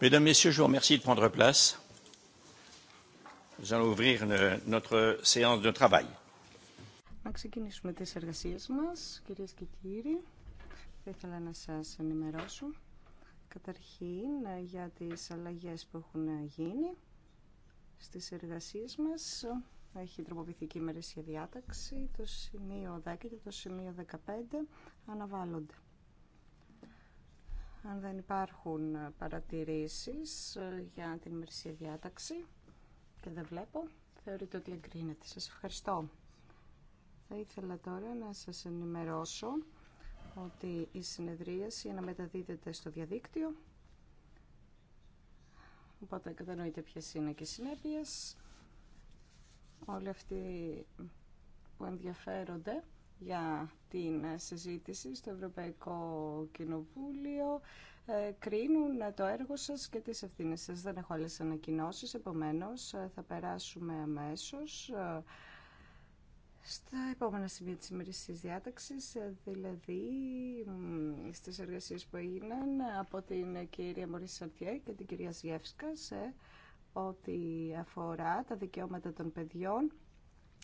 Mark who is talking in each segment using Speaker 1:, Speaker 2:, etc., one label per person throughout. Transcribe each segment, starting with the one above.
Speaker 1: Mesdames, Messieurs, je vous Να ξεκινήσουμε τις εργασίες μας, κυρίες και κύριοι. Θα ήθελα να σας ενημερώσω καταρχήν για τις αλλαγές που έχουν γίνει στις εργασίες μας. Έχει τροποποιηθεί και η ημερήσια διάταξη. Το σημείο 10 και το σημείο 15 αναβάλλονται. Αν δεν υπάρχουν παρατηρήσεις ε, για την ημερησία διάταξη και δεν βλέπω, θεωρείτε ότι εγκρίνεται. Σας ευχαριστώ. Θα ήθελα τώρα να σας ενημερώσω ότι η συνεδρίαση μεταδίδεται στο διαδίκτυο. Οπότε κατανοείτε ποιες είναι και οι συνέπειες. Όλοι αυτοί που ενδιαφέρονται για την συζήτηση στο Ευρωπαϊκό Κοινοβούλιο. Ε, κρίνουν το έργο σας και τις ευθύνες σας. Δεν έχω άλλες ανακοινώσεις, επομένως ε, θα περάσουμε αμέσως ε, στα επόμενα σημεία της ημερησίας διάταξης, δηλαδή στις εργασίες που έγιναν από την κυρία Μωρίς Σαρτιέ και την κυρία Ζιεύσκα ό,τι αφορά τα δικαιώματα των παιδιών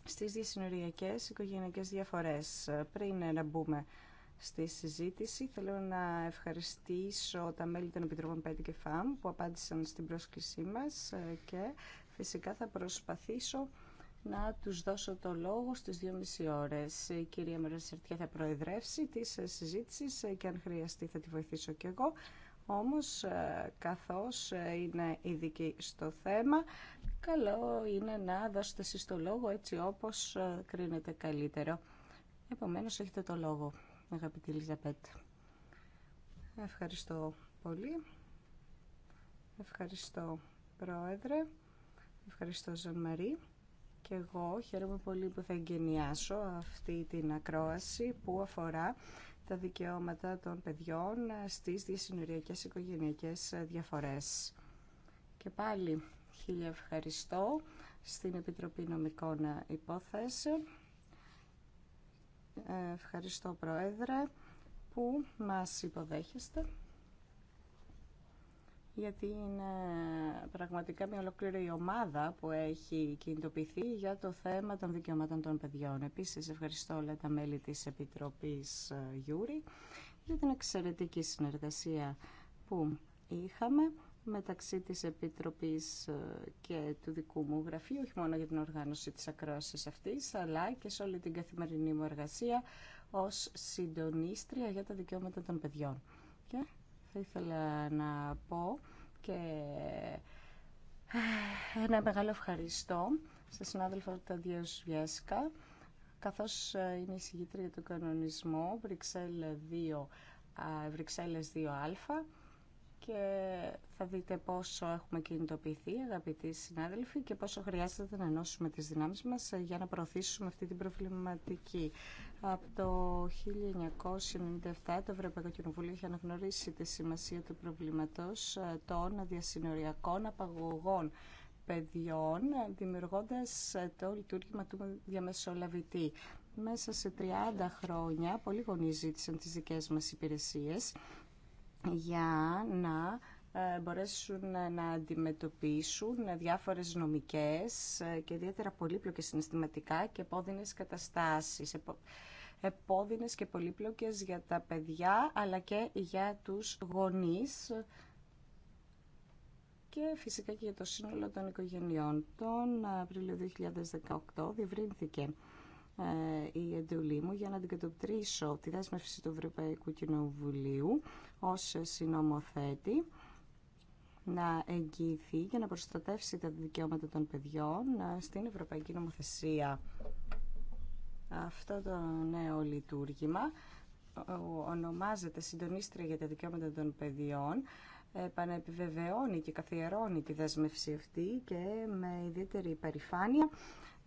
Speaker 1: στις διασυνοριακές οικογενειακές διαφορές. Πριν να μπούμε στη συζήτηση, θέλω να ευχαριστήσω τα μέλη των Επιτροπών ΠΕΤ και ΦΑΜ που απάντησαν στην πρόσκλησή μας και φυσικά θα προσπαθήσω να τους δώσω το λόγο στις 2,5 ώρες. Η κυρία Μερασιαρτιά θα προεδρεύσει τη συζήτηση και αν χρειαστεί θα τη βοηθήσω κι εγώ. Όμως, ε, καθώς ε, είναι ειδική στο θέμα, καλό είναι να δώσετε εσείς το λόγο έτσι όπως ε, κρίνετε καλύτερο. Επομένως, έχετε το λόγο, αγαπητή Λιζαπέτ. Ευχαριστώ πολύ. Ευχαριστώ, Πρόεδρε. Ευχαριστώ, Ζαν Και εγώ χαίρομαι πολύ που θα εγκαινιάσω αυτή την ακρόαση που αφορά τα δικαιώματα των παιδιών ε, στις διασυνοριακές οικογενειακές ε, διαφορές. Και πάλι χίλια ευχαριστώ στην Επιτροπή Νομικών ε, Υπόθεσεων. Ευχαριστώ Πρόεδρε που μας υποδέχεστε γιατί είναι πραγματικά μια ολόκληρη ομάδα που έχει κινητοποιηθεί για το θέμα των δικαιωμάτων των παιδιών. Επίσης, ευχαριστώ όλα τα μέλη της Επιτροπής ε, Γιούρη για την εξαιρετική συνεργασία που είχαμε μεταξύ της Επιτροπής ε, και του δικού μου γραφείου, όχι μόνο για την οργάνωση της ακρόασης αυτής, αλλά και σε όλη την καθημερινή μου εργασία ως συντονίστρια για τα δικαιώματα των παιδιών θα ήθελα να πω και ε, ένα μεγάλο ευχαριστώ σε συνάδελφο Ταντία Βιάσκα, καθώς ε, είναι η συγκήτρια για τον κανονισμό Βρυξέλλε 2, Βρυξέλλες 2α και θα δείτε πόσο έχουμε κινητοποιηθεί αγαπητοί συνάδελφοι και πόσο χρειάζεται να ενώσουμε τις δυνάμεις μας ε, για να προωθήσουμε αυτή την προβληματική. Από το 1997 το Ευρωπαϊκό Κοινοβούλιο είχε αναγνωρίσει τη σημασία του προβλήματος ε, των διασυνοριακών απαγωγών παιδιών, δημιουργώντας ε, το λειτουργήμα του διαμεσολαβητή. Μέσα σε 30 χρόνια πολλοί γονείς ζήτησαν τις δικές μας υπηρεσίες για να ε, μπορέσουν να αντιμετωπίσουν διάφορες νομικές ε, και ιδιαίτερα πολύπλοκες συναισθηματικά και επώδυνες καταστάσεις. Επώδυνες και πολύπλοκες για τα παιδιά αλλά και για τους γονείς και φυσικά και για το σύνολο των οικογενειών. Τον Απρίλιο 2018 διευρύνθηκε ε, η εντολή μου για να αντικατοπτρίσω τη δέσμευση του Ευρωπαϊκού Κοινοβουλίου ως συνομοθέτη να εγγυηθεί για να προστατεύσει τα δικαιώματα των παιδιών ε, στην Ευρωπαϊκή Νομοθεσία. Αυτό το νέο λειτουργήμα ονομάζεται Συντονίστρια για τα Δικαιώματα των Παιδιών επανεπιβεβαιώνει και καθιερώνει τη δέσμευση αυτή και με ιδιαίτερη υπερηφάνεια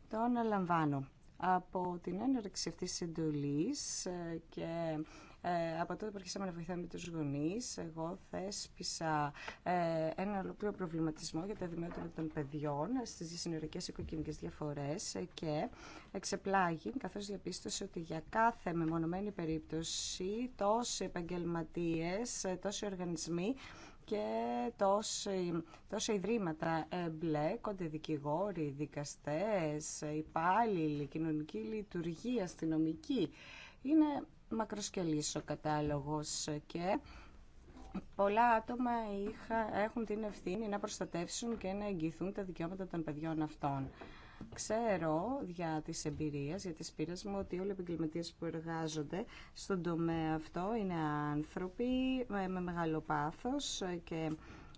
Speaker 1: τον λαμβάνω. Από την έναρξη αυτής της εντολής ε, και ε, από τότε που αρχίσαμε να βοηθάμε τους γονείς, εγώ θέσπισα ε, ένα ολόκληρο προβληματισμό για τα δημιουργία των παιδιών στις συνορικές οικοκοινικές διαφορές και εξεπλάγει, καθώς διαπίστωσε ότι για κάθε μεμονωμένη περίπτωση τόσοι επαγγελματίε, τόσοι οργανισμοί και τόσα ιδρύματα μπλέκονται δικηγόροι, δικαστές, υπάλληλοι, κοινωνική λειτουργία, αστυνομική. Είναι μακροσκελής ο κατάλογος και πολλά άτομα είχα, έχουν την ευθύνη να προστατεύσουν και να εγγυηθούν τα δικαιώματα των παιδιών αυτών. Ξέρω για τις εμπειρίες, για τις πείρες μου, ότι όλοι οι επαγγελματίες που εργάζονται στον τομέα αυτό είναι άνθρωποι με μεγάλο πάθος και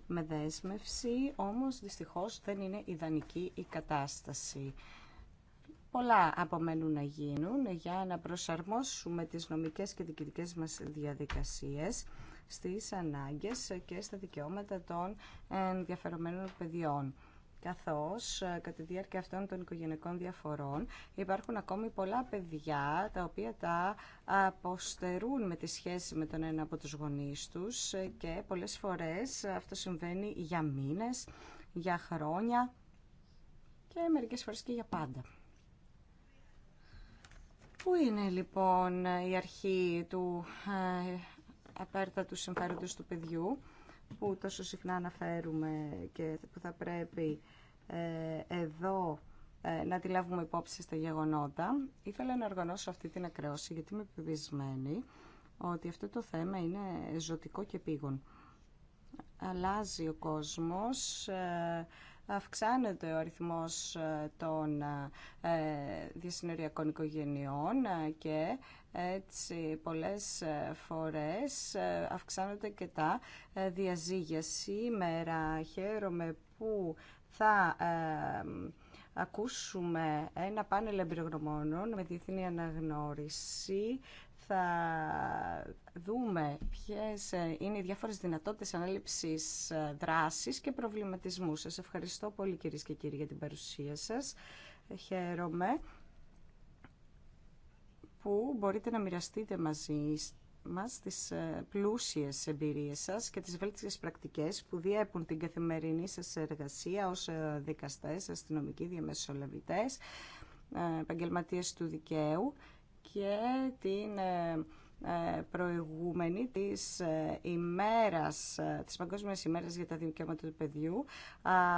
Speaker 1: με δέσμευση, όμως δυστυχώς δεν είναι ιδανική η κατάσταση. Πολλά απομένουν να γίνουν για να προσαρμόσουμε τις νομικές και διοικητικές μας διαδικασίες στις ανάγκες και στα δικαιώματα των ενδιαφερομένων παιδιών. Καθώς κατά τη διάρκεια αυτών των οικογενειακών διαφορών υπάρχουν ακόμη πολλά παιδιά τα οποία τα αποστερούν με τη σχέση με τον ένα από τους γονείς τους και πολλές φορές αυτό συμβαίνει για μήνες, για χρόνια και μερικές φορές και για πάντα. Πού είναι λοιπόν η αρχή του ε, του συμφέροντος του παιδιού που τόσο συχνά αναφέρουμε και που θα πρέπει ε, εδώ ε, να τη λάβουμε υπόψη στα γεγονότα. Ήθελα να οργανώσω αυτή την ακρεώση γιατί είμαι επιβεβαισμένη ότι αυτό το θέμα είναι ζωτικό και πήγον. Αλλάζει ο κόσμος, ε, αυξάνεται ο αριθμός ε, των ε, διασυνοριακών οικογενειών ε, και έτσι πολλές φορές αυξάνονται και τα διαζύγια. Σήμερα χαίρομαι που θα ακούσουμε ένα πάνελ εμπειρογνωμόνων με διεθνή αναγνώριση θα δούμε ποιες είναι οι διάφορες δυνατότητες ανάληψης ε, δράσης και προβληματισμού. Σας ευχαριστώ πολύ κυρίε και κύριοι για την παρουσία σας. Χαίρομαι που μπορείτε να μοιραστείτε μαζί μας τις ε, πλούσιες εμπειρίες σας και τις βέλτιστες πρακτικές που διέπουν την καθημερινή σας εργασία ως ε, δικαστές, αστυνομικοί διαμεσολαβητές, επαγγελματίες του δικαίου και την ε, ε, προηγούμενη της ε, ημέρας, της Παγκόσμιας ημέρας για τα δικαιώματα του παιδιού.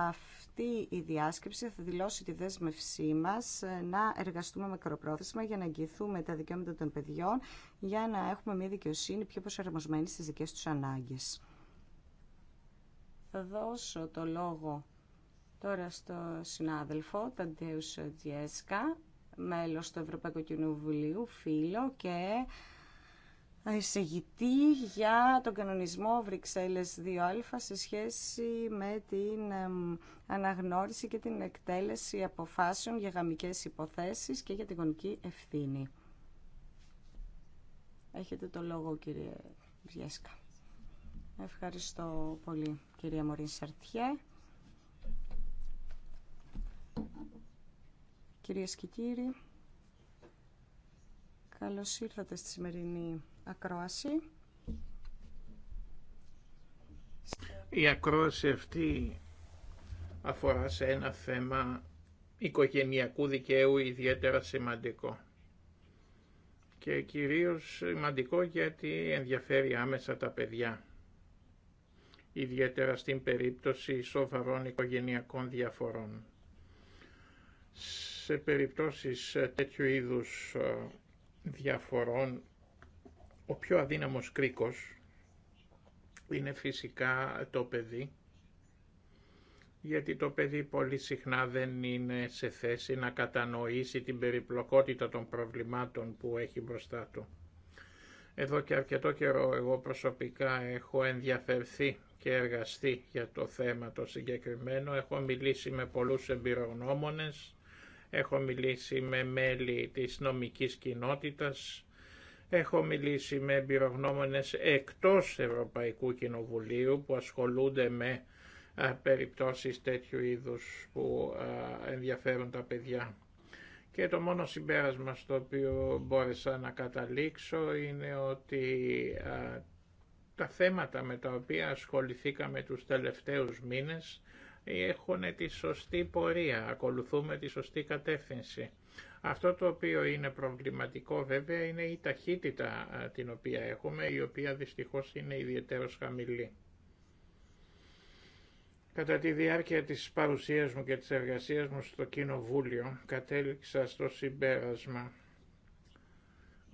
Speaker 1: Αυτή η διάσκεψη θα δηλώσει τη δέσμευσή μας να εργαστούμε μακροπρόθεσμα για να αγγιθούμε τα δικαιώματα των παιδιών για να έχουμε μια δικαιοσύνη πιο προσαρμοσμένη στις δικές τους ανάγκες. Θα δώσω το λόγο τώρα στο συνάδελφο Τέους Τζιέσκα μέλος του Ευρωπαϊκού Κοινοβουλίου, φίλο και εισηγητή για τον κανονισμό Βρυξέλλες 2α σε σχέση με την αναγνώριση και την εκτέλεση αποφάσεων για γαμικές υποθέσεις και για την γονική ευθύνη. Έχετε το λόγο κύριε Βιέσκα. Ευχαριστώ πολύ κυρία Μωρή Σαρτιέ. Κυρίες και κύριοι, καλώς ήρθατε στη σημερινή ακρόαση.
Speaker 2: Η ακρόαση αυτή αφορά σε ένα θέμα οικογενειακού δικαίου ιδιαίτερα σημαντικό και κυρίως σημαντικό γιατί ενδιαφέρει άμεσα τα παιδιά ιδιαίτερα στην περίπτωση σοβαρών οικογενειακών διαφορών σε περιπτώσεις ε, τέτοιου είδους ε, διαφορών ο πιο αδύναμος κρίκος είναι φυσικά το παιδί γιατί το παιδί πολύ συχνά δεν είναι σε θέση να κατανοήσει την περιπλοκότητα των προβλημάτων που έχει μπροστά του. Εδώ και αρκετό καιρό εγώ προσωπικά έχω ενδιαφερθεί και εργαστεί για το θέμα το συγκεκριμένο. Έχω μιλήσει με πολλούς εμπειρογνώμονες, Έχω μιλήσει με μέλη της νομικής κοινότητας, έχω μιλήσει με εμπειρογνώμονες εκτός Ευρωπαϊκού Κοινοβουλίου που ασχολούνται με περιπτώσεις τέτοιου είδους που ενδιαφέρουν τα παιδιά. Και το μόνο συμπέρασμα στο οποίο μπόρεσα να καταλήξω είναι ότι τα θέματα με τα οποία ασχοληθήκαμε τους τελευταίους μήνες έχουν τη σωστή πορεία, ακολουθούμε τη σωστή κατεύθυνση. Αυτό το οποίο είναι προβληματικό βέβαια είναι η ταχύτητα την οποία έχουμε, η οποία δυστυχώς είναι ιδιαίτερα χαμηλή. Κατά τη διάρκεια της παρουσίας μου και της εργασίας μου στο Κοινοβούλιο κατέληξα στο συμπέρασμα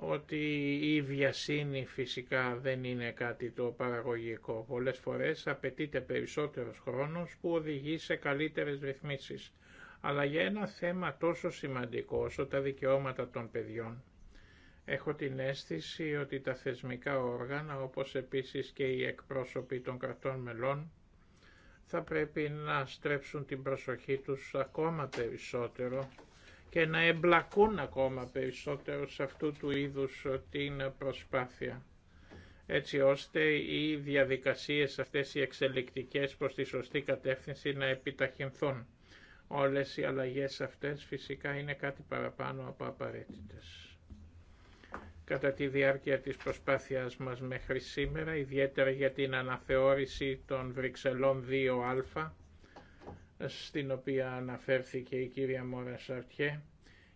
Speaker 2: ότι η βιασύνη φυσικά δεν είναι κάτι το παραγωγικό. Πολλές φορές απαιτείται περισσότερος χρόνος που οδηγεί σε καλύτερες ρυθμίσεις. Αλλά για ένα θέμα τόσο σημαντικό όσο τα δικαιώματα των παιδιών, έχω την αίσθηση ότι τα θεσμικά όργανα, όπως επίσης και οι εκπρόσωποι των κρατών μελών, θα πρέπει να στρέψουν την προσοχή τους ακόμα περισσότερο και να εμπλακούν ακόμα περισσότερο σε αυτού του είδους την προσπάθεια έτσι ώστε οι διαδικασίες αυτές οι εξελικτικές προς τη σωστή κατεύθυνση να επιταχυνθούν. Όλες οι αλλαγές αυτές φυσικά είναι κάτι παραπάνω από απαραίτητες. Κατά τη διάρκεια της προσπάθειας μας μέχρι σήμερα, ιδιαίτερα για την αναθεώρηση των Βρυξελών 2α, στην οποία αναφέρθηκε η κυρία Μόρα Σαρτιέ,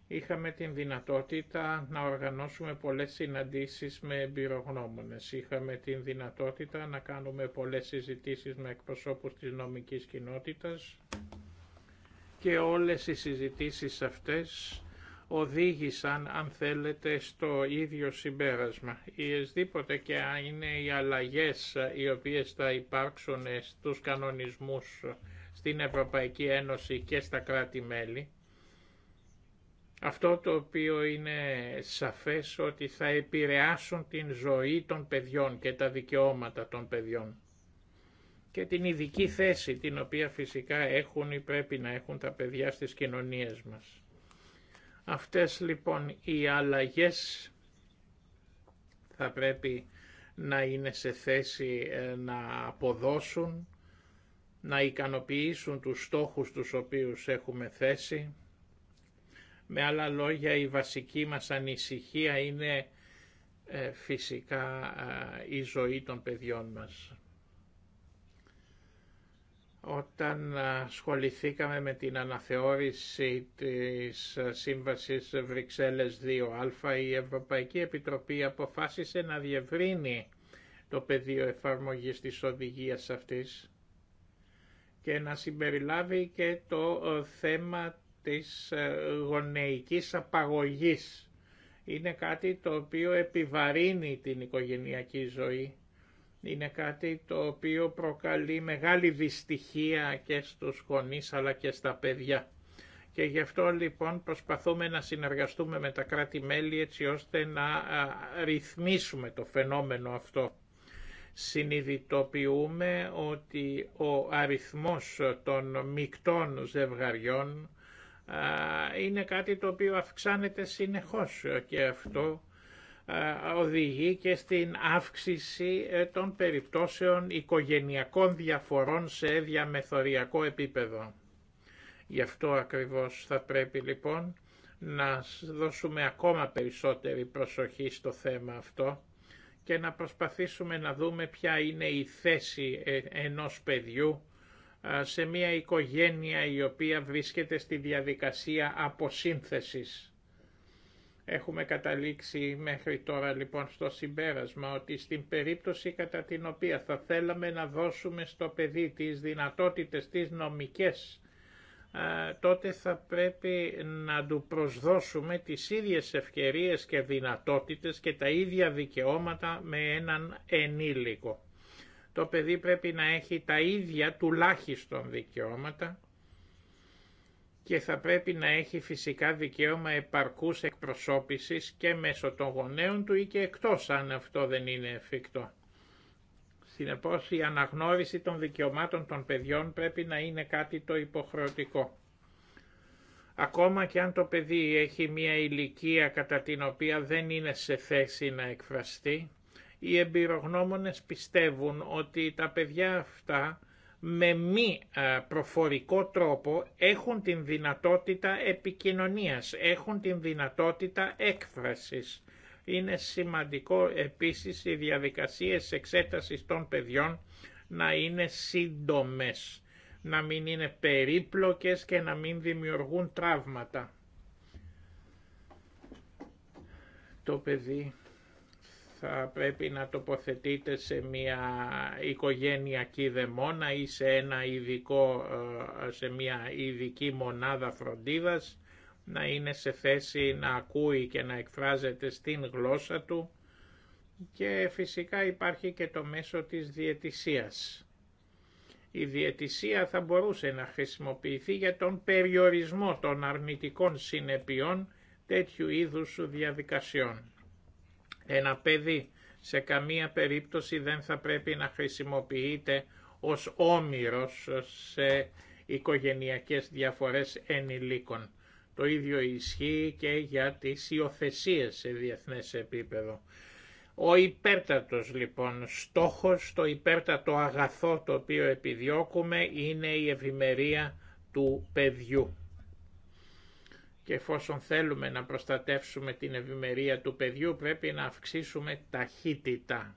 Speaker 2: είχαμε την δυνατότητα να οργανώσουμε πολλές συναντήσεις με εμπειρογνώμονες. Είχαμε την δυνατότητα να κάνουμε πολλές συζητήσεις με εκπροσώπους της νομικής κοινότητας και όλες οι συζητήσεις αυτές οδήγησαν, αν θέλετε, στο ίδιο συμπέρασμα. Ιεσδήποτε και αν είναι οι αλλαγές οι οποίες θα υπάρξουν στους κανονισμούς στην Ευρωπαϊκή Ένωση και στα κράτη-μέλη. Αυτό το οποίο είναι σαφές ότι θα επηρεάσουν την ζωή των παιδιών και τα δικαιώματα των παιδιών και την ειδική θέση την οποία φυσικά έχουν ή πρέπει να έχουν τα παιδιά στις κοινωνίες μας. Αυτές λοιπόν οι αλλαγές θα πρέπει να είναι σε θέση ε, να αποδώσουν να ικανοποιήσουν τους στόχους τους οποίους έχουμε θέσει. Με άλλα λόγια η βασική μας ανησυχία είναι ε, φυσικά η ζωή των παιδιών μας. Όταν ασχοληθήκαμε με την αναθεώρηση της Σύμβασης Βρυξέλλες 2α, η Ευρωπαϊκή Επιτροπή αποφάσισε να διευρύνει το πεδίο εφαρμογής της οδηγίας αυτής και να συμπεριλάβει και το ε, θέμα της ε, γονεϊκής απαγωγής. Είναι κάτι το οποίο επιβαρύνει την οικογενειακή ζωή. Είναι κάτι το οποίο προκαλεί μεγάλη δυστυχία και στους γονείς αλλά και στα παιδιά. Και γι' αυτό λοιπόν προσπαθούμε να συνεργαστούμε με τα κράτη-μέλη έτσι ώστε να ρυθμίσουμε το φαινόμενο αυτό συνειδητοποιούμε ότι ο αριθμός των μικτών ζευγαριών είναι κάτι το οποίο αυξάνεται συνεχώς και αυτό οδηγεί και στην αύξηση ε, των περιπτώσεων οικογενειακών διαφορών σε διαμεθοριακό επίπεδο. Γι' αυτό ακριβώς θα πρέπει λοιπόν να δώσουμε ακόμα περισσότερη προσοχή στο θέμα αυτό και να προσπαθήσουμε να δούμε ποια είναι η θέση ε, ενός παιδιού σε μια οικογένεια η οποία βρίσκεται στη διαδικασία αποσύνθεσης. Έχουμε καταλήξει μέχρι τώρα λοιπόν στο συμπέρασμα ότι στην περίπτωση κατά την οποία θα θέλαμε να δώσουμε στο παιδί τις δυνατότητες τις νομικές ε, τότε θα πρέπει να του προσδώσουμε τις ίδιες ευκαιρίες και δυνατότητες και τα ίδια δικαιώματα με έναν ενήλικο. Το παιδί πρέπει να έχει τα ίδια τουλάχιστον δικαιώματα και θα πρέπει να έχει φυσικά δικαίωμα επαρκούς εκπροσώπησης και μέσω των γονέων του ή και εκτός αν αυτό δεν είναι εφικτό. Συνεπώς η αναγνώριση των δικαιωμάτων των παιδιών πρέπει να είναι κάτι το υποχρεωτικό. Ακόμα και αν το παιδί έχει μια ηλικία κατά την οποία δεν είναι σε θέση να εκφραστεί, οι εμπειρογνώμονες πιστεύουν ότι τα παιδιά αυτά με μη προφορικό τρόπο έχουν την δυνατότητα επικοινωνίας, έχουν την δυνατότητα έκφρασης. Είναι σημαντικό επίσης οι διαδικασίες εξέτασης των παιδιών να είναι σύντομες, να μην είναι περίπλοκες και να μην δημιουργούν τραύματα. Το παιδί θα πρέπει να τοποθετείτε σε μια οικογένειακή δαιμόνα ή σε, ένα ειδικό, ε, σε μια ειδική μονάδα φροντίδας να είναι σε θέση να ακούει και να εκφράζεται στην γλώσσα του και φυσικά υπάρχει και το μέσο της διαιτησίας. Η διαιτησία θα μπορούσε να χρησιμοποιηθεί για τον περιορισμό των αρνητικών συνεπειών τέτοιου είδους διαδικασιών. Ένα παιδί σε καμία περίπτωση δεν θα πρέπει να χρησιμοποιείται ως όμοιρος σε οικογενειακές διαφορές ενηλίκων. Το ίδιο ισχύει και για τις υιοθεσίε σε διεθνές επίπεδο. Ο υπέρτατος λοιπόν στόχος, το υπέρτατο αγαθό το οποίο επιδιώκουμε είναι η ευημερία του παιδιού. Και εφόσον θέλουμε να προστατεύσουμε την ευημερία του παιδιού πρέπει να αυξήσουμε ταχύτητα.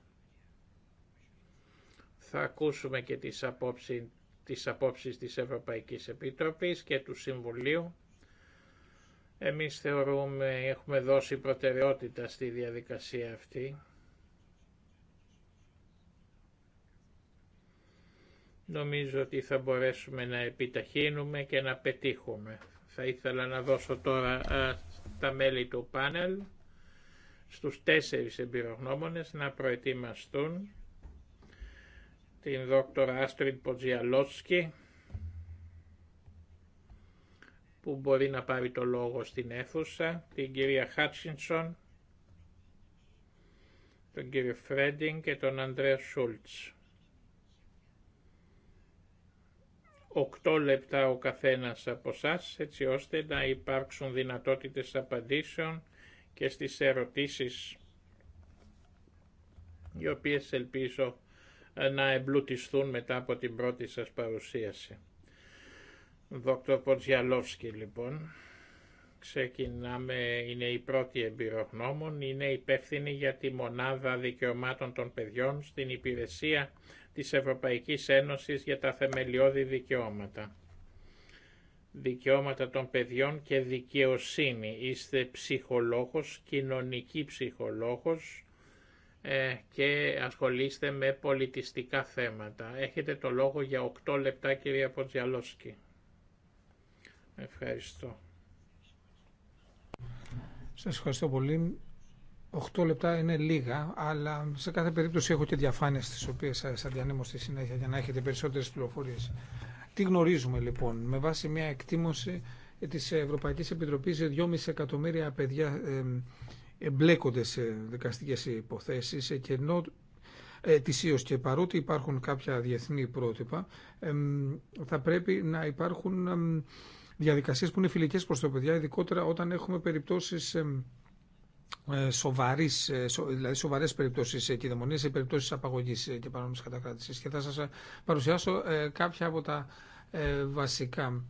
Speaker 2: Θα ακούσουμε και τις απόψεις, τις απόψεις της Ευρωπαϊκής Επιτροπής και του Συμβουλίου. Εμείς θεωρούμε, έχουμε δώσει προτεραιότητα στη διαδικασία αυτή. Νομίζω ότι θα μπορέσουμε να επιταχύνουμε και να πετύχουμε. Θα ήθελα να δώσω τώρα τα μέλη του πάνελ στους τέσσερις εμπειρογνώμονες να προετοιμαστούν την δόκτωρα Άστριν Ποτζιαλότσκι, που μπορεί να πάρει το λόγο στην αίθουσα, την κυρία Χάτσινσον, τον κύριο Φρέντινγκ και τον Ανδρέα Σούλτς. Οκτώ λεπτά ο καθένας από εσά έτσι ώστε να υπάρξουν δυνατότητες απαντήσεων και στις ερωτήσεις οι οποίες ελπίζω ε, να εμπλουτιστούν μετά από την πρώτη σας παρουσίαση. Δόκτωρ Ποτζιαλόφσκι λοιπόν. Ξεκινάμε, είναι η πρώτη εμπειρογνώμων, είναι υπεύθυνη για τη Μονάδα Δικαιωμάτων των Παιδιών στην Υπηρεσία της Ευρωπαϊκής Ένωσης για τα Θεμελιώδη Δικαιώματα. Δικαιώματα των Παιδιών και Δικαιοσύνη. Είστε ψυχολόγος, κοινωνική ψυχολόγος ε, και ασχολείστε με πολιτιστικά θέματα. Έχετε το λόγο για 8 λεπτά κυρία Ποτζιαλόσκη. Ευχαριστώ.
Speaker 3: Σας ευχαριστώ πολύ. 8 λεπτά είναι λίγα, αλλά σε κάθε περίπτωση έχω και διαφάνειες τις οποίες θα διανέμω στη συνέχεια για να έχετε περισσότερες πληροφορίες. Τι γνωρίζουμε λοιπόν, με βάση μια εκτίμωση της Ευρωπαϊκής Επιτροπής 2,5 εκατομμύρια παιδιά εμπλέκονται σε δικαστικές υποθέσεις και ενώ ετησίως και παρότι υπάρχουν κάποια διεθνή πρότυπα θα πρέπει να υπάρχουν διαδικασίες που είναι φιλικές προς το παιδιά, ειδικότερα όταν έχουμε περιπτώσεις ε, σοβαρής, ε, δηλαδή σοβαρές περιπτώσεις κυδαιμονίας ή περιπτώσεις απαγωγής ε, και παρόμοιες κατακράτησης. Και θα σας παρουσιάσω κάποια από τα βασικά.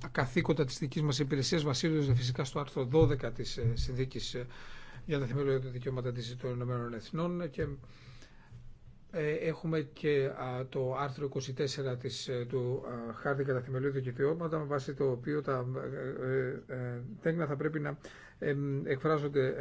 Speaker 3: Τα καθήκοντα της δικής μας υπηρεσίας βασίζονται φυσικά στο άρθρο 12 της συνδίκης για τα θεμελιώδη δικαιώματα της των Ηνωμένων Εθνών και ε, έχουμε και το άρθρο 24 της, ε, του χάρτη κατά θεμελιώδη δικαιώματα με βάση το οποίο τα ε, τέκνα θα πρέπει να εκφράζονται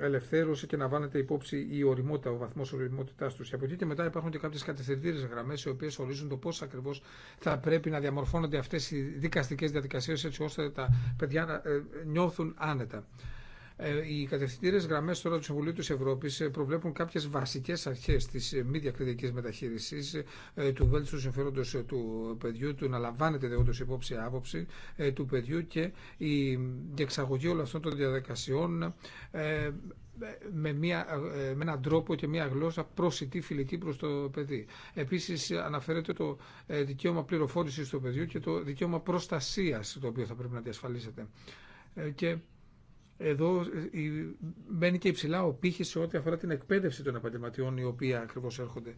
Speaker 3: ελευθέρωση και να βάνεται υπόψη η οριμότητα, ο βαθμό οριμότητά του. Και από εκεί και μετά υπάρχουν και κάποιε κατευθυντήρε γραμμέ, οι οποίε ορίζουν το πώ ακριβώ θα πρέπει να διαμορφώνονται αυτέ οι δικαστικέ διαδικασίε, έτσι ώστε τα παιδιά να νιώθουν άνετα. Ε, οι κατευθυντήρε γραμμέ τώρα του Συμβουλίου τη Ευρώπη ε, προβλέπουν κάποιε βασικέ αρχέ τη ε, μη διακριτική μεταχείριση, του βέλτιστου συμφέροντο του παιδιού, του να λαμβάνεται δεόντω υπόψη άποψη του παιδιού και η διεξαγωγή όλων αυτών των διαδικασιών με, μια, με έναν τρόπο και μια γλώσσα προσιτή φιλική προς το παιδί. Επίσης αναφέρεται το δικαίωμα πληροφόρησης του παιδιού και το δικαίωμα προστασίας το οποίο θα πρέπει να διασφαλίσετε. Και εδώ ε, μπαίνει και υψηλά ο πύχη σε ό,τι αφορά την εκπαίδευση των επαγγελματιών οι οποίοι ακριβώ έρχονται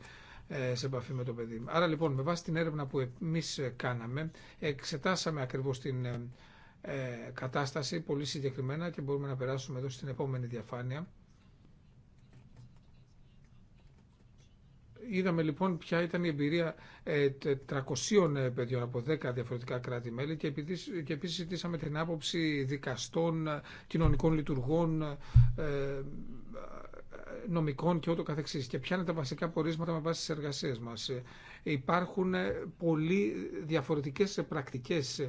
Speaker 3: ε, σε επαφή με το παιδί. Άρα λοιπόν με βάση την έρευνα που εμεί ε, κάναμε εξετάσαμε ακριβώ την κατάσταση πολύ συγκεκριμένα και μπορούμε να περάσουμε εδώ στην επόμενη διαφάνεια Είδαμε λοιπόν ποια ήταν η εμπειρία 300 ε, ε, παιδιών από 10 διαφορετικά κράτη-μέλη και επίσης ζητήσαμε την άποψη δικαστών, ε, κοινωνικών λειτουργών, νομικών και ούτω καθεξής. Και ποια είναι τα βασικά πορίσματα με βάση τις εργασίες μας. Υπάρχουν πολύ διαφορετικές πρακτικές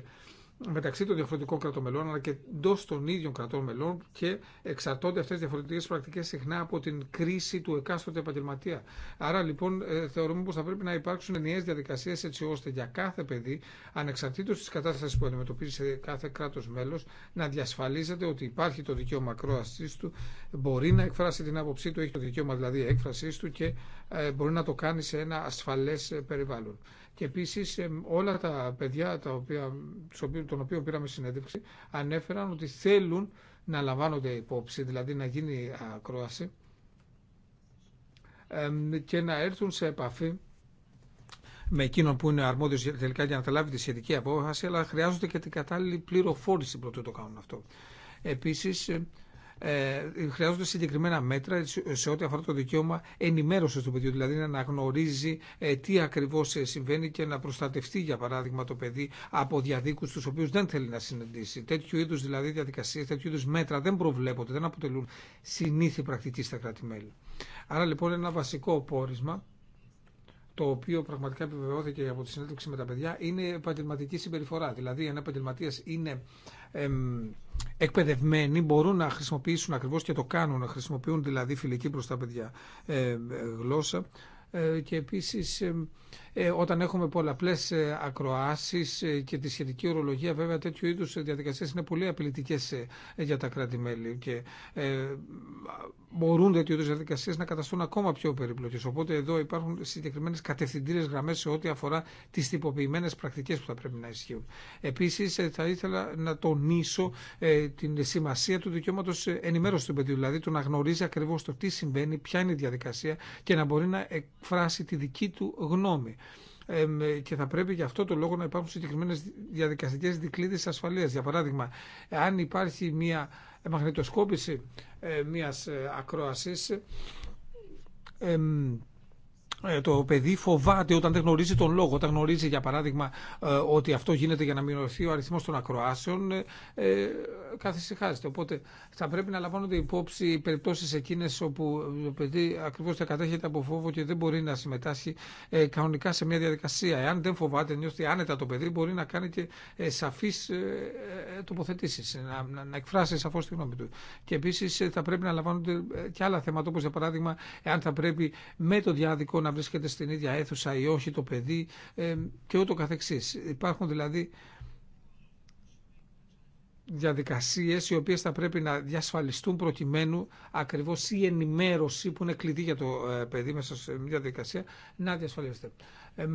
Speaker 3: μεταξύ των διαφορετικών κρατών μελών αλλά και εντό των ίδιων κρατών μελών και εξαρτώνται αυτέ τι διαφορετικέ πρακτικέ συχνά από την κρίση του εκάστοτε επαγγελματία. Άρα λοιπόν ε, θεωρούμε πω θα πρέπει να υπάρξουν ενιαίε διαδικασίε έτσι ώστε για κάθε παιδί, ανεξαρτήτω τη κατάσταση που αντιμετωπίζει σε κάθε κράτο μέλο, να διασφαλίζεται ότι υπάρχει το δικαίωμα ακρόαση του, μπορεί να εκφράσει την άποψή του, έχει το δικαίωμα δηλαδή έκφρασή του και ε, μπορεί να το κάνει σε ένα ασφαλέ ε, περιβάλλον. Και επίσης όλα τα παιδιά τα οποία, των οποίων πήραμε συνέντευξη ανέφεραν ότι θέλουν να λαμβάνονται υπόψη, δηλαδή να γίνει ακρόαση και να έρθουν σε επαφή με εκείνον που είναι αρμόδιο τελικά για να τα λάβει τη σχετική απόφαση, αλλά χρειάζονται και την κατάλληλη πληροφόρηση πρωτού το κάνουν αυτό. Επίσης ε, χρειάζονται συγκεκριμένα μέτρα σε ό,τι αφορά το δικαίωμα ενημέρωση του παιδιού, δηλαδή να αναγνωρίζει ε, τι ακριβώ ε, συμβαίνει και να προστατευτεί, για παράδειγμα, το παιδί από διαδίκου του οποίου δεν θέλει να συναντήσει. Τέτοιου είδου δηλαδή διαδικασίε, τέτοιου είδου μέτρα δεν προβλέπονται, δεν αποτελούν συνήθη πρακτική στα κράτη-μέλη. Άρα λοιπόν ένα βασικό πόρισμα το οποίο πραγματικά επιβεβαιώθηκε από τη συνέντευξη με τα παιδιά, είναι επαγγελματική συμπεριφορά. Δηλαδή, αν επαγγελματία είναι εμ, εκπαιδευμένοι, μπορούν να χρησιμοποιήσουν ακριβώ και το κάνουν, να χρησιμοποιούν δηλαδή φιλική προ τα παιδιά ε, ε γλώσσα. Ε, και επίση ε, όταν έχουμε πολλαπλές ε, ακροάσεις ε, και τη σχετική ορολογία βέβαια τέτοιου είδους διαδικασίε είναι πολύ απειλητικές για τα κράτη-μέλη και μπορούν τέτοιου είδου διαδικασίε να καταστούν ακόμα πιο περιπλοκές. Οπότε εδώ υπάρχουν συγκεκριμένε κατευθυντήρε γραμμέ σε ό,τι αφορά τι τυποποιημένε πρακτικέ που θα πρέπει να ισχύουν. Επίσης θα ήθελα να τονίσω την σημασία του δικαιώματο ενημέρωση του παιδιού, δηλαδή του να γνωρίζει ακριβώ το τι συμβαίνει, ποια είναι η διαδικασία και να μπορεί να εκφράσει τη δική του γνώμη και θα πρέπει γι' αυτό το λόγο να υπάρχουν συγκεκριμένε διαδικαστικέ δικλείδε ασφαλεία. Για παράδειγμα, αν υπάρχει μια μαγνητοσκόπηση ε, μια ε, ακρόαση, ε, το παιδί φοβάται όταν δεν γνωρίζει τον λόγο, όταν γνωρίζει για παράδειγμα ε, ότι αυτό γίνεται για να μειωθεί ο αριθμό των ακροάσεων, ε, καθυσυχάζεται. Οπότε θα πρέπει να λαμβάνονται υπόψη οι περιπτώσεις εκείνε όπου το παιδί ακριβώ τα κατέχεται από φόβο και δεν μπορεί να συμμετάσχει κανονικά σε μια διαδικασία. Εάν δεν φοβάται, νιώθει άνετα το παιδί, μπορεί να κάνει και σαφείς τοποθετήσει, να, να, εκφράσει σαφώ τη γνώμη του. Και επίση θα πρέπει να λαμβάνονται και άλλα θέματα, όπω, για παράδειγμα, εάν θα πρέπει με το διάδικο να βρίσκεται στην ίδια αίθουσα ή όχι το παιδί ε, και ούτω καθεξής. Υπάρχουν δηλαδή διαδικασίες οι οποίες θα πρέπει να διασφαλιστούν προκειμένου ακριβώς η ενημέρωση που είναι κλειδί για το ε, παιδί μέσα σε μια διαδικασία να διασφαλιστεί. Ε,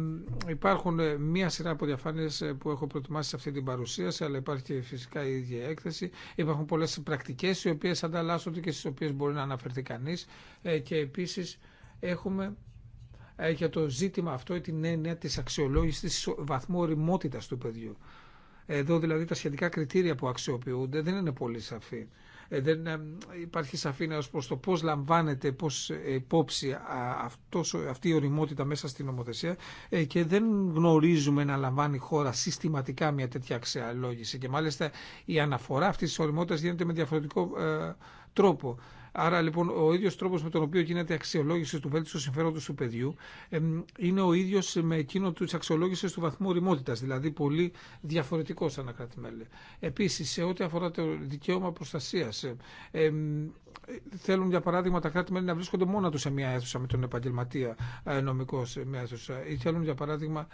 Speaker 3: υπάρχουν ε, μία σειρά από διαφάνειε που έχω προετοιμάσει σε αυτή την παρουσίαση, αλλά υπάρχει και φυσικά η ίδια έκθεση. Υπάρχουν πολλές πρακτικές οι οποίες ανταλλάσσονται και στι οποίε μπορεί να αναφερθεί κανεί. και επίσης έχουμε ε, για το ζήτημα αυτό, ή την έννοια της αξιολόγησης της βαθμού οριμότητας του παιδιού. Εδώ δηλαδή τα σχετικά κριτήρια που αξιοποιούνται δεν είναι πολύ σαφή. Ε, δεν ε, υπάρχει σαφήνεια ως προς το πώς λαμβάνεται πώς υπόψη αυτός, αυτή η οριμότητα μέσα στην νομοθεσία και δεν γνωρίζουμε να λαμβάνει η χώρα συστηματικά μια τέτοια αξιολόγηση και μάλιστα η αναφορά αυτής της οριμότητας γίνεται με διαφορετικό τρόπο. Άρα λοιπόν ο ίδιος τρόπος με τον οποίο γίνεται η αξιολόγηση του βέλτιστου συμφέροντος του παιδιού είναι ο ίδιος με εκείνο της αξιολόγησης του βαθμού ρημότητας, δηλαδή πολύ διαφορετικό διαφορετικός κράτη-μέλη. Επίσης σε ό,τι αφορά το δικαίωμα προστασίας, θέλουν για παράδειγμα τα κράτη-μέλη να βρίσκονται μόνα τους σε μια αίθουσα με τον επαγγελματία ε, νομικό σε μια αίθουσα ή θέλουν για παράδειγμα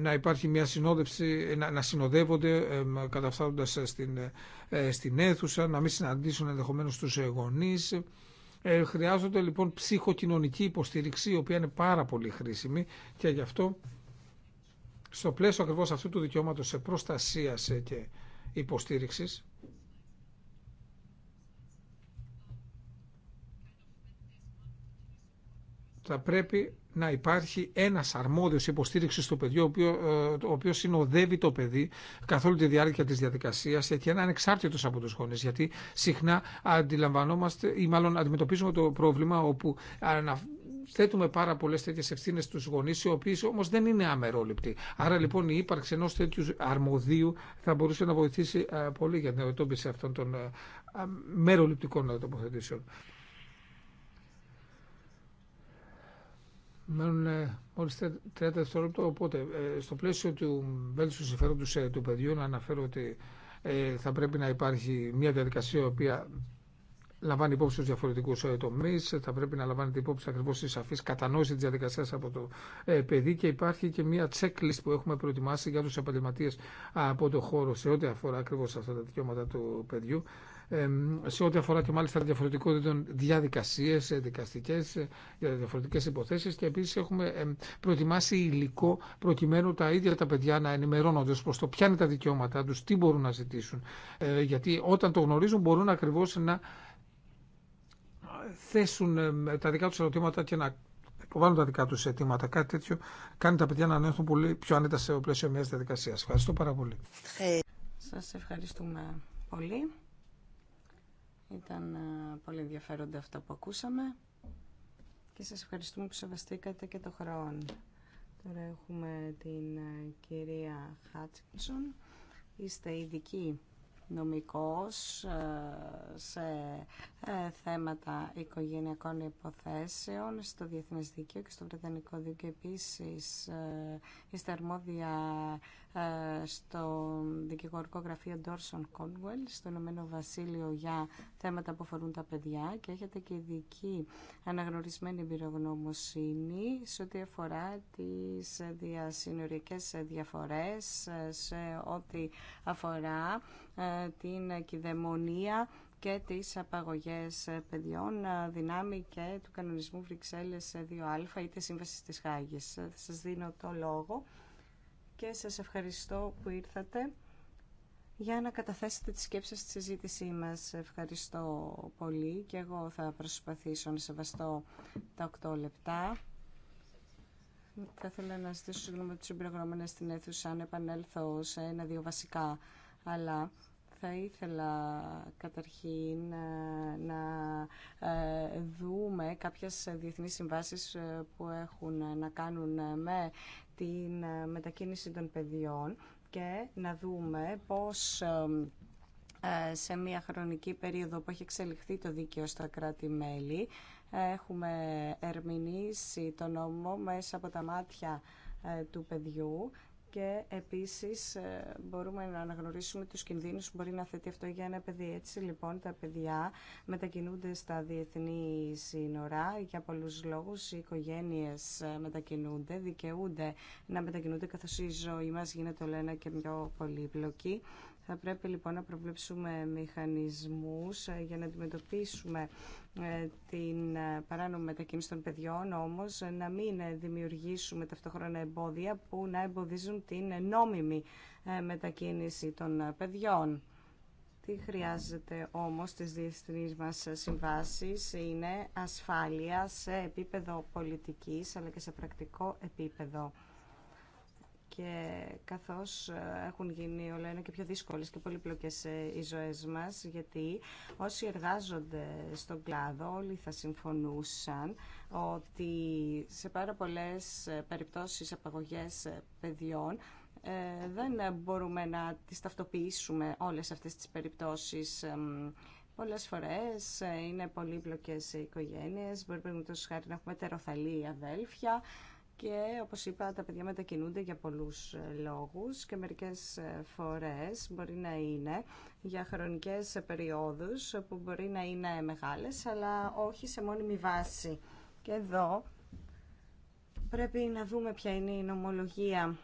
Speaker 3: να υπάρχει μια συνόδευση, να, να συνοδεύονται ε, καταφθάνοντας στην, ε, στην αίθουσα, να μην συναντήσουν ενδεχομένως τους γονείς. Ε, χρειάζονται λοιπόν ψυχοκοινωνική υποστήριξη, η οποία είναι πάρα πολύ χρήσιμη και γι' αυτό στο πλαίσιο ακριβώς αυτού του δικαιώματος σε προστασίας ε, και υποστήριξης θα πρέπει να υπάρχει ένα αρμόδιο υποστήριξη στο παιδιό, ο οποίο, ε, οποίος συνοδεύει το παιδί καθ' όλη τη διάρκεια τη διαδικασία και είναι ανεξάρτητο από του γονεί, γιατί συχνά αντιλαμβανόμαστε ή μάλλον αντιμετωπίζουμε το πρόβλημα όπου θέτουμε πάρα πολλέ τέτοιε ευθύνε στου γονεί, οι οποίοι όμω δεν είναι αμερόληπτοι. Άρα λοιπόν η ύπαρξη ενό τέτοιου αρμοδίου θα μπορούσε να βοηθήσει ε, πολύ για την αντιμετώπιση αυτών των ε, μεροληπτικών τοποθετήσεων. Μένουν ε, μόλι 30 δευτερόλεπτα, οπότε ε, στο πλαίσιο του συμφέροντο ε, του παιδιού να αναφέρω ότι ε, θα πρέπει να υπάρχει μια διαδικασία η οποία λαμβάνει υπόψη του διαφορετικού τομεί, θα πρέπει να λαμβάνεται υπόψη ακριβώ τη σαφή κατανόηση τη διαδικασία από το παιδί και υπάρχει και μια checklist που έχουμε προετοιμάσει για του επαγγελματίε από το χώρο σε ό,τι αφορά ακριβώ αυτά τα δικαιώματα του παιδιού σε ό,τι αφορά και μάλιστα διαφορετικότητα διαδικασίε ε, δικαστικέ ε, για διαφορετικέ υποθέσει και επίση έχουμε προετοιμάσει υλικό προκειμένου τα ίδια τα παιδιά να ενημερώνονται προ το ποια είναι τα δικαιώματά του, τι μπορούν να ζητήσουν. Ε, γιατί όταν το γνωρίζουν μπορούν ακριβώ να θέσουν τα δικά του ερωτήματα και να υποβάλουν τα δικά του αιτήματα. Κάτι τέτοιο κάνει τα παιδιά να ανέχουν πολύ πιο άνετα σε πλαίσιο μια διαδικασίας. Ευχαριστώ πάρα πολύ.
Speaker 1: Σα ευχαριστούμε πολύ. Ήταν ε, πολύ ενδιαφέροντα αυτά που ακούσαμε και σας ευχαριστούμε που σεβαστήκατε και το χρόνο. Τώρα έχουμε την ε, κυρία Χάτσινσον. Είστε ειδική νομικός ε, σε θέματα οικογενειακών υποθέσεων στο Διεθνές Δίκαιο και στο Βρετανικό Δίκαιο επίσης είστε αρμόδια στο δικηγορικό γραφείο Dorson Κόνουελ στο Ηνωμένο Βασίλειο για θέματα που αφορούν τα παιδιά και έχετε και ειδική αναγνωρισμένη εμπειρογνωμοσύνη σε ό,τι αφορά τις διασυνοριακές διαφορές, σε ό,τι αφορά ε, την κυδαιμονία και τις απαγωγές παιδιών ε, δυνάμει και του κανονισμού Βρυξέλλες 2α ή της Σύμβασης της Χάγης. σας δίνω το λόγο και σας ευχαριστώ που ήρθατε για να καταθέσετε τις σκέψεις στη συζήτησή μας. Ευχαριστώ πολύ και εγώ θα προσπαθήσω να σεβαστώ τα 8 λεπτά. Θα ήθελα να ζητήσω συγγνώμη του στην αίθουσα αν επανέλθω σε ένα-δύο βασικά, αλλά θα ήθελα καταρχήν ε, να ε, δούμε κάποιες διεθνείς συμβάσεις ε, που έχουν να κάνουν με την μετακίνηση των παιδιών και να δούμε πώς ε, σε μια χρονική περίοδο που έχει εξελιχθεί το δίκαιο στα κράτη-μέλη έχουμε ερμηνεύσει το νόμο μέσα από τα μάτια ε, του παιδιού και επίσης ε, μπορούμε να αναγνωρίσουμε τους κινδύνους που μπορεί να θέτει αυτό για ένα παιδί. Έτσι λοιπόν τα παιδιά μετακινούνται στα διεθνή σύνορα για πολλούς λόγους, οι οικογένειες ε, μετακινούνται, δικαιούνται να μετακινούνται καθώς η ζωή μας γίνεται όλο ένα και πιο πολύπλοκη θα πρέπει λοιπόν να προβλέψουμε μηχανισμούς ε, για να αντιμετωπίσουμε ε, την ε, παράνομη μετακίνηση των παιδιών, όμως να μην δημιουργήσουμε ταυτόχρονα εμπόδια που να εμποδίζουν την νόμιμη μετακίνηση των παιδιών. Τι χρειάζεται όμως στις διεθνείς μας συμβάσεις είναι ασφάλεια σε επίπεδο πολιτικής αλλά και σε πρακτικό επίπεδο και καθώς ε, έχουν γίνει όλα ένα και πιο δύσκολες και πολύπλοκες ε, οι ζωές μας, γιατί όσοι εργάζονται στον κλάδο όλοι θα συμφωνούσαν ότι σε πάρα πολλές ε, περιπτώσεις απαγωγές παιδιών δεν μπορούμε να τις ταυτοποιήσουμε όλες αυτές τις περιπτώσεις Πολλές φορές είναι πολύπλοκες οι οικογένειες, μπορεί να να έχουμε τεροθαλή αδέλφια, και όπως είπα τα παιδιά μετακινούνται για πολλούς ε, λόγους και μερικές ε, φορές μπορεί να είναι για χρονικές ε, περιόδους που μπορεί να είναι μεγάλες αλλά όχι σε μόνιμη βάση. Και εδώ πρέπει να δούμε ποια είναι η νομολογία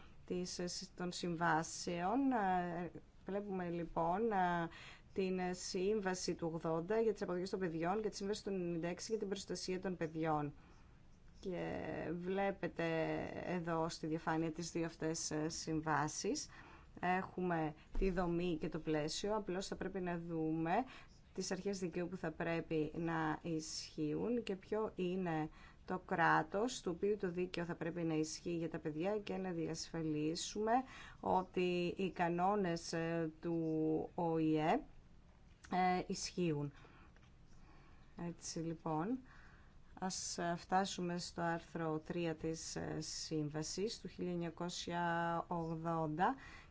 Speaker 1: των συμβάσεων. Βλέπουμε λοιπόν την σύμβαση του 80 για τις αποδοχές των παιδιών και τη σύμβαση του 96 για την προστασία των παιδιών. Και βλέπετε εδώ στη διαφάνεια τις δύο αυτές ε, συμβάσεις. Έχουμε τη δομή και το πλαίσιο, απλώς θα πρέπει να δούμε τις αρχές δικαίου που θα πρέπει να ισχύουν και ποιο είναι το κράτος του οποίου το δίκαιο θα πρέπει να ισχύει για τα παιδιά και να διασφαλίσουμε ότι οι κανόνες ε, του ΟΗΕ ε, ισχύουν. Έτσι λοιπόν, Ας ε, φτάσουμε στο άρθρο 3 της ε, Σύμβασης του 1980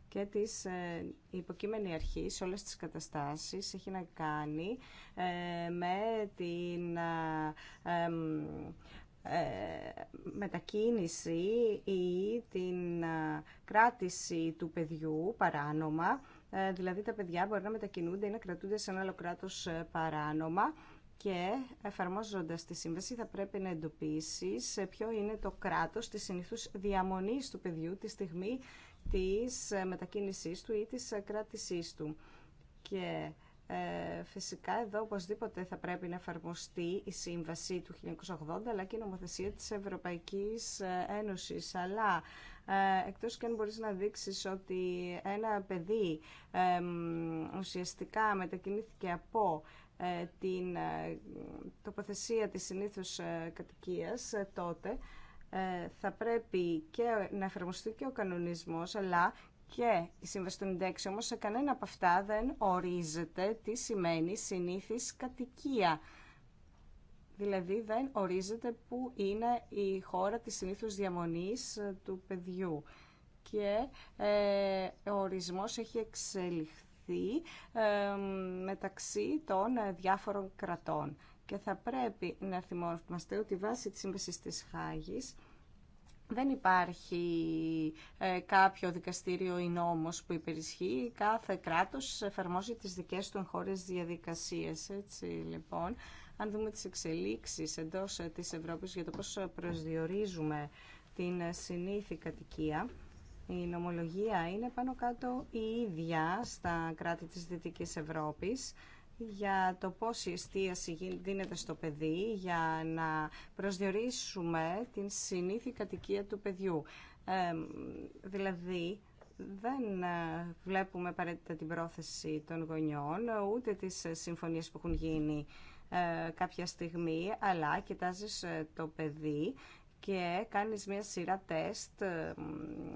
Speaker 1: και της ε, υποκείμενη αρχή σε όλες τις καταστάσεις έχει να κάνει με την μετακίνηση ή την κράτηση του παιδιού παράνομα. Δηλαδή τα παιδιά μπορεί να μετακινούνται ή να κρατούνται σε ένα άλλο κράτος παράνομα και εφαρμόζοντας τη σύμβαση θα πρέπει να εντοπίσεις ποιο είναι το κράτος της συνήθους διαμονής του παιδιού τη στιγμή της ε, μετακίνησής του ή της ε, κράτησής του. Και ε, φυσικά εδώ οπωσδήποτε θα πρέπει να εφαρμοστεί η σύμβαση του 1980 αλλά και η νομοθεσία της Ευρωπαϊκής ε, Ένωσης. Αλλά ε, εκτός και αν μπορείς να δείξεις ότι ένα παιδί ε, ουσιαστικά μετακινήθηκε από ε, την ε, τοποθεσία της συνήθους ε, κατοικίας τότε θα πρέπει και να εφαρμοστεί και ο κανονισμός αλλά και η Σύμβαση των 96 όμως σε κανένα από αυτά δεν ορίζεται τι σημαίνει συνήθις κατοικία. Δηλαδή δεν ορίζεται που είναι η χώρα της συνήθους διαμονής του παιδιού. Και ε, ο ορισμός έχει εξελιχθεί μεταξύ των ε, διάφορων κρατών. Και θα πρέπει να θυμόμαστε ότι βάσει της Σύμβασης της Χάγης δεν υπάρχει ε, κάποιο δικαστήριο ή νόμος που υπερισχύει. Κάθε κράτος εφαρμόζει τις δικές του χώρες διαδικασίες. Έτσι λοιπόν, αν δούμε τις εξελίξεις εντός ε, της Ευρώπης για το πώς προσδιορίζουμε την συνήθη κατοικία, η νομολογία είναι πάνω κάτω η ίδια στα κράτη της Δυτικής Ευρώπης για το πώς η εστίαση δίνεται στο παιδί για να προσδιορίσουμε την συνήθη κατοικία του παιδιού. δηλαδή, δεν ε, βλέπουμε απαραίτητα την πρόθεση των γονιών, ούτε τις συμφωνίες που έχουν γίνει ε, κάποια στιγμή, αλλά κοιτάζεις ε, το παιδί και κάνεις μια σειρά τεστ ε,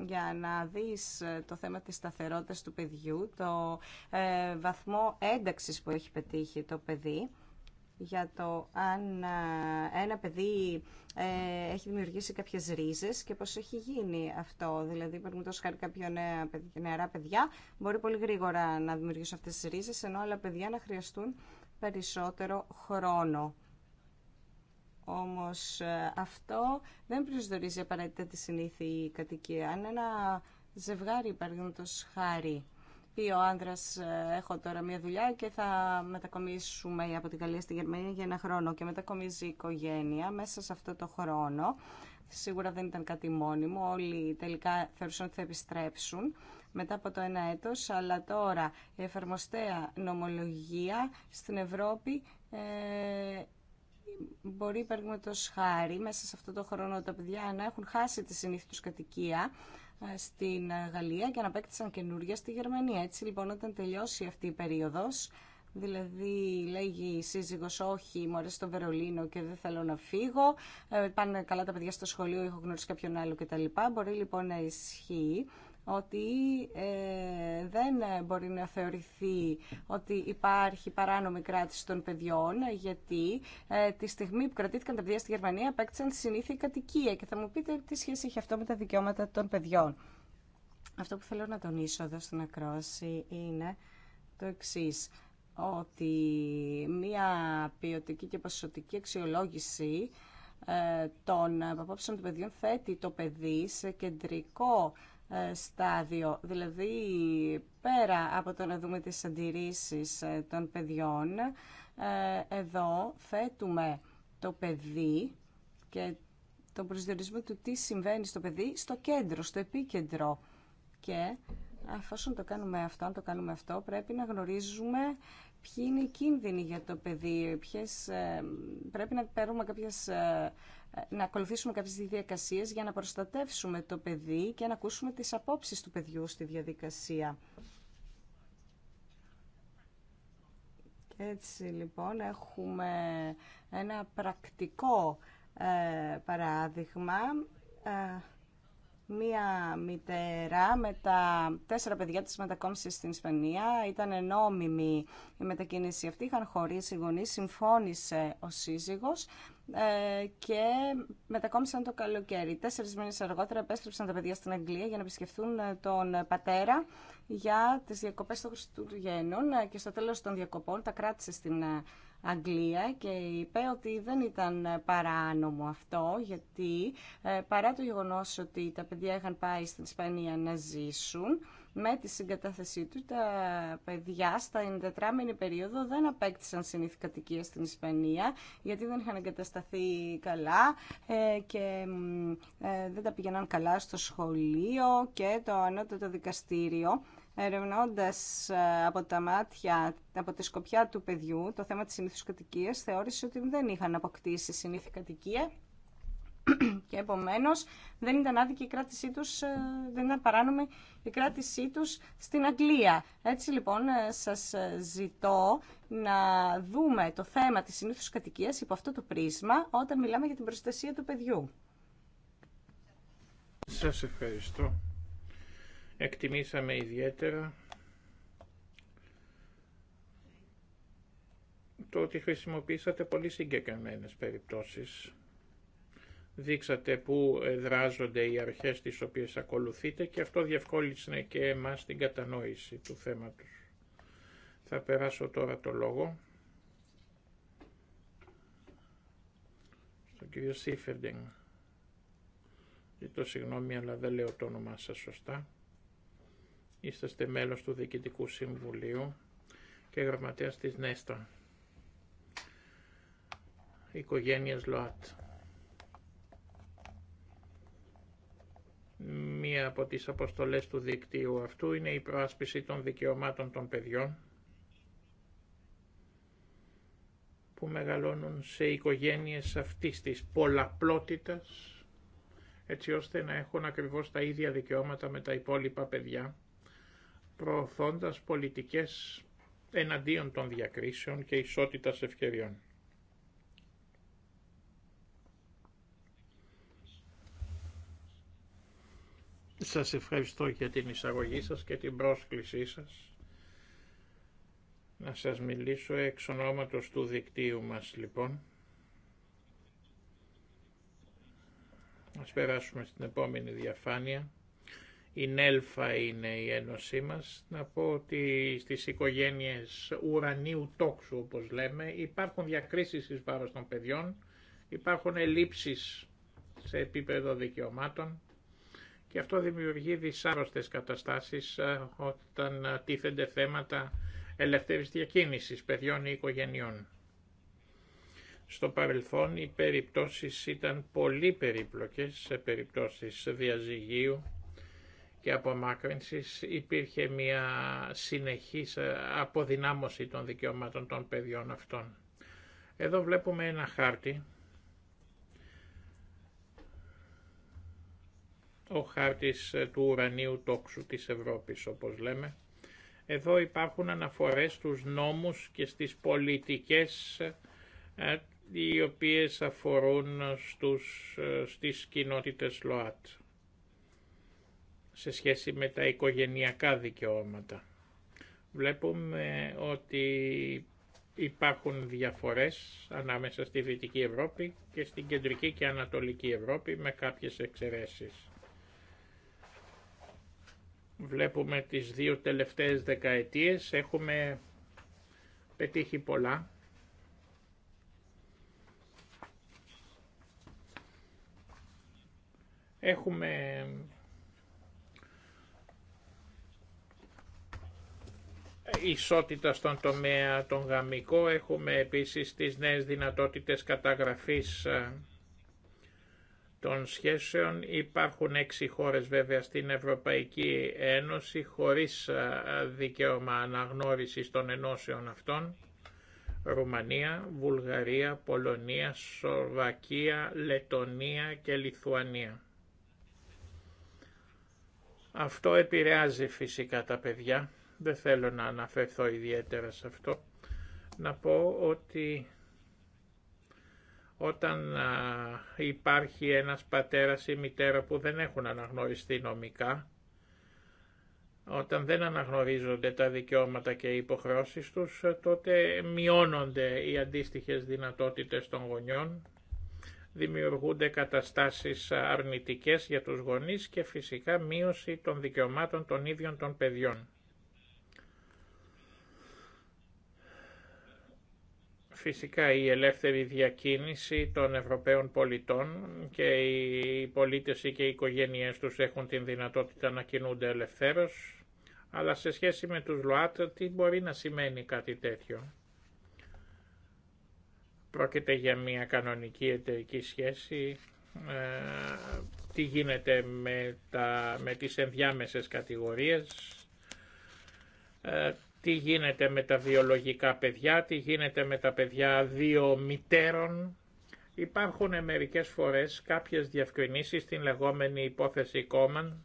Speaker 1: για να δεις ε, το θέμα της σταθερότητας του παιδιού, το ε, βαθμό ένταξης που έχει πετύχει το παιδί για το αν ένα παιδί έχει δημιουργήσει κάποιες ρίζες και πώς έχει γίνει αυτό. Δηλαδή, το χάρη κάποια νεαρά παιδιά μπορεί πολύ γρήγορα να δημιουργήσουν αυτές τις ρίζες, ενώ άλλα παιδιά να χρειαστούν περισσότερο χρόνο. Όμως ε, αυτό δεν προσδορίζει απαραίτητα τη συνήθη κατοικία. Αν ένα ζευγάρι, παραδείγματο χάρη, πει ο άνδρα ε, έχω τώρα μία δουλειά και θα μετακομίσουμε από την Γαλλία στη Γερμανία για ένα χρόνο και μετακομίζει η οικογένεια μέσα σε αυτό το χρόνο. Σίγουρα δεν ήταν κάτι μόνιμο, όλοι τελικά θεωρούσαν ότι θα επιστρέψουν μετά από το ένα έτος, αλλά τώρα η εφαρμοστέα νομολογία στην Ευρώπη ε, μπορεί παραδείγματο χάρη μέσα σε αυτό το χρόνο τα παιδιά να έχουν χάσει τη συνήθι του κατοικία ε, στην ε, Γαλλία και να απέκτησαν καινούργια στη Γερμανία. Έτσι λοιπόν όταν τελειώσει αυτή η περίοδος, δηλαδή λέγει η σύζυγος όχι μου αρέσει το Βερολίνο και δεν θέλω να φύγω, ε, πάνε καλά τα παιδιά στο σχολείο, έχω γνωρίσει κάποιον άλλο κτλ. Μπορεί λοιπόν να ισχύει ότι ε, δεν μπορεί να θεωρηθεί ότι υπάρχει παράνομη κράτηση των παιδιών, γιατί ε, τη στιγμή που κρατήθηκαν τα παιδιά στη Γερμανία απέκτησαν τη συνήθεια κατοικία. Και θα μου πείτε τι σχέση έχει αυτό με τα δικαιώματα των παιδιών. Αυτό που θέλω να τονίσω εδώ στην ακρόση είναι το εξής ότι μία ποιοτική και ποσοτική αξιολόγηση ε, των απόψεων των παιδιών θέτει το παιδί σε κεντρικό ε, στάδιο. Δηλαδή, πέρα από το να δούμε τις αντιρρήσεις ε, των παιδιών, ε, εδώ θέτουμε το παιδί και τον προσδιορισμό του τι συμβαίνει στο παιδί στο κέντρο, στο επίκεντρο. Και αφού το κάνουμε αυτό, αν το κάνουμε αυτό, πρέπει να γνωρίζουμε ποιοι είναι οι κίνδυνοι για το παιδί, ποιες, πρέπει να παίρνουμε κάποιες να ακολουθήσουμε κάποιες διαδικασίες για να προστατεύσουμε το παιδί και να ακούσουμε τις απόψεις του παιδιού στη διαδικασία. Έτσι λοιπόν έχουμε ένα πρακτικό ε, παράδειγμα ε, μία μητέρα με τα τέσσερα παιδιά της μετακόμισε στην Ισπανία. Ήταν νόμιμη η μετακίνηση αυτή, είχαν χωρίσει οι γονείς, συμφώνησε ο σύζυγος ε, και μετακόμισαν το καλοκαίρι. Τέσσερις μήνες αργότερα επέστρεψαν τα παιδιά στην Αγγλία για να επισκεφθούν ε, τον πατέρα για τις διακοπές των Χριστουγέννων ε, και στο τέλος των διακοπών τα κράτησε στην Αγγλία και είπε ότι δεν ήταν παράνομο αυτό γιατί ε, παρά το γεγονός ότι τα παιδιά είχαν πάει στην Ισπανία να ζήσουν με τη συγκατάθεσή του τα παιδιά στα εντετράμενη περίοδο δεν απέκτησαν συνήθεια κατοικία στην Ισπανία γιατί δεν είχαν εγκατασταθεί καλά ε, και ε, δεν τα πήγαιναν καλά στο σχολείο και το ανώτατο δικαστήριο ερευνώντας ε, από τα μάτια, από τη σκοπιά του παιδιού, το θέμα της συνήθους κατοικία, θεώρησε ότι δεν είχαν αποκτήσει συνήθη κατοικία και επομένως δεν ήταν άδικη η κράτησή τους, ε, δεν ήταν παράνομη η κράτησή τους στην Αγγλία. Έτσι λοιπόν ε, σας ζητώ να δούμε το θέμα της συνήθους κατοικίας υπό αυτό το πρίσμα όταν μιλάμε για την προστασία του παιδιού.
Speaker 2: Σας ευχαριστώ εκτιμήσαμε ιδιαίτερα το ότι χρησιμοποίησατε πολύ συγκεκριμένες περιπτώσεις. Δείξατε πού ε, δράζονται οι αρχές τις οποίες ακολουθείτε και αυτό διευκόλυσε και εμάς την κατανόηση του θέματος. Θα περάσω τώρα το λόγο στον κύριο Σίφερντινγκ. Ζητώ συγγνώμη αλλά δεν λέω το όνομά σας σωστά είσαστε μέλος του Διοικητικού Συμβουλίου και γραμματέας της Νέστα, οικογένειας ΛΟΑΤ. Μία από τις αποστολές του δικτύου αυτού είναι η προάσπιση των δικαιωμάτων των παιδιών που μεγαλώνουν σε οικογένειες αυτής της πολλαπλότητας έτσι ώστε να έχουν ακριβώς τα ίδια δικαιώματα με τα υπόλοιπα παιδιά προωθώντας πολιτικές εναντίον των διακρίσεων και ισότητας ευκαιριών. Σας ευχαριστώ για την εισαγωγή σας και την πρόσκλησή σας. Να σας μιλήσω εξ ονόματος του δικτύου μας λοιπόν. Ας περάσουμε στην επόμενη διαφάνεια. Η ΝΕΛΦΑ είναι η ένωσή μας. Να πω ότι στις οικογένειες ουρανίου τόξου, όπως λέμε, υπάρχουν διακρίσεις εις βάρος των παιδιών, υπάρχουν ελλείψεις σε επίπεδο δικαιωμάτων και αυτό δημιουργεί δυσάρρωστες καταστάσεις ε, όταν ε, τίθενται θέματα ελευθερής διακίνησης παιδιών ή οικογενειών. Στο παρελθόν οι περιπτώσεις ήταν πολύ περίπλοκες σε περιπτώσεις διαζυγίου και απομάκρυνσης υπήρχε μια συνεχής ε, αποδυνάμωση των δικαιωμάτων των παιδιών αυτών. Εδώ βλέπουμε ένα χάρτη. Ο χάρτης ε, του ουρανίου τόξου της Ευρώπης όπως λέμε. Εδώ υπάρχουν αναφορές στους νόμους και στις πολιτικές ε, οι οποίες αφορούν στους, στις κοινότητες ΛΟΑΤ σε σχέση με τα οικογενειακά δικαιώματα. Βλέπουμε ότι υπάρχουν διαφορές ανάμεσα στη Δυτική Ευρώπη και στην Κεντρική και Ανατολική Ευρώπη με κάποιες εξαιρέσεις. Βλέπουμε τις δύο τελευταίες δεκαετίες, έχουμε πετύχει πολλά. Έχουμε ισότητα στον τομέα τον γαμικό. Έχουμε επίσης τις νέες δυνατότητες καταγραφής ε, των σχέσεων. Υπάρχουν έξι χώρες βέβαια στην Ευρωπαϊκή Ένωση χωρίς ε, δικαίωμα αναγνώρισης των ενώσεων αυτών. Ρουμανία, Βουλγαρία, Πολωνία, σοβακία Λετωνία και Λιθουανία. Αυτό επηρεάζει φυσικά τα παιδιά δεν θέλω να αναφερθώ ιδιαίτερα σε αυτό. Να πω ότι όταν υπάρχει ένας πατέρας ή μητέρα που δεν έχουν αναγνωριστεί νομικά, όταν δεν αναγνωρίζονται τα δικαιώματα και οι υποχρεώσεις τους, τότε μειώνονται οι αντίστοιχες δυνατότητες των γονιών, δημιουργούνται καταστάσεις αρνητικές για τους γονείς και φυσικά μείωση των δικαιωμάτων των ίδιων των παιδιών. Φυσικά η ελεύθερη διακίνηση των Ευρωπαίων πολιτών και οι πολίτες και οι οικογένειές τους έχουν την δυνατότητα να κινούνται ελευθέρως, αλλά σε σχέση με τους ΛΟΑΤ τι μπορεί να σημαίνει κάτι τέτοιο. Πρόκειται για μια κανονική εταιρική σχέση, ε, τι γίνεται με, τα, με τις ενδιάμεσες κατηγορίες, ε, τι γίνεται με τα βιολογικά παιδιά, τι γίνεται με τα παιδιά δύο μητέρων. Υπάρχουν μερικές φορές κάποιες διευκρινήσεις στην λεγόμενη υπόθεση Κόμαν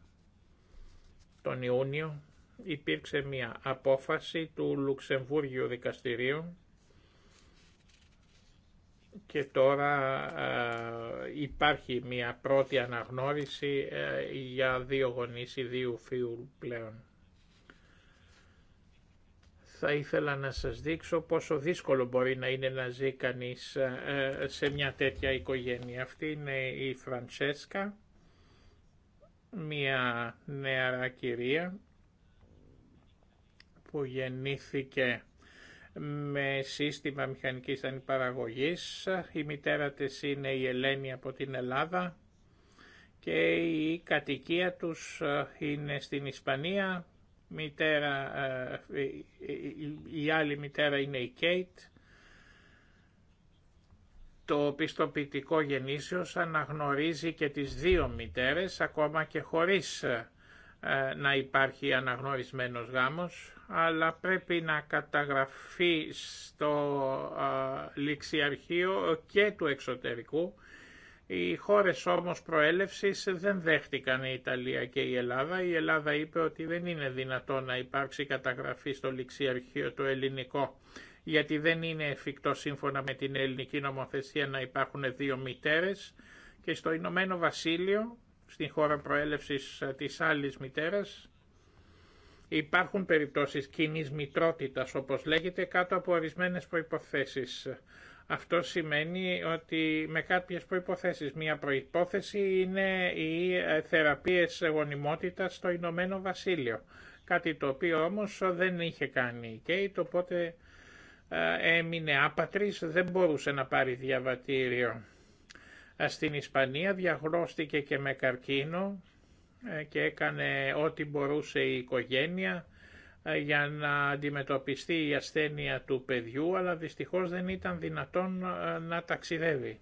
Speaker 2: τον Ιούνιο. Υπήρξε μια απόφαση του Λουξεμβούργιου Δικαστηρίου και τώρα υπάρχει μια πρώτη αναγνώριση ε, για δύο γονείς δύο φίλου πλέον θα ήθελα να σας δείξω πόσο δύσκολο μπορεί να είναι να ζει κανείς ε, ε, σε μια τέτοια οικογένεια. Αυτή είναι η Φραντσέσκα, μια νεαρά κυρία που γεννήθηκε με σύστημα μηχανικής ανυπαραγωγής. Η μητέρα της είναι η Ελένη από την Ελλάδα και η κατοικία τους ε, είναι στην Ισπανία μητέρα, ε, η άλλη μητέρα είναι η Κέιτ. Το πιστοποιητικό γεννήσεως αναγνωρίζει και τις δύο μητέρες, ακόμα και χωρίς ε, να υπάρχει αναγνωρισμένος γάμος, αλλά πρέπει να καταγραφεί στο ε, ληξιαρχείο και του εξωτερικού οι χώρες όμως προέλευσης δεν δέχτηκαν η Ιταλία και η Ελλάδα. Η Ελλάδα είπε ότι δεν είναι δυνατό να υπάρξει καταγραφή στο ληξιαρχείο το ελληνικό γιατί δεν είναι εφικτό σύμφωνα με την ελληνική νομοθεσία να υπάρχουν δύο μητέρες και στο Ηνωμένο Βασίλειο, στην χώρα προέλευσης της άλλης μητέρας, υπάρχουν περιπτώσεις κοινή μητρότητας όπως λέγεται κάτω από ορισμένε προϋποθέσεις. Αυτό σημαίνει ότι με κάποιες προϋποθέσεις. Μία προϋπόθεση είναι οι ε, θεραπείες γονιμότητας στο Ηνωμένο Βασίλειο. Κάτι το οποίο όμως δεν είχε κάνει η Κέιτ, οπότε ε, έμεινε άπατρης, δεν μπορούσε να πάρει διαβατήριο. Ε, στην Ισπανία διαγνώστηκε και με καρκίνο και έκανε ό,τι μπορούσε η οικογένεια για να αντιμετωπιστεί η ασθένεια του παιδιού, αλλά δυστυχώς δεν ήταν δυνατόν ε, να ταξιδεύει.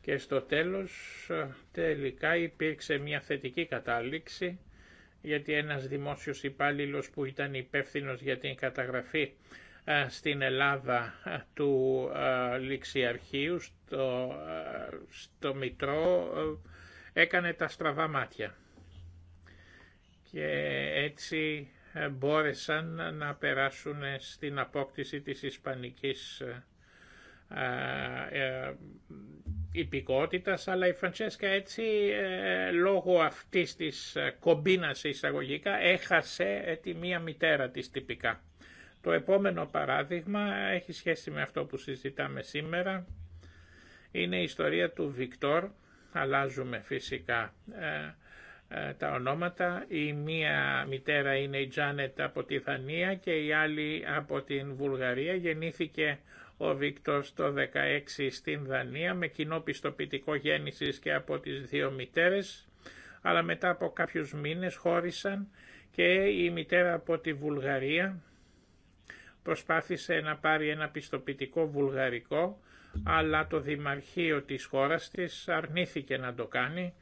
Speaker 2: Και στο τέλος ε, τελικά υπήρξε μια θετική κατάληξη, γιατί ένας δημόσιος υπάλληλος που ήταν υπεύθυνος για την καταγραφή ε, στην Ελλάδα του ληξιαρχείου, στο, στο Μητρό, έκανε τα στραβά μάτια. Και έτσι ε, μπόρεσαν να περάσουν στην απόκτηση της ισπανικής ε, ε, υπηκότητας, αλλά η Φραντσέσκα έτσι λόγω αυτής της κομπίνας εισαγωγικά έχασε τη μία μητέρα της τυπικά. Το επόμενο παράδειγμα έχει σχέση με αυτό που συζητάμε σήμερα. Είναι η ιστορία του Βικτόρ, αλλάζουμε φυσικά ε, τα ονόματα. Η μία μητέρα είναι η Τζάνετ από τη Δανία και η άλλη από την Βουλγαρία. Γεννήθηκε ο Βίκτος το 16 στην Δανία με κοινό πιστοποιητικό γέννησης και από τις δύο μητέρες, αλλά μετά από κάποιους μήνες χώρισαν και η μητέρα από τη Βουλγαρία προσπάθησε να πάρει ένα πιστοποιητικό βουλγαρικό, αλλά το Δημαρχείο της χώρας της αρνήθηκε να το κάνει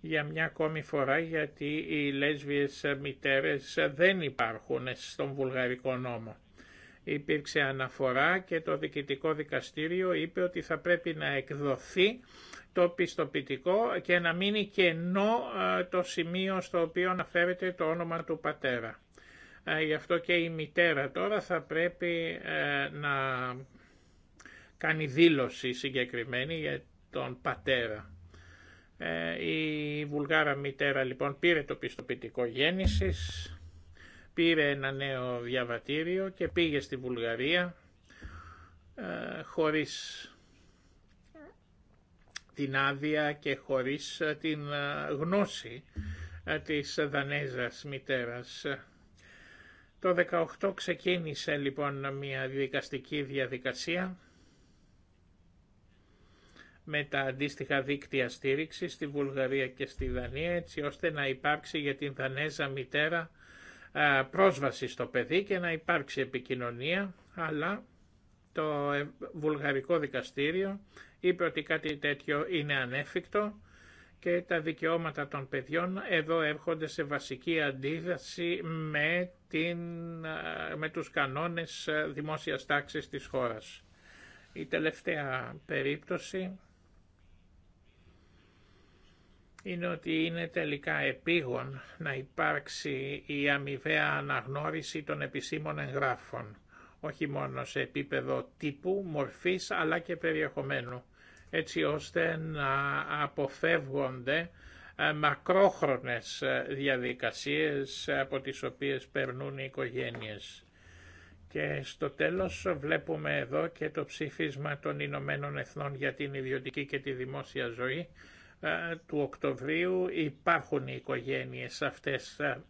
Speaker 2: για μια ακόμη φορά γιατί οι λέσβιες μητέρες δεν υπάρχουν στον βουλγαρικό νόμο. Υπήρξε αναφορά και το διοικητικό δικαστήριο είπε ότι θα πρέπει να εκδοθεί το πιστοποιητικό και να μείνει κενό ε, το σημείο στο οποίο αναφέρεται το όνομα του πατέρα. Ε, γι' αυτό και η μητέρα τώρα θα πρέπει ε, να κάνει δήλωση συγκεκριμένη για τον πατέρα. Ε, η Βουλγάρα μητέρα λοιπόν πήρε το πιστοποιητικό γέννησης, πήρε ένα νέο διαβατήριο και πήγε στη Βουλγαρία ε, χωρίς την άδεια και χωρίς ε, την γνώση της Δανέζας μητέρας. Το 18 ξεκίνησε λοιπόν μια δικαστική διαδικασία με τα αντίστοιχα δίκτυα στήριξη στη Βουλγαρία και στη Δανία έτσι ώστε να υπάρξει για την Δανέζα μητέρα πρόσβαση στο παιδί και να υπάρξει επικοινωνία αλλά το ε, Βουλγαρικό Δικαστήριο είπε ότι κάτι τέτοιο είναι ανέφικτο και τα δικαιώματα των παιδιών εδώ έρχονται σε βασική αντίδραση με, την, με τους κανόνες δημόσιας τάξης της χώρας. Η τελευταία περίπτωση είναι ότι είναι τελικά επίγον να υπάρξει η αμοιβαία αναγνώριση των επισήμων εγγράφων, όχι μόνο σε επίπεδο τύπου, μορφής, αλλά και περιεχομένου, έτσι ώστε να αποφεύγονται ε, μακρόχρονες ε, διαδικασίες ε, από τις οποίες περνούν οι οικογένειες. Και στο τέλος βλέπουμε εδώ και το ψήφισμα των Ηνωμένων Εθνών για την ιδιωτική και τη δημόσια ζωή, ε, του Οκτωβρίου υπάρχουν οι οικογένειες αυτές, ε,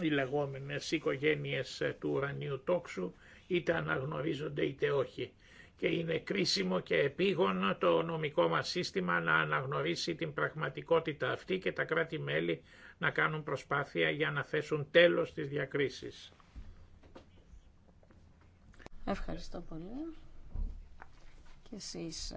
Speaker 2: οι λεγόμενες οικογένειες ε, του ουρανίου τόξου, είτε αναγνωρίζονται είτε όχι. Και είναι κρίσιμο και επίγον το νομικό μας σύστημα να αναγνωρίσει την πραγματικότητα αυτή και τα κράτη-μέλη να κάνουν προσπάθεια για να θέσουν τέλος στις διακρίσεις.
Speaker 1: Ευχαριστώ πολύ. Και εσείς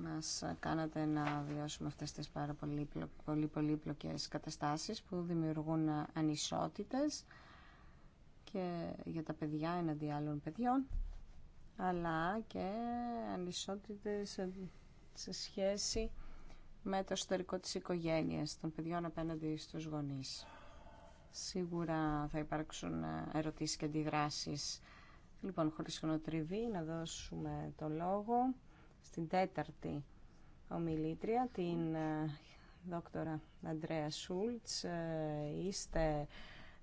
Speaker 1: μας κάνατε να βιώσουμε αυτές τις πάρα πολύ, πολύ πολύπλοκες καταστάσεις που δημιουργούν ανισότητες και για τα παιδιά εναντί άλλων παιδιών αλλά και ανισότητες σε σχέση με το στερικό της οικογένειας των παιδιών απέναντι στους γονείς. Σίγουρα θα υπάρξουν ερωτήσεις και αντιδράσεις. Λοιπόν, χωρίς χρονοτριβή, να δώσουμε το λόγο στην τέταρτη ομιλήτρια, την ε, δόκτωρα Αντρέα Σούλτς. Ε, είστε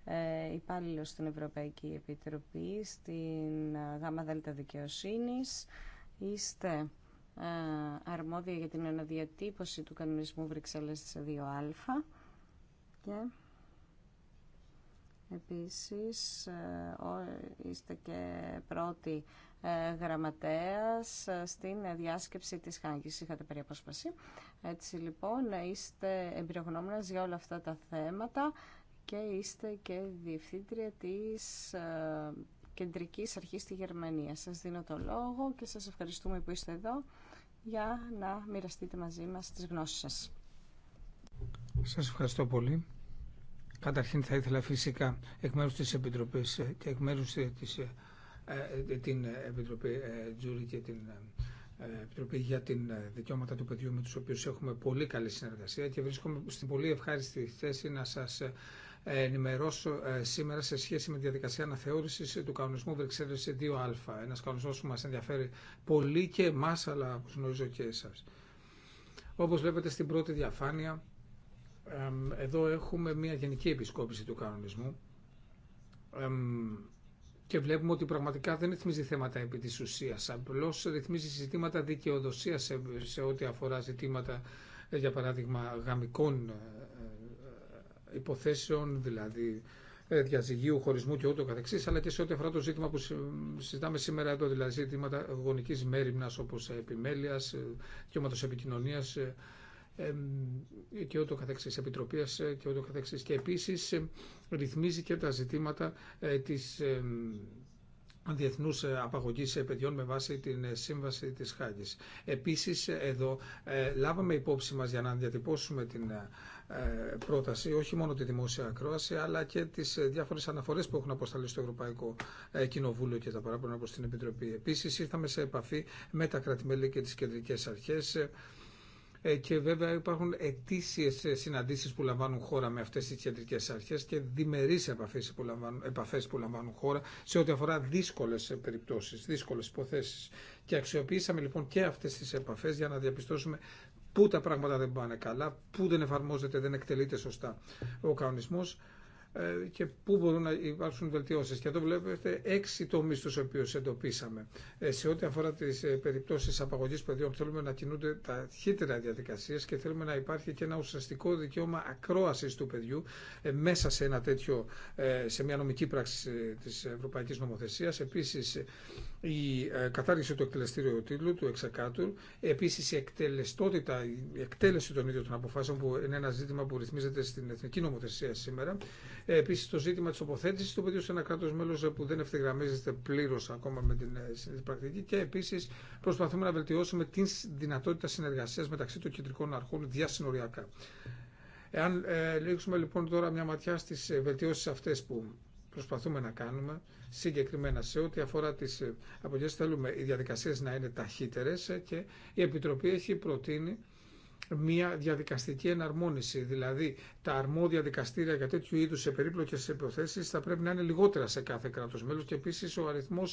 Speaker 1: ε, υπάλληλο στην Ευρωπαϊκή Επιτροπή, στην ΓΑΜΑ ΔΕΛΤΑ Δικαιοσύνης. Είστε αρμόδια για την αναδιατύπωση του κανονισμού Βρυξέλλες 2α και επίσης είστε και πρώτη ε, γραμματέας ε, στην διάσκεψη της Χάγκης. Είχατε περί απόσπαση. Έτσι λοιπόν είστε εμπειρογνώμενας για όλα αυτά τα θέματα και είστε και διευθύντρια της ε, κεντρικής αρχής στη Γερμανία. Σας δίνω το λόγο και σας ευχαριστούμε που είστε εδώ για να μοιραστείτε μαζί μας τις γνώσεις σας.
Speaker 3: Σας ευχαριστώ πολύ. Καταρχήν θα ήθελα φυσικά εκ μέρους της Επιτροπής και εκ μέρους της ε, ε, την ε, Επιτροπή Τζούρι και την Επιτροπή για την Δικαιώματα του Παιδιού με τους οποίους έχουμε πολύ καλή συνεργασία και βρίσκομαι στην πολύ ευχάριστη θέση να σας ενημερώσω σήμερα σε σχέση με τη διαδικασία αναθεώρηση του κανονισμού Βρυξέλλε 2α. Ένα κανονισμό που μα ενδιαφέρει πολύ και εμά, αλλά όπω γνωρίζω και εσά. Όπω βλέπετε στην πρώτη διαφάνεια, εδώ έχουμε μια γενική επισκόπηση του κανονισμού και βλέπουμε ότι πραγματικά δεν ρυθμίζει θέματα επί της ουσίας, απλώς ρυθμίζει ζητήματα δικαιοδοσίας σε, σε ό,τι αφορά ζητήματα, ε, για παράδειγμα, γαμικών ε, ε, υποθέσεων, δηλαδή διαζυγίου, χωρισμού και ούτω καθεξής, αλλά και σε ό,τι αφορά το ζήτημα που συζητάμε σήμερα εδώ, δηλαδή ζήτηματα γονικής μέρημνας όπως επιμέλειας, δικαιώματος επικοινωνίας, και ούτω καθεξής επιτροπίας ε, και ούτω καθεξής και επίσης ε, ρυθμίζει και τα ζητήματα ε, της Διεθνούς απαγωγή παιδιών με βάση την σύμβαση της Χάγης. Επίσης εδώ λάβαμε υπόψη μας για να διατυπώσουμε την πρόταση όχι μόνο τη δημόσια ακρόαση, αλλά και τις διάφορες αναφορές που έχουν αποσταλεί στο Ευρωπαϊκό Κοινοβούλιο και τα παράπονα προς την Επιτροπή. Επίση, ήρθαμε σε επαφή με τα κρατημέλη και τις κεντρικέ αρχέ ε, και βέβαια υπάρχουν ετήσιες ε, συναντήσεις που λαμβάνουν χώρα με αυτές τις κεντρικέ αρχές και διμερεί επαφέ που λαμβάνουν, που λαμβάνουν χώρα σε ό,τι αφορά δύσκολε περιπτώσει, δύσκολε υποθέσεις. Και αξιοποιήσαμε λοιπόν και αυτές τις επαφές για να διαπιστώσουμε πού τα πράγματα δεν πάνε καλά, πού δεν εφαρμόζεται, δεν εκτελείται σωστά ο κανονισμός ε, και πού μπορούν να υπάρξουν βελτιώσει. Και εδώ βλέπετε έξι τομεί του οποίου εντοπίσαμε. Ε, σε ό,τι αφορά τι ε, περιπτώσει απαγωγή παιδιών, θέλουμε να κινούνται ταχύτερα διαδικασίες και θέλουμε να υπάρχει και ένα ουσιαστικό δικαίωμα ακρόαση του παιδιού μέσα σε ένα τέτοιο, σε μια νομική πράξη τη Ευρωπαϊκή Νομοθεσία. Επίσης, η κατάργηση του εκτελεστήριου τίτλου, του ΕΞΑΚΑΤΟΥΡ. επίση η εκτελεστότητα, η εκτέλεση των ίδιων των αποφάσεων που είναι ένα ζήτημα που ρυθμίζεται στην Εθνική Νομοθεσία σήμερα. Ε, επίση, το ζήτημα τη τοποθέτηση του παιδιού σε ένα κράτο μέλο που δεν ευθυγραμμίζεται πλήρω ακόμα με την ε, πρακτική. Και επίση, προσπαθούμε να βελτιώσουμε την δυνατότητα συνεργασία μεταξύ των κεντρικών αρχών διασυνοριακά. Εάν ε, λοιπόν τώρα μια ματιά στι ε, βελτιώσει αυτέ που προσπαθούμε να κάνουμε, συγκεκριμένα σε ό,τι αφορά τι απογέ, θέλουμε οι διαδικασίε να είναι ταχύτερε και η Επιτροπή έχει προτείνει μια διαδικαστική εναρμόνιση. Δηλαδή, τα αρμόδια δικαστήρια για τέτοιου είδου σε περίπλοκε υποθέσει θα πρέπει να είναι λιγότερα σε κάθε κράτο μέλο και επίση ο αριθμό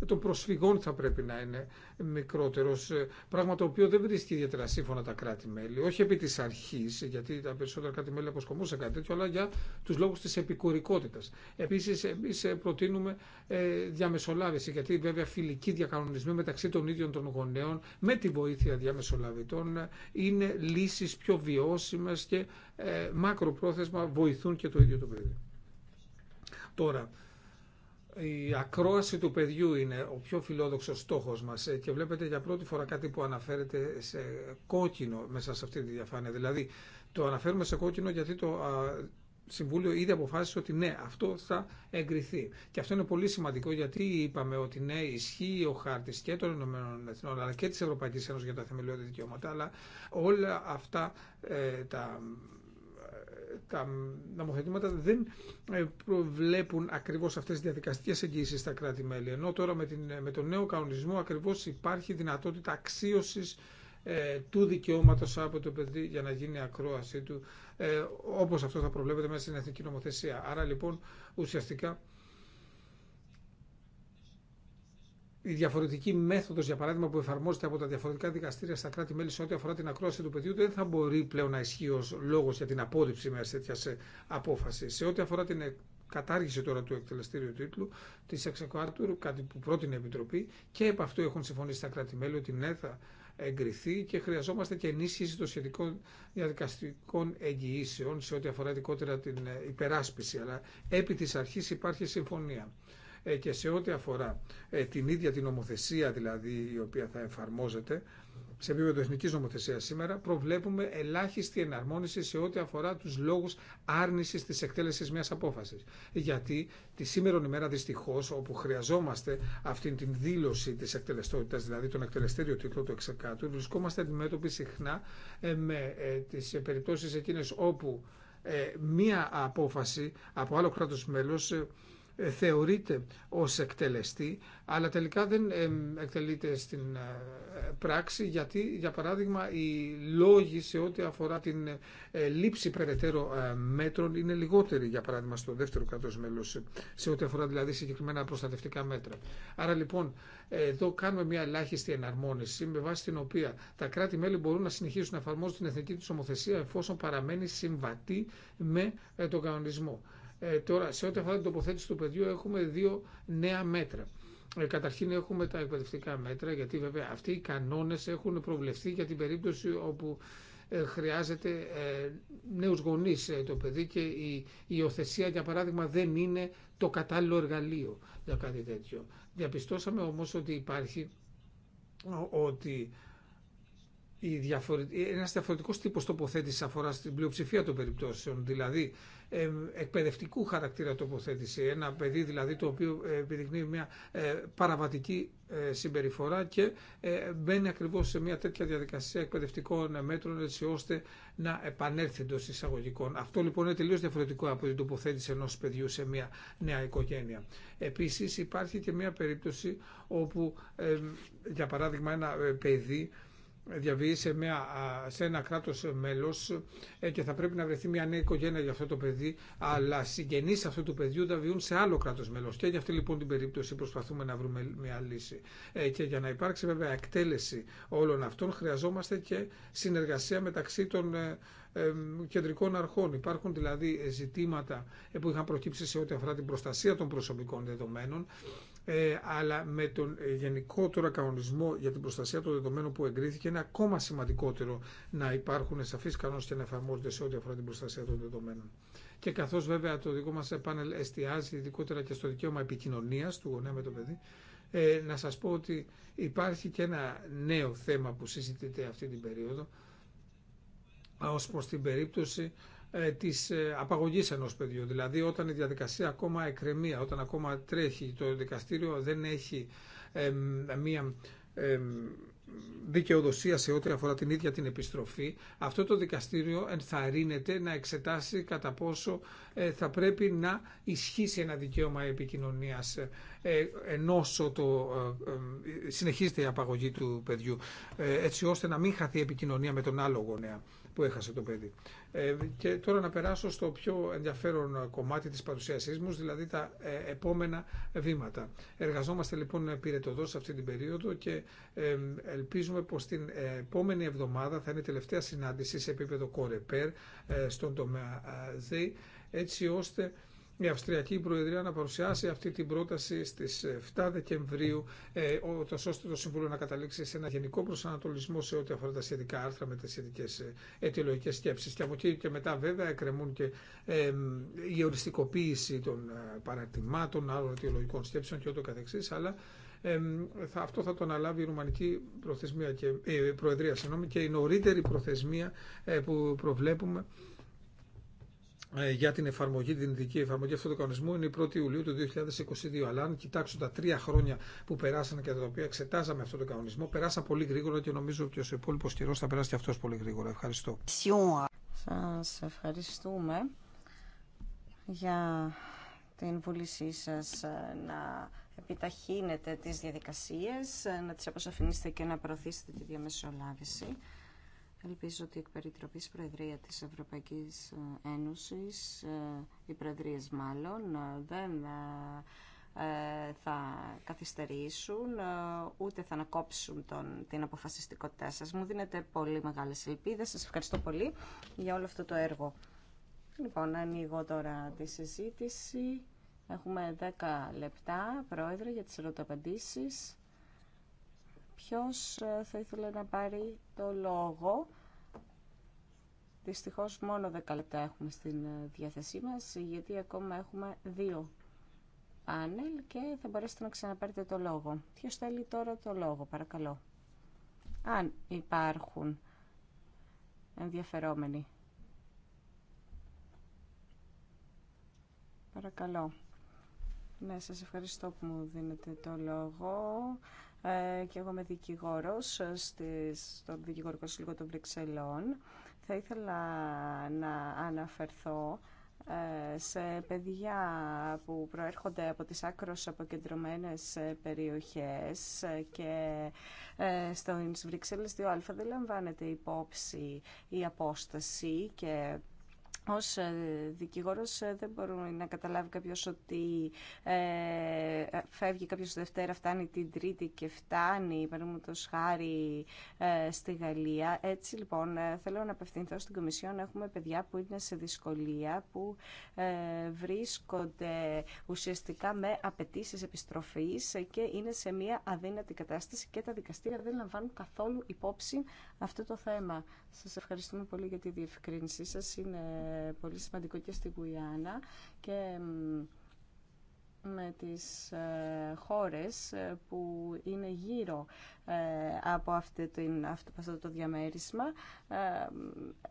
Speaker 3: ε, των προσφυγών θα πρέπει να είναι μικρότερο. Ε, πράγμα το οποίο δεν βρίσκει ιδιαίτερα σύμφωνα τα κράτη-μέλη. Όχι επί τη αρχή, γιατί τα περισσότερα κράτη-μέλη αποσκοπούν σε κάτι τέτοιο, αλλά για του λόγου τη επικουρικότητα. Επίση, εμεί ε, προτείνουμε διαμεσολάβηση, γιατί βέβαια φιλικοί διακανονισμοί μεταξύ των ίδιων των γονέων με τη βοήθεια διαμεσολαβητών είναι είναι λύσεις πιο βιώσιμες και ε, μακροπρόθεσμα βοηθούν και το ίδιο το παιδί. Τώρα, η ακρόαση του παιδιού είναι ο πιο φιλόδοξος στόχος μας ε, και βλέπετε για πρώτη φορά κάτι που αναφέρεται σε κόκκινο μέσα σε αυτή τη διαφάνεια. Δηλαδή, το αναφέρουμε σε κόκκινο γιατί το Συμβούλιο ήδη αποφάσισε ότι ναι, αυτό θα εγκριθεί. Και αυτό είναι πολύ σημαντικό γιατί είπαμε ότι ναι, ισχύει ο χάρτη και των Ηνωμένων Εθνών αλλά και τη Ευρωπαϊκή Ένωση για τα θεμελιώδη δικαιώματα, αλλά όλα αυτά ε, τα ε, τα νομοθετήματα δεν ε, προβλέπουν ακριβώ αυτέ τι διαδικαστικέ εγγύησει στα κράτη-μέλη. Ενώ τώρα με, την, με τον νέο κανονισμό ακριβώ υπάρχει δυνατότητα αξίωση ε, του δικαιώματο από το παιδί για να γίνει ακρόαση του, ε, όπως αυτό θα προβλέπεται μέσα στην Εθνική Νομοθεσία. Άρα λοιπόν ουσιαστικά η διαφορετική μέθοδο, για παράδειγμα, που εφαρμόζεται από τα διαφορετικά δικαστήρια στα κράτη-μέλη σε ό,τι αφορά την ακρόαση του παιδιού, δεν θα μπορεί πλέον να ισχύει ω λόγο για την απόρριψη μια τέτοια ε, απόφαση. Σε ό,τι αφορά την κατάργηση τώρα του εκτελεστήριου τίτλου τη Εξεκουάρτουρ, κάτι που πρότεινε η Επιτροπή, και επ' αυτού έχουν συμφωνήσει τα κράτη-μέλη ότι ναι, θα εγκριθεί και χρειαζόμαστε και ενίσχυση των σχετικών διαδικαστικών εγγυήσεων σε ό,τι αφορά ειδικότερα την ε, υπεράσπιση. Αλλά επί της αρχής υπάρχει συμφωνία ε, και σε ό,τι αφορά ε, την ίδια την νομοθεσία δηλαδή η οποία θα εφαρμόζεται σε επίπεδο εθνική νομοθεσία σήμερα, προβλέπουμε ελάχιστη εναρμόνιση σε ό,τι αφορά του λόγου άρνηση τη εκτέλεση μια απόφαση. Γιατί τη σήμερα ημέρα δυστυχώ, όπου χρειαζόμαστε αυτή την δήλωση τη εκτελεστότητα, δηλαδή τον εκτελεστήριο τίτλο του εξεκάτου, βρισκόμαστε αντιμέτωποι συχνά ε, με ε, τι περιπτώσει εκείνε όπου ε, μία απόφαση από άλλο κράτο μέλο ε, θεωρείται ως εκτελεστή, αλλά τελικά δεν εκτελείται στην ε, πράξη, γιατί, για παράδειγμα, οι λόγοι σε ό,τι αφορά την ε, λήψη περαιτέρω μέτρων είναι λιγότεροι, για παράδειγμα, στο δεύτερο κράτος μέλος, σε ό,τι αφορά δηλαδή συγκεκριμένα προστατευτικά μέτρα. Άρα, λοιπόν, εδώ κάνουμε μια ελάχιστη εναρμόνιση, με βάση την οποία τα κράτη-μέλη μπορούν να συνεχίσουν να εφαρμόζουν την εθνική του ομοθεσία, εφόσον παραμένει συμβατή με τον κανονισμό. Ε, τώρα, σε ό,τι αφορά την τοποθέτηση του παιδιού, έχουμε δύο νέα μέτρα. Ε, καταρχήν έχουμε τα εκπαιδευτικά μέτρα, γιατί βέβαια αυτοί οι κανόνες έχουν προβλεφθεί για την περίπτωση όπου ε, χρειάζεται ε, νέους γονείς ε, το παιδί και η υιοθεσία για παράδειγμα δεν είναι το κατάλληλο εργαλείο για κάτι τέτοιο. Διαπιστώσαμε όμως ότι υπάρχει ότι ένα διαφορετικό ένας διαφορετικός τύπος τοποθέτησης αφορά στην πλειοψηφία των περιπτώσεων. Δηλαδή ε, εκπαιδευτικού χαρακτήρα τοποθέτηση. Ένα παιδί δηλαδή το οποίο ε, επιδεικνύει μια ε, παραβατική συμπεριφορά και μπαίνει ακριβώς σε μια τέτοια διαδικασία εκπαιδευτικών μέτρων έτσι ώστε να επανέλθει εντό εισαγωγικών. Αυτό λοιπόν είναι τελείως διαφορετικό από την τοποθέτηση ενός παιδιού σε μια νέα οικογένεια. Επίσης υπάρχει και μια περίπτωση όπου για παράδειγμα ένα παιδί διαβεί σε, μια, σε ένα κράτος μέλος ε, και θα πρέπει να βρεθεί μια νέα οικογένεια για αυτό το παιδί, αλλά συγγενείς αυτού του παιδιού θα βιούν σε άλλο κράτος μέλος. Και για αυτή λοιπόν την περίπτωση προσπαθούμε να βρούμε μια λύση. Ε, και για να υπάρξει βέβαια εκτέλεση όλων αυτών χρειαζόμαστε και συνεργασία μεταξύ των ε, κεντρικών αρχών. Υπάρχουν δηλαδή ε, ζητήματα ε, που είχαν προκύψει σε ό,τι αφορά την προστασία των προσωπικών δεδομένων, ε, αλλά με τον γενικότερο κανονισμό για την προστασία των δεδομένων που εγκρίθηκε είναι ακόμα σημαντικότερο να υπάρχουν σαφείς κανόνες και να εφαρμόζονται σε ό,τι αφορά την προστασία των δεδομένων. Και καθώ βέβαια το δικό μα πάνελ εστιάζει ειδικότερα και στο δικαίωμα επικοινωνία του γονέα με το παιδί, να σας πω ότι υπάρχει και ένα νέο θέμα που συζητείται αυτή την περίοδο ως προς την περίπτωση ε, της ε, απαγωγής ενός παιδιού. Δηλαδή όταν η διαδικασία ακόμα εκκρεμία, όταν ακόμα τρέχει το δικαστήριο δεν έχει μία δικαιοδοσία σε ό,τι αφορά την ίδια την επιστροφή, αυτό το δικαστήριο ενθαρρύνεται να εξετάσει κατά πόσο ε, θα πρέπει να ισχύσει ένα δικαίωμα επικοινωνίας ενώ το συνεχίζεται η απαγωγή του παιδιού, έτσι ώστε να μην χαθεί επικοινωνία με τον άλλο γονέα που έχασε το παιδί. Ε, και τώρα να περάσω στο πιο ενδιαφέρον κομμάτι της παρουσίασής μου, δηλαδή τα ε, επόμενα βήματα. Εργαζόμαστε λοιπόν πυρετοδός σε αυτή την περίοδο και ε, ελπίζουμε πως την επόμενη εβδομάδα θα είναι η τελευταία συνάντηση σε επίπεδο κορεπέρ στον τομέα ΔΕΗ, έτσι ώστε η Αυστριακή Προεδρία να παρουσιάσει αυτή την πρόταση στις 7 ε, Δεκεμβρίου, ε, ώστε το Συμβούλιο να καταλήξει σε ένα γενικό προσανατολισμό σε ό,τι αφορά τα σχετικά άρθρα με τις σχετικές ε, αιτιολογικές σκέψεις. Και από εκεί και μετά βέβαια εκκρεμούν και η οριστικοποίηση των ε, παρατημάτων, άλλων αιτιολογικών σκέψεων και ό,τι καθεξής, αλλά θα, αυτό θα το αναλάβει η Ρουμανική και, ε, Προεδρία και η νωρίτερη προθεσμία που προβλέπουμε ε, για την εφαρμογή, την ειδική εφαρμογή αυτού του κανονισμού είναι η 1η Ιουλίου του 2022. Αλλά αν κοιτάξω τα τρία χρόνια που περάσαν και τα οποία εξετάζαμε αυτό το κανονισμό, περάσα πολύ γρήγορα και νομίζω και ο υπόλοιπο καιρό θα περάσει και αυτό πολύ γρήγορα. Ευχαριστώ.
Speaker 1: Σα ευχαριστούμε για την βούλησή σα ε, να επιταχύνετε τις διαδικασίες, ε, να τις αποσαφηνίσετε και να προωθήσετε τη διαμεσολάβηση. Ελπίζω ότι εκ περιτροπής Προεδρία της Ευρωπαϊκής ε, Ένωσης, ε, οι Προεδρίες μάλλον, ε, δεν θα καθυστερήσουν, ούτε θα ανακόψουν τον, την αποφασιστικότητά σας. Μου δίνετε πολύ μεγάλες ελπίδες. Σας ευχαριστώ πολύ για όλο αυτό το έργο. Λοιπόν, ανοίγω τώρα τη συζήτηση. Έχουμε 10 λεπτά, Πρόεδρε, για τις ερωταπαντήσεις. Ποιος ε, θα ήθελε να πάρει το λόγο. Δυστυχώς μόνο 10 λεπτά έχουμε στην ε, διάθεσή μας, γιατί ακόμα έχουμε δύο πάνελ και θα μπορέσετε να ξαναπάρετε το λόγο. Ποιος θέλει τώρα το λόγο, παρακαλώ. Αν υπάρχουν ενδιαφερόμενοι. Παρακαλώ. Ναι, σας ευχαριστώ που μου δίνετε το λόγο. Ε, και εγώ είμαι δικηγόρος ε, στις, στο δικηγορικό σύλλογο των Βρυξελών. Θα ήθελα να αναφερθώ ε, σε παιδιά που προέρχονται από τις άκρως αποκεντρωμένες περιοχές και στο Βρυξέλλες 2α δεν λαμβάνεται υπόψη η απόσταση και ως ε, δικηγόρος ε, δεν μπορούμε να καταλάβει κάποιος ότι ε, φεύγει κάποιος τη Δευτέρα, φτάνει την Τρίτη και φτάνει, το χάρη, ε, στη Γαλλία. Έτσι λοιπόν θέλω να απευθυνθώ στην Κομισιόν. Έχουμε παιδιά που είναι σε δυσκολία, που βρίσκονται ουσιαστικά με απαιτήσει επιστροφής και είναι σε μια αδύνατη κατάσταση και τα δικαστήρια δεν λαμβάνουν καθόλου υπόψη αυτό το θέμα. Σας ευχαριστούμε πολύ για τη διευκρίνησή σας. Είναι πολύ σημαντικό και στην Γουιάννα και με τις ε, χώρες ε, που είναι γύρω ε, από αυτό το διαμέρισμα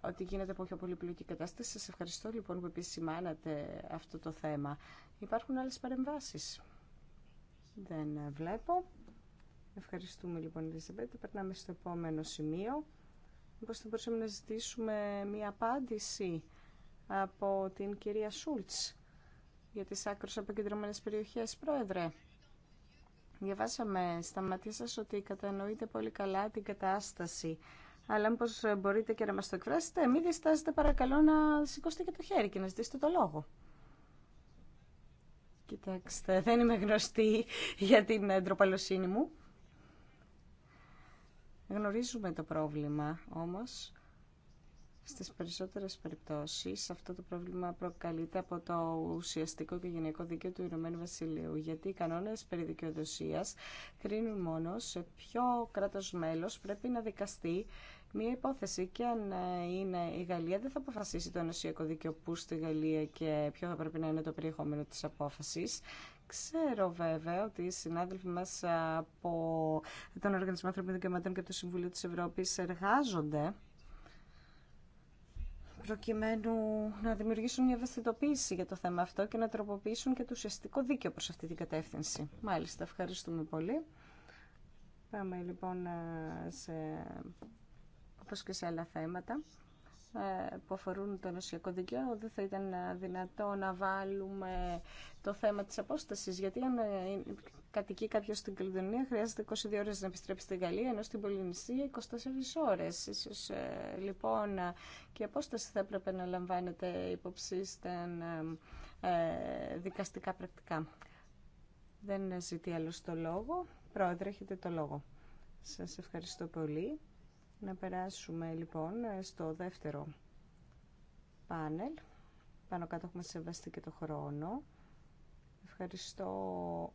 Speaker 1: ότι γίνεται από πολύ πολύπλοκη κατάσταση. Σας ευχαριστώ λοιπόν που επισημάνατε αυτό το θέμα. Υπάρχουν άλλες παρεμβάσεις. Δεν βλέπω. Ευχαριστούμε λοιπόν, Μπέτ. Περνάμε στο επόμενο σημείο. Μήπως θα μπορούσαμε να ζητήσουμε μία απάντηση από την κυρία Σούλτς για τις άκρως αποκεντρωμένες περιοχές, Πρόεδρε. Διαβάσαμε στα μάτια σας ότι κατανοείτε πολύ καλά την κατάσταση. Αλλά μήπω μπορείτε και να μας το εκφράσετε, μην διστάζετε παρακαλώ να σηκώσετε και το χέρι και να ζητήσετε το λόγο. Κοιτάξτε, δεν είμαι γνωστή για την ντροπαλοσύνη μου. Γνωρίζουμε το πρόβλημα όμως. Στις περισσότερες περιπτώσεις αυτό το πρόβλημα προκαλείται από το ουσιαστικό και γενικό δίκαιο του Ηνωμένου Βασιλείου γιατί οι κανόνες περί δικαιοδοσίας κρίνουν μόνο σε ποιο κράτος μέλος πρέπει να δικαστεί μία υπόθεση και αν είναι η Γαλλία δεν θα αποφασίσει το ενωσιακό δίκαιο που στη Γαλλία και ποιο θα πρέπει να είναι το περιεχόμενο της απόφασης. Ξέρω βέβαια ότι οι συνάδελφοι μας από τον Οργανισμό Ανθρωπίνων Δικαιωμάτων και το Συμβουλίο της Ευρώπης εργάζονται προκειμένου να δημιουργήσουν μια ευαισθητοποίηση για το θέμα αυτό και να τροποποιήσουν και το ουσιαστικό δίκαιο προς αυτή την κατεύθυνση. Μάλιστα, ευχαριστούμε πολύ. Πάμε λοιπόν σε, όπως και σε άλλα θέματα. Ε, που αφορούν το νοσιακό δικαίωμα δεν θα ήταν δυνατό να βάλουμε το θέμα της απόστασης γιατί αν ε, κατοικεί κάποιος στην Καλυδονία χρειάζεται 22 ώρες να επιστρέψει στην Γαλλία ενώ στην Πολυνησία 24 ώρες. Ίσως ε, λοιπόν και η απόσταση θα έπρεπε να λαμβάνεται υπόψη στα δικαστικά πρακτικά. Δεν ζητεί άλλο το λόγο. Πρόεδρε, έχετε το λόγο. Σας ευχαριστώ πολύ. Να περάσουμε λοιπόν στο δεύτερο πάνελ. Πάνω κάτω έχουμε σεβαστεί και το χρόνο. Ευχαριστώ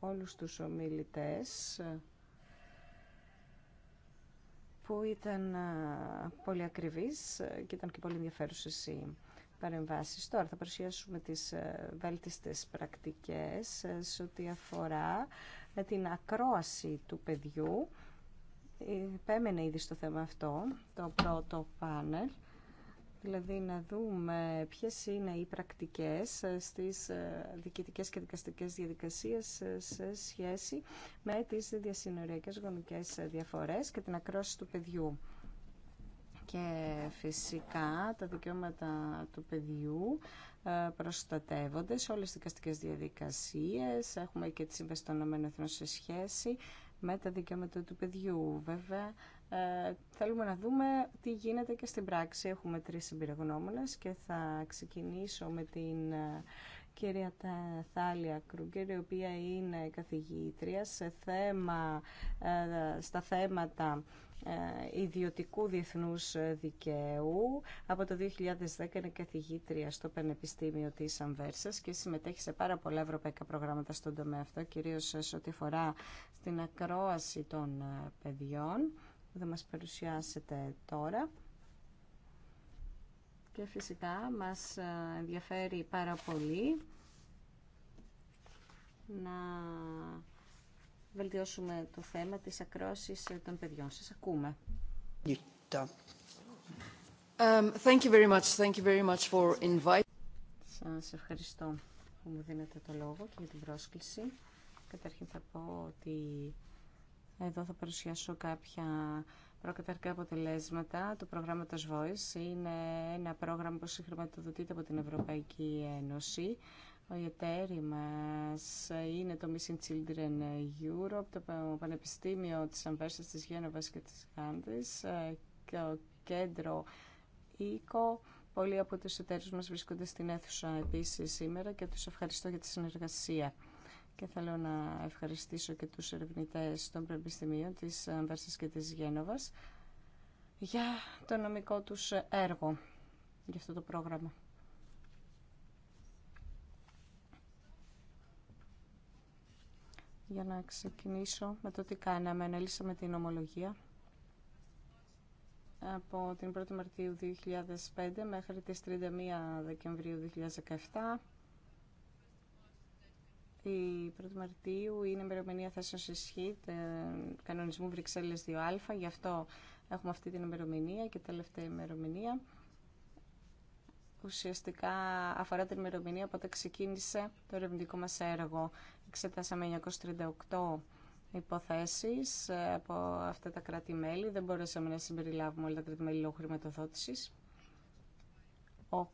Speaker 1: όλους τους ομιλητές που ήταν πολύ ακριβείς και ήταν και πολύ ενδιαφέρουσες οι παρεμβάσεις. Τώρα θα παρουσιάσουμε τις βέλτιστες πρακτικές ε, σε ό,τι αφορά ε, την ακρόαση του παιδιού επέμενε ήδη στο θέμα αυτό, το πρώτο πάνελ, δηλαδή να δούμε ποιες είναι οι πρακτικές ε, στις ε, διοικητικές και δικαστικές διαδικασίες ε, σε σχέση με τις διασυνοριακές γονικές διαφορές και την ακρόση του παιδιού. Και φυσικά τα δικαιώματα του παιδιού προστατεύονται σε όλες τις δικαστικές διαδικασίες. Έχουμε και τις Εθνώση σε σχέση με τα δικαιώματα του παιδιού. Βέβαια, ε, θέλουμε να δούμε τι γίνεται και στην πράξη. Έχουμε τρεις συμπειρογνώμονες και θα ξεκινήσω με την ε, κυρία Θάλια Κρούγκερ, η οποία είναι καθηγήτρια σε θέμα, ε, στα θέματα ε, ιδιωτικού διεθνούς δικαίου. Από το 2010 είναι καθηγήτρια στο Πανεπιστήμιο της Αμβέρσας και συμμετέχει σε πάρα πολλά ευρωπαϊκά προγράμματα στον τομέα αυτό, κυρίως σε ό,τι αφορά στην ακρόαση των ε, παιδιών που θα μας παρουσιάσετε τώρα. Και φυσικά μας ε, ενδιαφέρει πάρα πολύ να βελτιώσουμε το θέμα της ακρόασης των παιδιών. Σας ακούμε. Um, thank you very Thank you very much for Σας ευχαριστώ που μου δίνετε το λόγο και για την πρόσκληση. Καταρχήν θα πω ότι εδώ θα παρουσιάσω κάποια προκαταρκά αποτελέσματα του προγράμματος Voice. Είναι ένα πρόγραμμα που συγχρηματοδοτείται από την Ευρωπαϊκή Ένωση οι εταίροι μας είναι το Missing Children Europe, το Πανεπιστήμιο της Αμβέρσας της Γένοβας και της και το κέντρο ΙΚΟ. Πολλοί από τους εταίρους μας βρίσκονται στην αίθουσα επίσης σήμερα και τους ευχαριστώ για τη συνεργασία. Και θέλω να ευχαριστήσω και τους ερευνητές των Πανεπιστημίων της Αμβέρσας και της Γένοβας για το νομικό τους έργο, για αυτό το πρόγραμμα. για να ξεκινήσω με το τι κάναμε. Αναλύσαμε την ομολογία από την 1η Μαρτίου 2005 μέχρι τις 31 Δεκεμβρίου 2017. Η 1η Μαρτίου είναι ημερομηνία θέσεων σε ισχύ κανονισμού Βρυξέλλες 2α, γι' αυτό έχουμε αυτή την ημερομηνία και τελευταία ημερομηνία. Ουσιαστικά αφορά την ημερομηνία, οπότε ξεκίνησε το ερευνητικό μας έργο. Εξετάσαμε 938 υποθέσεις ε, από αυτά τα κράτη-μέλη. Δεν μπορέσαμε να συμπεριλάβουμε όλα τα κράτη-μέλη λόγω χρηματοδότησης. 8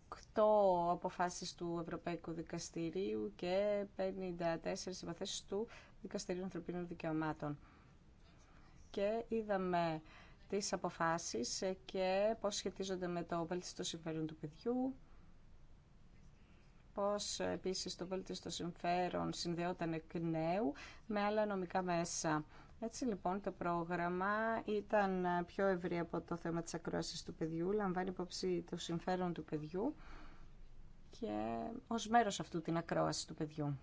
Speaker 1: αποφάσεις του Ευρωπαϊκού Δικαστηρίου και 54 υποθέσεις του Δικαστηρίου Ανθρωπίνων Δικαιωμάτων. Και είδαμε τις αποφάσεις ε, και πώς σχετίζονται με το βέλτιστο συμφέρον του παιδιού, πώς επίσης το βέλτιστο συμφέρον συνδεόταν εκ νέου με άλλα νομικά μέσα. Έτσι λοιπόν το πρόγραμμα ήταν πιο ευρύ από το θέμα της ακρόασης του παιδιού, λαμβάνει υπόψη το συμφέρον του παιδιού και ως μέρος αυτού την ακρόαση του παιδιού.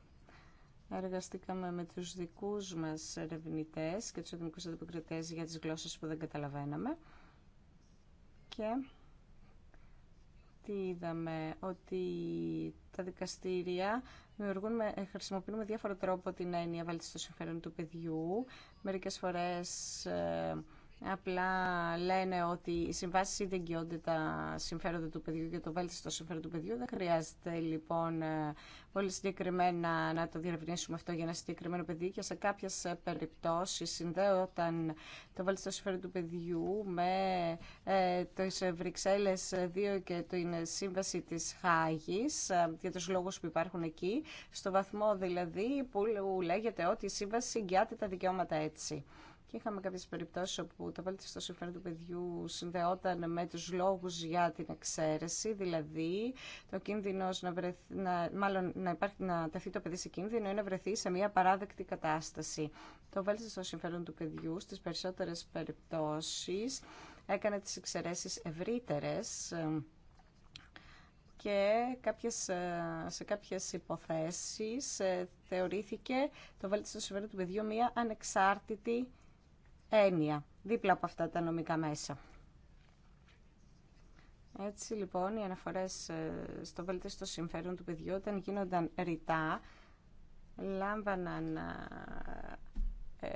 Speaker 1: Εργαστήκαμε με τους δικούς μας ερευνητές και τους εθνικούς αντιποκριτές για τις γλώσσες που δεν καταλαβαίναμε και τι είδαμε, ότι τα δικαστήρια με, ε, χρησιμοποιούν με διάφορο τρόπο την έννοια βάλτιση στο συμφέρον του παιδιού. Μερικές φορές ε, Απλά λένε ότι οι συμβάσει δεν κοιόνται τα συμφέροντα του παιδιού και το βέλτιστο συμφέρον του παιδιού. Δεν χρειάζεται λοιπόν ε, πολύ συγκεκριμένα να το διερευνήσουμε αυτό για ένα συγκεκριμένο παιδί και σε κάποιε περιπτώσει συνδέονταν το βέλτιστο συμφέρον του παιδιού με ε, τι Βρυξέλλε 2 και την σύμβαση τη Χάγη ε, για του λόγου που υπάρχουν εκεί, στο βαθμό δηλαδή που λέγεται ότι η σύμβαση εγγυάται τα δικαιώματα έτσι. Και είχαμε κάποιες περιπτώσεις όπου το βέλτιστο συμφέρον του παιδιού συνδεόταν με τους λόγους για την εξαίρεση, δηλαδή το κίνδυνο να, να, μάλλον, να, να τεθεί το παιδί σε κίνδυνο ή να βρεθεί σε μια παράδεκτη κατάσταση. Το βέλτιστο συμφέρον του παιδιού στις περισσότερες περιπτώσεις έκανε τις εξαιρέσεις ευρύτερες και κάποιες, ε, σε κάποιες υποθέσεις ε, θεωρήθηκε το βέλτιστο συμφέρον του παιδιού μια ανεξάρτητη έννοια δίπλα από αυτά τα νομικά μέσα. Έτσι λοιπόν οι αναφορές ε, στο βελτίστο συμφέρον του παιδιού όταν γίνονταν ρητά λάμβαναν ε,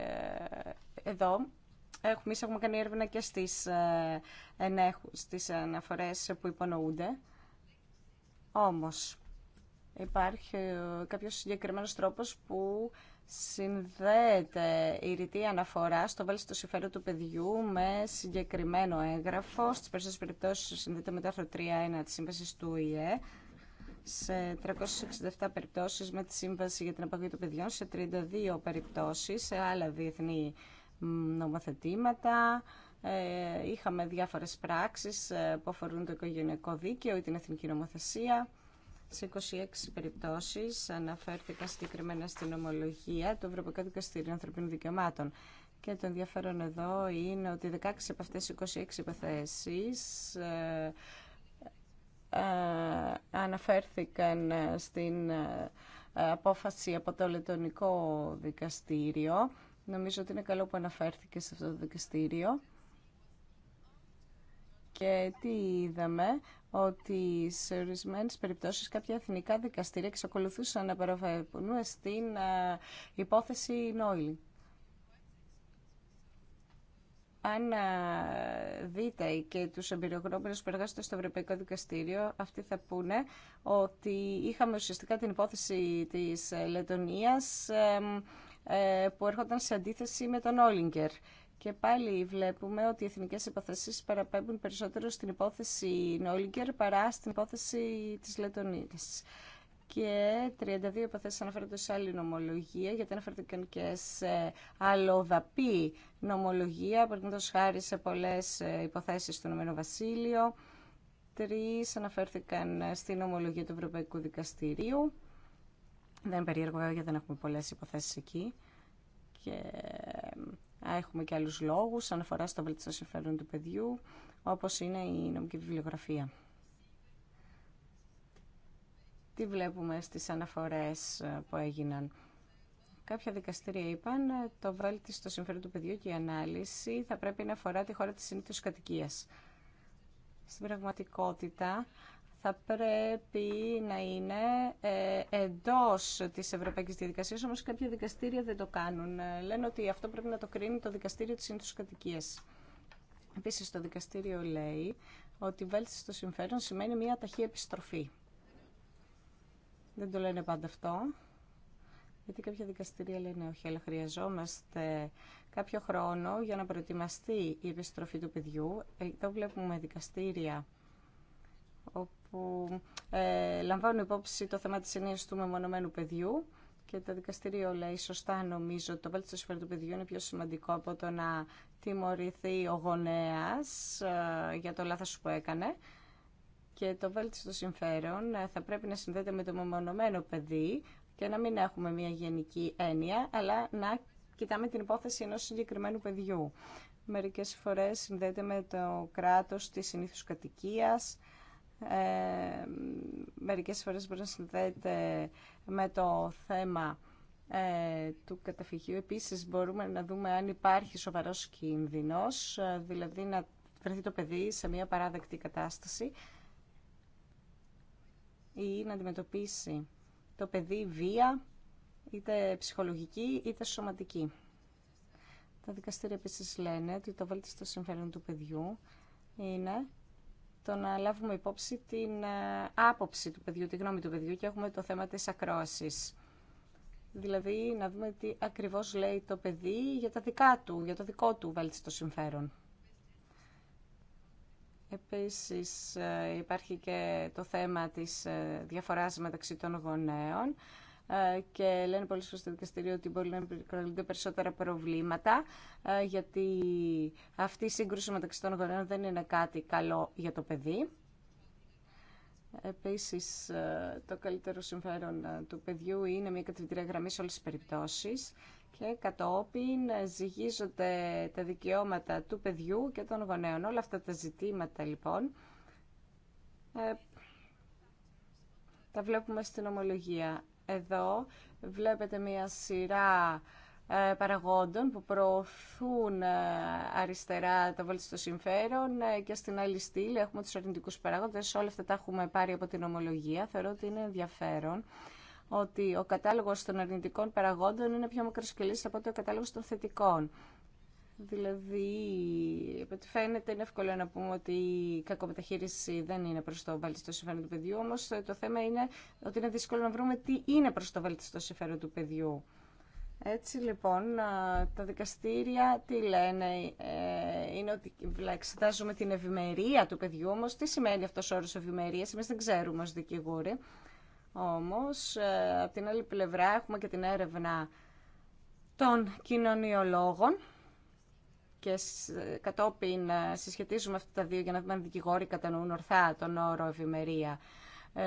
Speaker 1: εδώ έχουμε, έχουμε κάνει έρευνα και στις, ε, στις αναφορές που υπονοούνται όμως υπάρχει κάποιος συγκεκριμένος τρόπος που συνδέεται η ρητή αναφορά στο βέλτιστο συμφέρον του παιδιού με συγκεκριμένο έγγραφο. Στις περισσότερε περιπτώσεις συνδέεται με το άρθρο 3.1 της Σύμβασης του ΙΕ σε 367 περιπτώσεις με τη Σύμβαση για την Απαγωγή των Παιδιών, σε 32 περιπτώσεις, σε άλλα διεθνή νομοθετήματα. Ε, είχαμε διάφορες πράξεις ε, που αφορούν το οικογενειακό δίκαιο ή την εθνική νομοθεσία. Σε 26 περιπτώσεις αναφέρθηκα συγκεκριμένα στην ομολογία του Ευρωπαϊκού Δικαστηρίου Ανθρωπίνων Δικαιωμάτων. Και το ενδιαφέρον εδώ είναι ότι 16 από αυτές 26 υποθέσει ε, ε, αναφέρθηκαν στην ε, απόφαση από το Λετωνικό Δικαστήριο. Νομίζω ότι είναι καλό που αναφέρθηκε σε αυτό το δικαστήριο. Και τι είδαμε, ότι σε ορισμένε περιπτώσει κάποια εθνικά δικαστήρια εξακολουθούσαν να παραβαίνουν στην ε, υπόθεση Νόιλι. Αν ε, δείτε και τους εμπειρογνώμενους που εργάζονται στο Ευρωπαϊκό Δικαστήριο, αυτοί θα πούνε ότι είχαμε ουσιαστικά την υπόθεση της Λετωνίας ε, που έρχονταν σε αντίθεση με τον Όλιγκερ. Και πάλι βλέπουμε ότι οι εθνικές υποθέσει παραπέμπουν περισσότερο στην υπόθεση Νόλιγκερ παρά στην υπόθεση της Λετωνίας. Και 32 υποθέσεις αναφέρονται σε άλλη νομολογία, γιατί αναφέρθηκαν και σε αλλοδαπή νομολογία, παραδείγματο χάρη σε πολλέ ε, υποθέσει του Ηνωμένο Βασίλειο. Τρει αναφέρθηκαν στην ομολογία του Ευρωπαϊκού Δικαστηρίου. Δεν περίεργο γιατί δεν έχουμε πολλέ υποθέσει εκεί. Και ε, Έχουμε και άλλους λόγους αναφορά στο βελτιστά συμφέρον του παιδιού, όπως είναι η νομική βιβλιογραφία. Τι βλέπουμε στις αναφορές ε, που έγιναν. Κάποια δικαστήρια είπαν ε, το βέλτιστο συμφέρον του παιδιού και η ανάλυση θα πρέπει να αφορά τη χώρα της συνήθως κατοικίας. Στην πραγματικότητα, θα πρέπει να είναι ε, εντός της ευρωπαϊκής διαδικασίας, όμως κάποια δικαστήρια δεν το κάνουν. Ε, λένε ότι αυτό πρέπει να το κρίνει το δικαστήριο της σύντουσης κατοικία. Επίσης, το δικαστήριο λέει ότι βέλτιση των συμφέρον σημαίνει μια ταχύ επιστροφή. Δεν το λένε πάντα αυτό. Γιατί κάποια δικαστηρία λένε όχι, αλλά χρειαζόμαστε κάποιο χρόνο για να προετοιμαστεί η επιστροφή του παιδιού. Ε, εδώ βλέπουμε δικαστήρια που ε, λαμβάνουν υπόψη το θέμα της ενίσχυσης του μεμονωμένου παιδιού και το δικαστήριο λέει σωστά νομίζω ότι το βέλτιστο συμφέρον του παιδιού είναι πιο σημαντικό από το να τιμωρηθεί ο γονέας ε, για το λάθος που έκανε και το βέλτιστο συμφέρον ε, θα πρέπει να συνδέεται με το μεμονωμένο παιδί και να μην έχουμε μια γενική έννοια, αλλά να κοιτάμε την υπόθεση ενός συγκεκριμένου παιδιού. Μερικές φορές συνδέεται με το κράτος της συνήθους κατοικίας, ε, μερικές φορές μπορεί να συνδέεται με το θέμα ε, του καταφυγίου. Επίσης μπορούμε να δούμε αν υπάρχει σοβαρός κίνδυνος, ε, δηλαδή να βρεθεί το παιδί σε μια παράδεκτη κατάσταση ή να αντιμετωπίσει το παιδί βία, είτε ψυχολογική είτε σωματική. Τα δικαστήρια επίσης λένε ότι το βέλτιστο συμφέρον του παιδιού είναι το να λάβουμε υπόψη την ε, άποψη του παιδιού, τη γνώμη του παιδιού και έχουμε το θέμα της ακρόασης. Δηλαδή να δούμε τι ακριβώς λέει το παιδί για τα δικά του, για το δικό του βέλτιστο συμφέρον. Επίσης ε, υπάρχει και το θέμα της ε, διαφοράς μεταξύ των γονέων. Ε, και λένε πολύ σωστά στο δικαστήριο ότι μπορεί να προκαλούνται περισσότερα προβλήματα ε, γιατί αυτή η σύγκρουση μεταξύ των γονέων δεν είναι κάτι καλό για το παιδί. Επίσης, ε, το καλύτερο συμφέρον του παιδιού είναι μια κατηγορία γραμμή σε όλες τις περιπτώσεις και κατόπιν ζυγίζονται τα δικαιώματα του παιδιού και των γονέων. Όλα αυτά τα ζητήματα, λοιπόν, τα βλέπουμε στην ομολογία. Εδώ βλέπετε μία σειρά ε, παραγόντων που προωθούν ε, αριστερά τα των συμφέρον ε, και στην άλλη στήλη έχουμε τους αρνητικούς παράγοντες. Όλα αυτά τα έχουμε πάρει από την ομολογία. Θεωρώ ότι είναι ενδιαφέρον ότι ο κατάλογος των αρνητικών παραγόντων είναι πιο μακροσκελής από ότι ο κατάλογος των θετικών. Δηλαδή, φαίνεται είναι εύκολο να πούμε ότι η κακομεταχείριση δεν είναι προ το βαλτιστό συμφέρον του παιδιού, όμω ε, το θέμα είναι ότι είναι δύσκολο να βρούμε τι είναι προ το βαλτιστό συμφέρον του παιδιού. Έτσι λοιπόν, τα δικαστήρια τι λένε, ε, είναι ότι εξετάζουμε την ευημερία του παιδιού, όμως τι σημαίνει αυτός ο όρος ευημερίας, εμείς δεν ξέρουμε ως δικηγόροι. Όμως, ε, από την άλλη πλευρά έχουμε και την έρευνα των κοινωνιολόγων, και κατόπιν ε, συσχετίζουμε αυτά τα δύο για να δούμε αν δικηγόροι κατανοούν ορθά τον όρο ευημερία. Ε,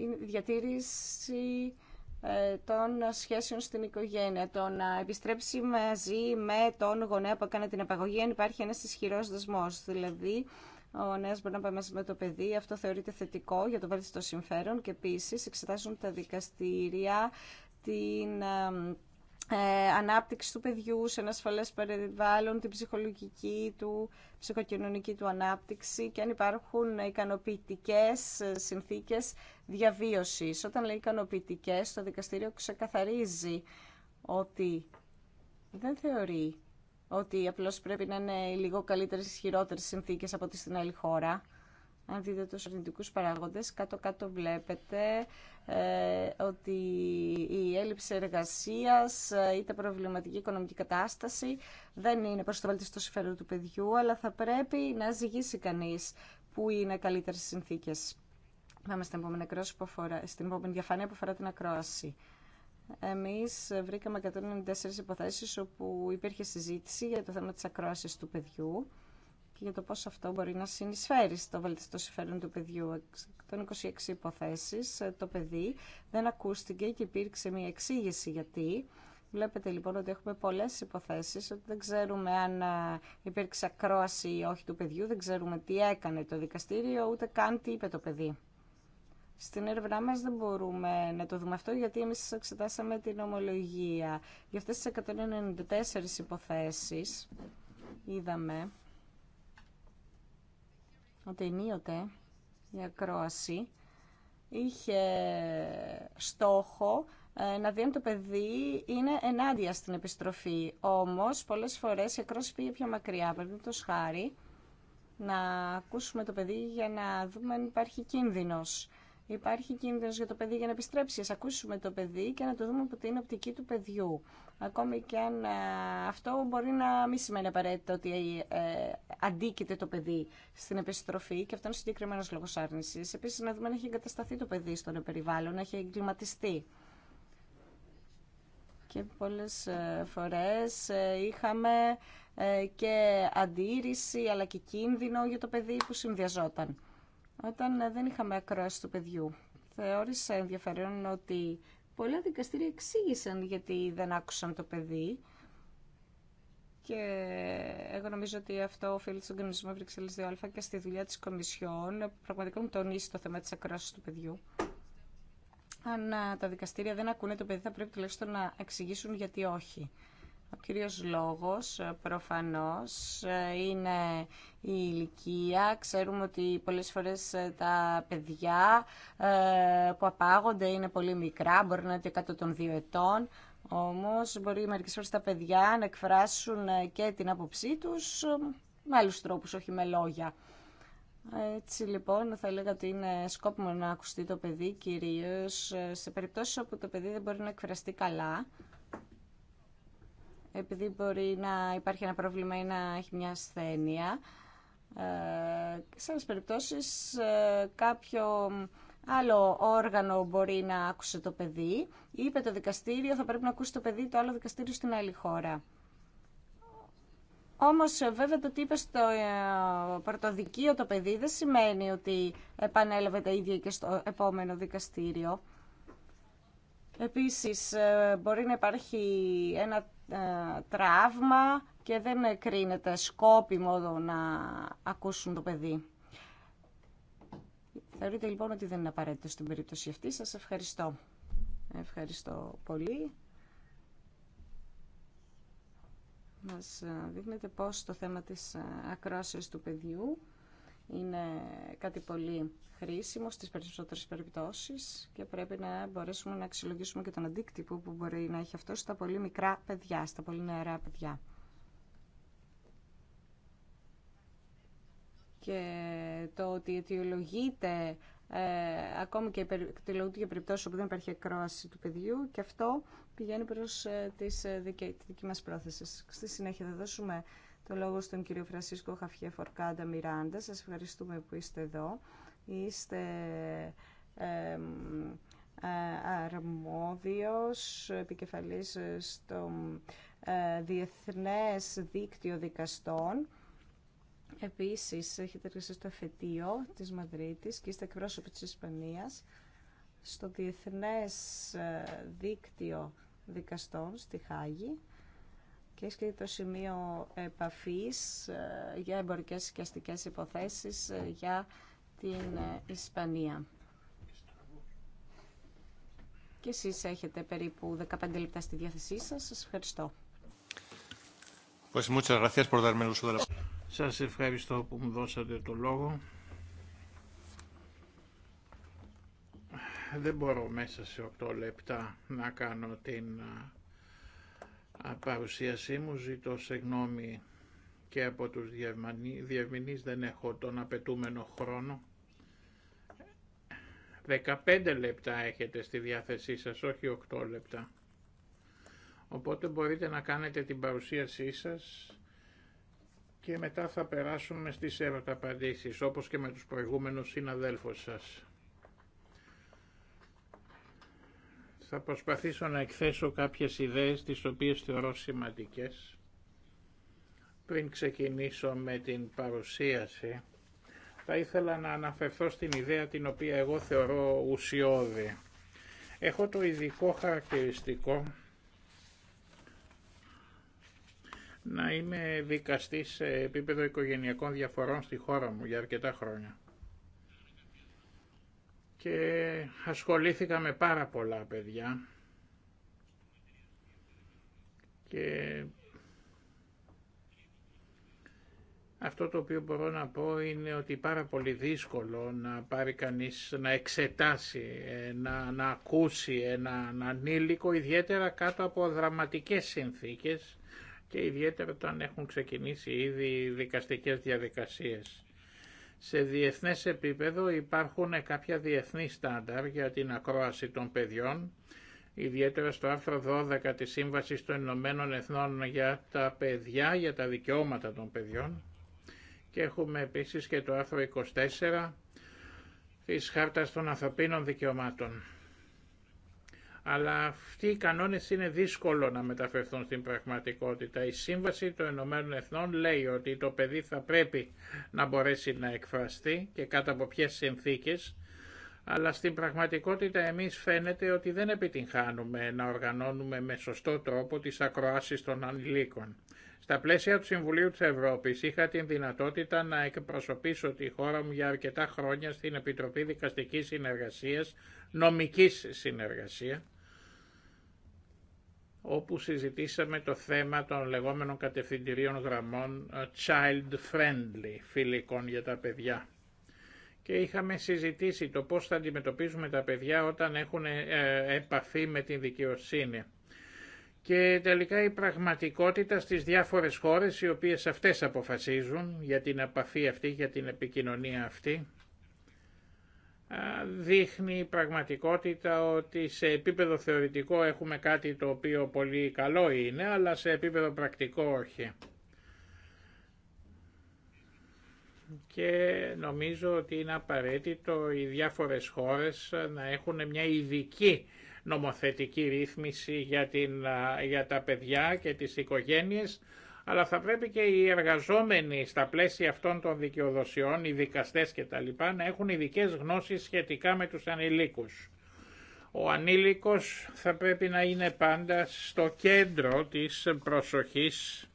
Speaker 1: είναι διατήρηση ε, των σχέσεων στην οικογένεια, το να επιστρέψει μαζί με τον γονέα που έκανε την απαγωγή, αν υπάρχει ένας ισχυρός δεσμό. δηλαδή ο νέο μπορεί να πάει μαζί με το παιδί. Αυτό θεωρείται θετικό για το βέλτιστο συμφέρον και επίση εξετάζουν τα δικαστήρια την ε, ανάπτυξη του παιδιού σε ένα ασφαλές περιβάλλον, την ψυχολογική του, ψυχοκοινωνική του ανάπτυξη και αν υπάρχουν ικανοποιητικές ε, συνθήκες διαβίωσης. Όταν λέει ικανοποιητικές, το δικαστήριο ξεκαθαρίζει ότι δεν θεωρεί ότι απλώς πρέπει να είναι λίγο καλύτερες ή χειρότερες συνθήκες από ό,τι στην άλλη χώρα. Αν δείτε τους αρνητικούς παράγοντες, κάτω-κάτω βλέπετε ε, ότι η έλλειψη εργασίας ή ε, τα προβληματική οικονομική κατάσταση δεν είναι προς το βαλτιστό συμφέρον του παιδιού, αλλά θα πρέπει να ζυγίσει κανείς που είναι καλύτερες συνθήκες. Πάμε στην επόμενη, αφορά, στην επόμενη διαφάνεια που αφορά την ακρόαση. Εμείς βρήκαμε 194 υποθέσεις όπου υπήρχε συζήτηση για το θέμα της ακρόασης του παιδιού για το πώς αυτό μπορεί να συνεισφέρει στο βελτιστό συμφέρον του παιδιού. Των 26 υποθέσεις ε, το παιδί δεν ακούστηκε και υπήρξε μια εξήγηση γιατί. Βλέπετε λοιπόν ότι έχουμε πολλές υποθέσεις, ότι δεν ξέρουμε αν ε, υπήρξε ακρόαση ή όχι του παιδιού, δεν ξέρουμε τι έκανε το δικαστήριο, ούτε καν τι είπε το παιδί. Στην έρευνά μα δεν μπορούμε να το δούμε αυτό, γιατί εμείς εξετάσαμε την ομολογία. Για αυτές τις 194 υποθέσεις είδαμε ότι ενίοτε η ακρόαση είχε στόχο ε, να δει αν το παιδί είναι ενάντια στην επιστροφή. Όμως, πολλές φορές η ακρόαση πήγε πιο μακριά. το χάρη, να ακούσουμε το παιδί για να δούμε αν υπάρχει κίνδυνος υπάρχει κίνδυνος για το παιδί για να επιστρέψει. Ας ακούσουμε το παιδί και να το δούμε από την οπτική του παιδιού. Ακόμη και αν ε, αυτό μπορεί να μην σημαίνει απαραίτητα ότι ε, αντίκειται το παιδί στην επιστροφή και αυτό είναι συγκεκριμένο λόγο άρνηση. Επίση, να δούμε αν έχει εγκατασταθεί το παιδί στον περιβάλλον, να έχει εγκληματιστεί. Και πολλές ε, φορές είχαμε και αντίρρηση αλλά και κίνδυνο για το παιδί που συνδυαζόταν όταν δεν είχαμε ακρόαση του παιδιού. Θεώρησα ενδιαφέρον ότι πολλά δικαστήρια εξήγησαν γιατί δεν άκουσαν το παιδί και εγώ νομίζω ότι αυτό οφείλει στον κανονισμο βρυξελλης Βρυξέλλες 2α και στη δουλειά της Κομισιόν πραγματικά μου τονίσει το θέμα της ακρόασης του παιδιού. Αν ε, τα δικαστήρια δεν ακούνε το παιδί θα πρέπει τουλάχιστον να εξηγήσουν γιατί όχι. Ο κύριος λόγος ε, προφανώς ε, είναι η ηλικία. Ξέρουμε ότι πολλές φορές ε, τα παιδιά που απάγονται είναι πολύ μικρά, μπορεί να είναι κάτω των δύο ετών. Όμως μπορεί μερικές φορές τα παιδιά να εκφράσουν και την άποψή τους με άλλους τρόπους, όχι με λόγια. Έτσι λοιπόν θα έλεγα ότι είναι σκόπιμο να ακουστεί το παιδί κυρίως σε περιπτώσεις όπου το παιδί δεν μπορεί να εκφραστεί καλά επειδή μπορεί να υπάρχει ένα πρόβλημα ή να έχει μια ασθένεια. Ε, σε άλλες περιπτώσεις ε, κάποιο άλλο όργανο μπορεί να άκουσε το παιδί. Είπε το δικαστήριο θα πρέπει να ακούσει το παιδί το άλλο δικαστήριο στην άλλη χώρα. Όμως ε, βέβαια το τι είπε στο πρωτοδικείο το παιδί δεν σημαίνει ότι επανέλαβε τα ίδια και στο επόμενο δικαστήριο. Επίσης, ε, μπορεί να υπάρχει ένα ε, τραύμα και δεν κρίνεται σκόπιμο να ακούσουν το παιδί. Θεωρείτε λοιπόν ότι δεν είναι απαραίτητο στην περίπτωση αυτή. Σας ευχαριστώ. Ευχαριστώ πολύ. Μας ε, δείχνετε πώς το θέμα της ακρόσεως του παιδιού είναι κάτι πολύ χρήσιμο στις περισσότερες περιπτώσεις και πρέπει να μπορέσουμε να αξιολογήσουμε και τον αντίκτυπο που μπορεί να έχει αυτό στα πολύ μικρά παιδιά, στα πολύ νεαρά παιδιά. Και το ότι αιτιολογείται ε, ακόμη και εκτελεούνται για περιπτώσει όπου δεν υπάρχει ακρόαση του παιδιού και αυτό πηγαίνει προς ε, τις, ε, τη δική μας πρόθεση. Στη συνέχεια θα δώσουμε το λόγο στον κύριο Φρασίσκο Χαφιέ Φορκάντα Μιράντα. Σας ευχαριστούμε που είστε εδώ. Είστε ε, αρμόδιος επικεφαλής στο ε, Διεθνές Δίκτυο Δικαστών. Επίσης, έχετε εργαστεί στο εφετείο της Μαδρίτης και είστε εκπρόσωποι της Ισπανίας στο Διεθνές ε, Δίκτυο Δικαστών στη Χάγη έχει και το σημείο επαφής ε, για εμπορικές και αστικές υποθέσεις ε, για την ε, Ισπανία. Και εσείς έχετε περίπου 15 λεπτά στη διάθεσή σας. Σας ευχαριστώ.
Speaker 2: Σας ευχαριστώ που μου δώσατε το λόγο. Δεν μπορώ μέσα σε 8 λεπτά να κάνω την παρουσίασή μου. Ζητώ συγγνώμη και από τους διευμηνείς δεν έχω τον απαιτούμενο χρόνο. 15 λεπτά έχετε στη διάθεσή σας, όχι 8 λεπτά. Οπότε μπορείτε να κάνετε την παρουσίασή σας και μετά θα περάσουμε στις ερωταπαντήσεις, όπως και με τους προηγούμενους συναδέλφους σας. Θα προσπαθήσω να εκθέσω κάποιες ιδέες τις οποίες θεωρώ σημαντικές. Πριν ξεκινήσω με την παρουσίαση, θα ήθελα να αναφερθώ στην ιδέα την οποία εγώ θεωρώ ουσιώδη. Έχω το ειδικό χαρακτηριστικό να είμαι δικαστής σε επίπεδο οικογενειακών διαφορών στη χώρα μου για αρκετά χρόνια και ασχολήθηκα με πάρα πολλά παιδιά και αυτό το οποίο μπορώ να πω είναι ότι πάρα πολύ δύσκολο να πάρει κανείς να εξετάσει, ε, να, να ακούσει έναν ανήλικο ιδιαίτερα κάτω από δραματικές συνθήκες και ιδιαίτερα όταν έχουν ξεκινήσει ήδη δικαστικές διαδικασίες. Σε διεθνές επίπεδο υπάρχουν κάποια διεθνή στάνταρ για την ακρόαση των παιδιών, ιδιαίτερα στο άρθρο 12 της Σύμβασης των Ηνωμένων Εθνών για τα παιδιά, για τα δικαιώματα των παιδιών. Και έχουμε επίσης και το άρθρο 24 της Χάρτας των Ανθρωπίνων Δικαιωμάτων αλλά αυτοί οι κανόνες είναι δύσκολο να μεταφερθούν στην πραγματικότητα. Η Σύμβαση των Ηνωμένων Εθνών λέει ότι το παιδί θα πρέπει να μπορέσει να εκφραστεί και κάτω από ποιες συνθήκες, αλλά στην πραγματικότητα εμείς φαίνεται ότι δεν επιτυγχάνουμε να οργανώνουμε με σωστό τρόπο τις ακροάσεις των ανηλίκων. Στα πλαίσια του Συμβουλίου της Ευρώπης είχα την δυνατότητα να εκπροσωπήσω τη χώρα μου για αρκετά χρόνια στην Επιτροπή Δικαστικής Συνεργασίας, Νομικής συνεργασία όπου συζητήσαμε το θέμα των λεγόμενων κατευθυντηρίων γραμμών ε, child friendly, φιλικών για τα παιδιά. Και είχαμε συζητήσει το πώς θα αντιμετωπίζουμε τα παιδιά όταν έχουν ε, επαφή με την δικαιοσύνη. Και τελικά η πραγματικότητα στις διάφορες χώρες οι οποίες αυτές αποφασίζουν για την επαφή αυτή, για την επικοινωνία αυτή, δείχνει η πραγματικότητα ότι σε επίπεδο θεωρητικό έχουμε κάτι το οποίο πολύ καλό είναι, αλλά σε επίπεδο πρακτικό όχι. Και νομίζω ότι είναι απαραίτητο οι διάφορες χώρες να έχουν μια ειδική νομοθετική ρύθμιση για, την, για τα παιδιά και τις οικογένειες, αλλά θα πρέπει και οι εργαζόμενοι στα πλαίσια αυτών των δικαιοδοσιών, οι δικαστές λοιπά να έχουν ειδικέ γνώσεις σχετικά με τους ανηλίκους. Ο ανήλικος θα πρέπει να είναι πάντα στο κέντρο της προσοχής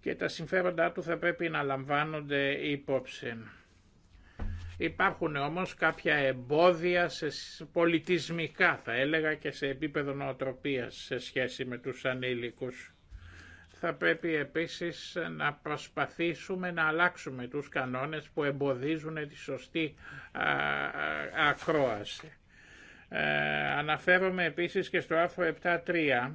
Speaker 2: και τα συμφέροντά του θα πρέπει να λαμβάνονται υπόψη. Υπάρχουν όμως κάποια εμπόδια σε πολιτισμικά θα έλεγα και σε επίπεδο νοοτροπίας σε σχέση με τους ανήλικους θα πρέπει επίσης να προσπαθήσουμε να αλλάξουμε τους κανόνες που εμποδίζουν τη σωστή ακρόαση. Ε, αναφέρομαι επίσης και στο άρθρο 7.3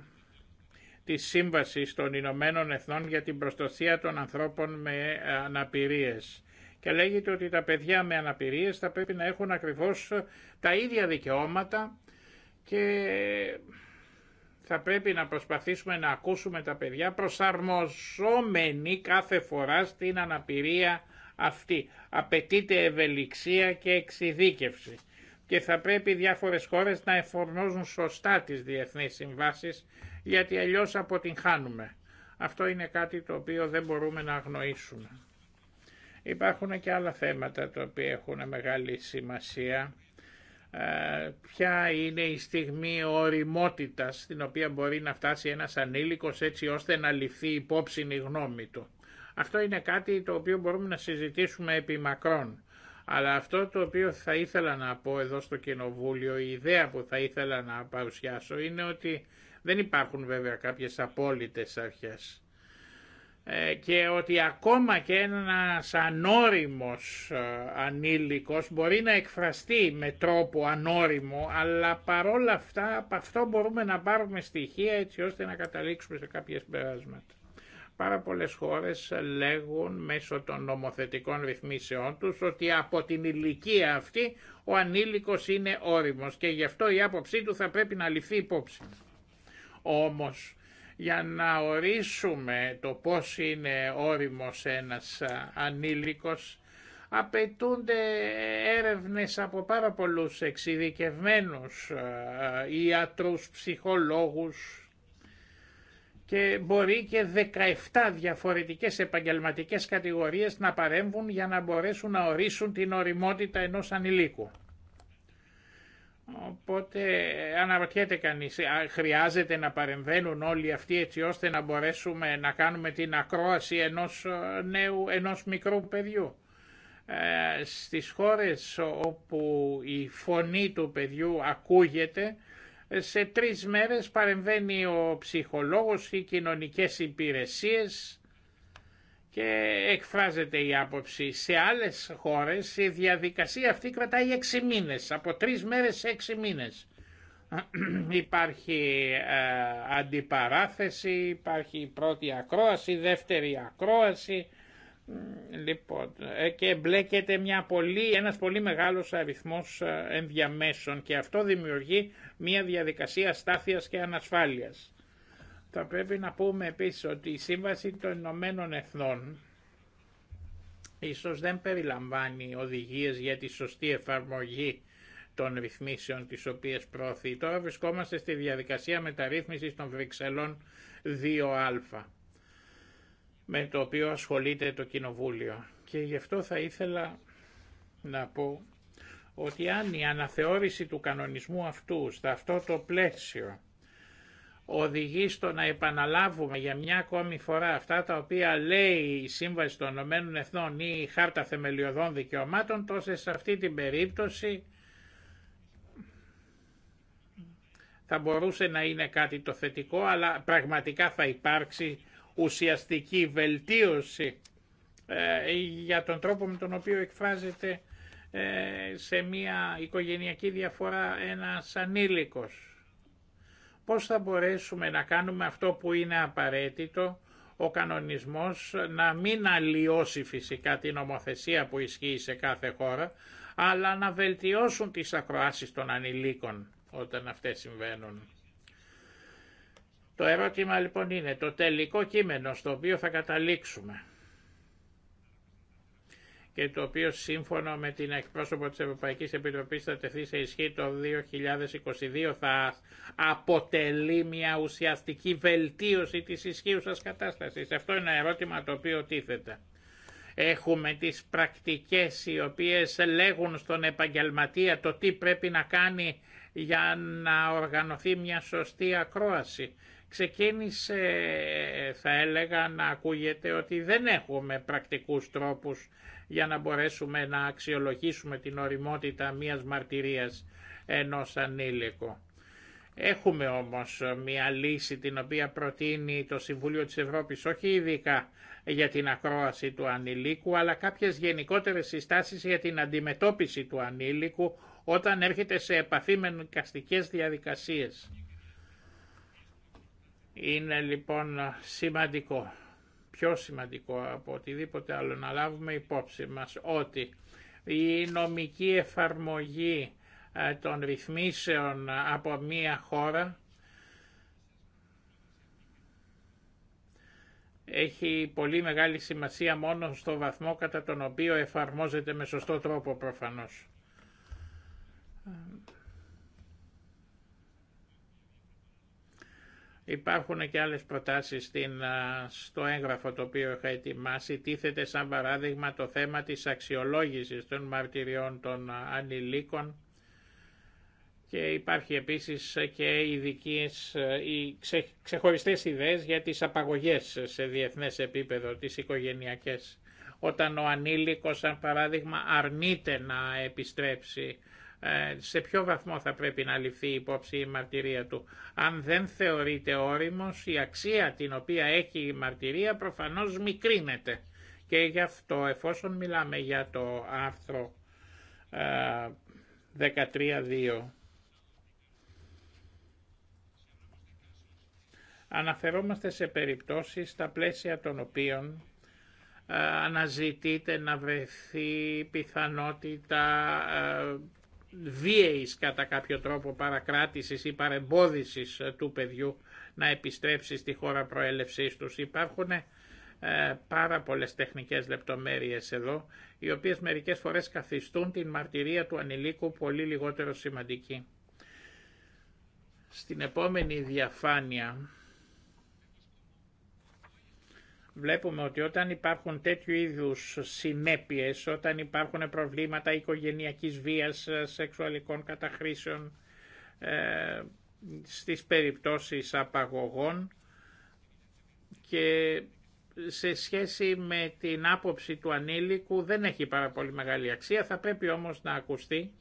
Speaker 2: της Σύμβασης των Ηνωμένων Εθνών για την προστασία των ανθρώπων με ε, αναπηρίες. Και λέγεται ότι τα παιδιά με αναπηρίες θα πρέπει να έχουν ακριβώς τα ίδια δικαιώματα και θα πρέπει να προσπαθήσουμε να ακούσουμε τα παιδιά προσαρμοζόμενοι κάθε φορά στην αναπηρία αυτή. Απαιτείται ευελιξία και εξειδίκευση και θα πρέπει διάφορες χώρες να εφορμόζουν σωστά τις διεθνείς συμβάσεις γιατί αλλιώς αποτυγχάνουμε. Αυτό είναι κάτι το οποίο δεν μπορούμε να αγνοήσουμε. Υπάρχουν και άλλα θέματα τα οποία έχουν μεγάλη σημασία ε, ποια είναι η στιγμή οριμότητας στην οποία μπορεί να φτάσει ένας ανήλικος έτσι ώστε να ληφθεί υπόψη η γνώμη του. Αυτό είναι κάτι το οποίο μπορούμε να συζητήσουμε επί μακρόν. Αλλά αυτό το οποίο θα ήθελα να πω εδώ στο Κοινοβούλιο, η ιδέα που θα ήθελα να παρουσιάσω είναι ότι δεν υπάρχουν βέβαια κάποιες απόλυτες αρχές. Ε, και ότι ακόμα και ένας ανώριμος ε, ανήλικος μπορεί να εκφραστεί με τρόπο ανώριμο, αλλά παρόλα αυτά από αυτό μπορούμε να πάρουμε στοιχεία έτσι ώστε να καταλήξουμε σε κάποιες περάσματα. Πάρα πολλές χώρες λέγουν μέσω των νομοθετικών ρυθμίσεών τους ότι από την ηλικία αυτή ο ανήλικος είναι όριμος και γι' αυτό η άποψή του θα πρέπει να ληφθεί υπόψη. Όμως για να ορίσουμε το πώς είναι όριμος ένας ανήλικος απαιτούνται έρευνες από πάρα πολλούς εξειδικευμένους ιατρούς, ψυχολόγους και μπορεί και 17 διαφορετικές επαγγελματικές κατηγορίες να παρέμβουν για να μπορέσουν να ορίσουν την οριμότητα ενός ανηλίκου. Οπότε αναρωτιέται κανείς, χρειάζεται να παρεμβαίνουν όλοι αυτοί έτσι ώστε να μπορέσουμε να κάνουμε την ακρόαση ενός ε, νέου, ενός μικρού παιδιού. Ε, στις χώρες όπου η φωνή του παιδιού ακούγεται, σε τρεις μέρες παρεμβαίνει ο ψυχολόγος, ή κοινωνικές υπηρεσίες, και εκφράζεται η άποψη. Σε άλλες χώρες η διαδικασία αυτή κρατάει έξι μήνες, από τρεις μέρες σε έξι μήνες. υπάρχει ε, αντιπαράθεση, υπάρχει πρώτη ακρόαση, δεύτερη ακρόαση, λοιπόν, ε, και μπλέκεται μια πολύ, ένας πολύ μεγάλος αριθμός ε, ενδιαμέσων και αυτό δημιουργεί μια διαδικασία στάθειας και ανασφάλειας. Θα πρέπει να πούμε επίσης ότι η Σύμβαση των Ηνωμένων Εθνών ίσως δεν περιλαμβάνει οδηγίες για τη σωστή εφαρμογή των ρυθμίσεων τις οποίες προωθεί. Τώρα βρισκόμαστε στη διαδικασία μεταρρύθμισης των Βρυξελών 2α με το οποίο ασχολείται το Κοινοβούλιο. Και γι' αυτό θα ήθελα να πω ότι αν η αναθεώρηση του κανονισμού αυτού, σε αυτό το πλαίσιο, οδηγεί στο να επαναλάβουμε για μια ακόμη φορά αυτά τα οποία λέει η Σύμβαση των Ηνωμένων Εθνών ή η Χάρτα Θεμελιωδών Δικαιωμάτων, τόσο σε αυτή την περίπτωση θα μπορούσε να είναι κάτι το θετικό, αλλά πραγματικά θα υπάρξει ουσιαστική βελτίωση ε, για τον τρόπο με τον οποίο εκφράζεται ε, σε μια οικογενειακή διαφορά ένας ανήλικος πώς θα μπορέσουμε να κάνουμε αυτό που είναι απαραίτητο, ο κανονισμός να μην αλλοιώσει φυσικά την νομοθεσία που ισχύει σε κάθε χώρα, αλλά να βελτιώσουν τις ακροάσεις των ανηλίκων όταν αυτές συμβαίνουν. Το ερώτημα λοιπόν είναι το τελικό κείμενο στο οποίο θα καταλήξουμε και το οποίο σύμφωνα με την εκπρόσωπο της Ευρωπαϊκής Επιτροπής θα τεθεί σε ισχύ το 2022 θα αποτελεί μια ουσιαστική βελτίωση της ισχύουσας κατάστασης. Αυτό είναι ένα ερώτημα το οποίο τίθεται. Έχουμε τις πρακτικές οι οποίες λέγουν στον επαγγελματία το τι πρέπει να κάνει για να οργανωθεί μια σωστή ακρόαση ξεκίνησε θα έλεγα να ακούγεται ότι δεν έχουμε πρακτικούς τρόπους για να μπορέσουμε να αξιολογήσουμε την οριμότητα μιας μαρτυρίας ενός ανήλικου. Έχουμε όμως μια λύση την οποία προτείνει το Συμβούλιο της Ευρώπης όχι ειδικά για την ακρόαση του ανηλίκου αλλά κάποιες γενικότερες συστάσεις για την αντιμετώπιση του ανήλικου όταν έρχεται σε επαφή με νοικαστικές διαδικασίες. Είναι λοιπόν σημαντικό, πιο σημαντικό από οτιδήποτε άλλο να λάβουμε υπόψη μας ότι η νομική εφαρμογή ε, των ρυθμίσεων ε, από μία χώρα έχει πολύ μεγάλη σημασία μόνο στο βαθμό κατά τον οποίο εφαρμόζεται με σωστό τρόπο προφανώς. Υπάρχουν και άλλες προτάσεις στο έγγραφο το οποίο είχα ετοιμάσει. Τίθεται σαν παράδειγμα το θέμα της αξιολόγησης των μαρτυριών των ανηλίκων και υπάρχει επίσης και ειδικές, οι ξε, ξεχωριστές ιδέες για τις απαγωγές σε διεθνές επίπεδο, τις οικογενειακές. Όταν ο ανήλικος, σαν παράδειγμα, αρνείται να επιστρέψει ε, σε ποιο βαθμό θα πρέπει να ληφθεί υπόψη η μαρτυρία του. Αν δεν θεωρείται όριμος, η αξία την οποία έχει η μαρτυρία προφανώς μικρύνεται. Και γι' αυτό εφόσον μιλάμε για το άρθρο 13.2, ε, Αναφερόμαστε σε περιπτώσεις στα πλαίσια των οποίων ε, αναζητείται να βρεθεί πιθανότητα βίαιης κατά κάποιο τρόπο παρακράτησης ή παρεμπόδισης ε, του παιδιού να επιστρέψει στη χώρα προέλευσής τους. Υπάρχουν ε, πάρα πολλές τεχνικές λεπτομέρειες εδώ, οι οποίες μερικές φορές καθιστούν την μαρτυρία του ανηλίκου πολύ λιγότερο σημαντική. Στην επόμενη διαφάνεια βλέπουμε ότι όταν υπάρχουν τέτοιου είδους συνέπειες, όταν υπάρχουν προβλήματα οικογενειακής βίας, ε, σεξουαλικών καταχρήσεων, ε, στις περιπτώσεις απαγωγών και σε σχέση με την άποψη του ανήλικου δεν έχει πάρα πολύ μεγάλη αξία, θα πρέπει όμως να ακουστεί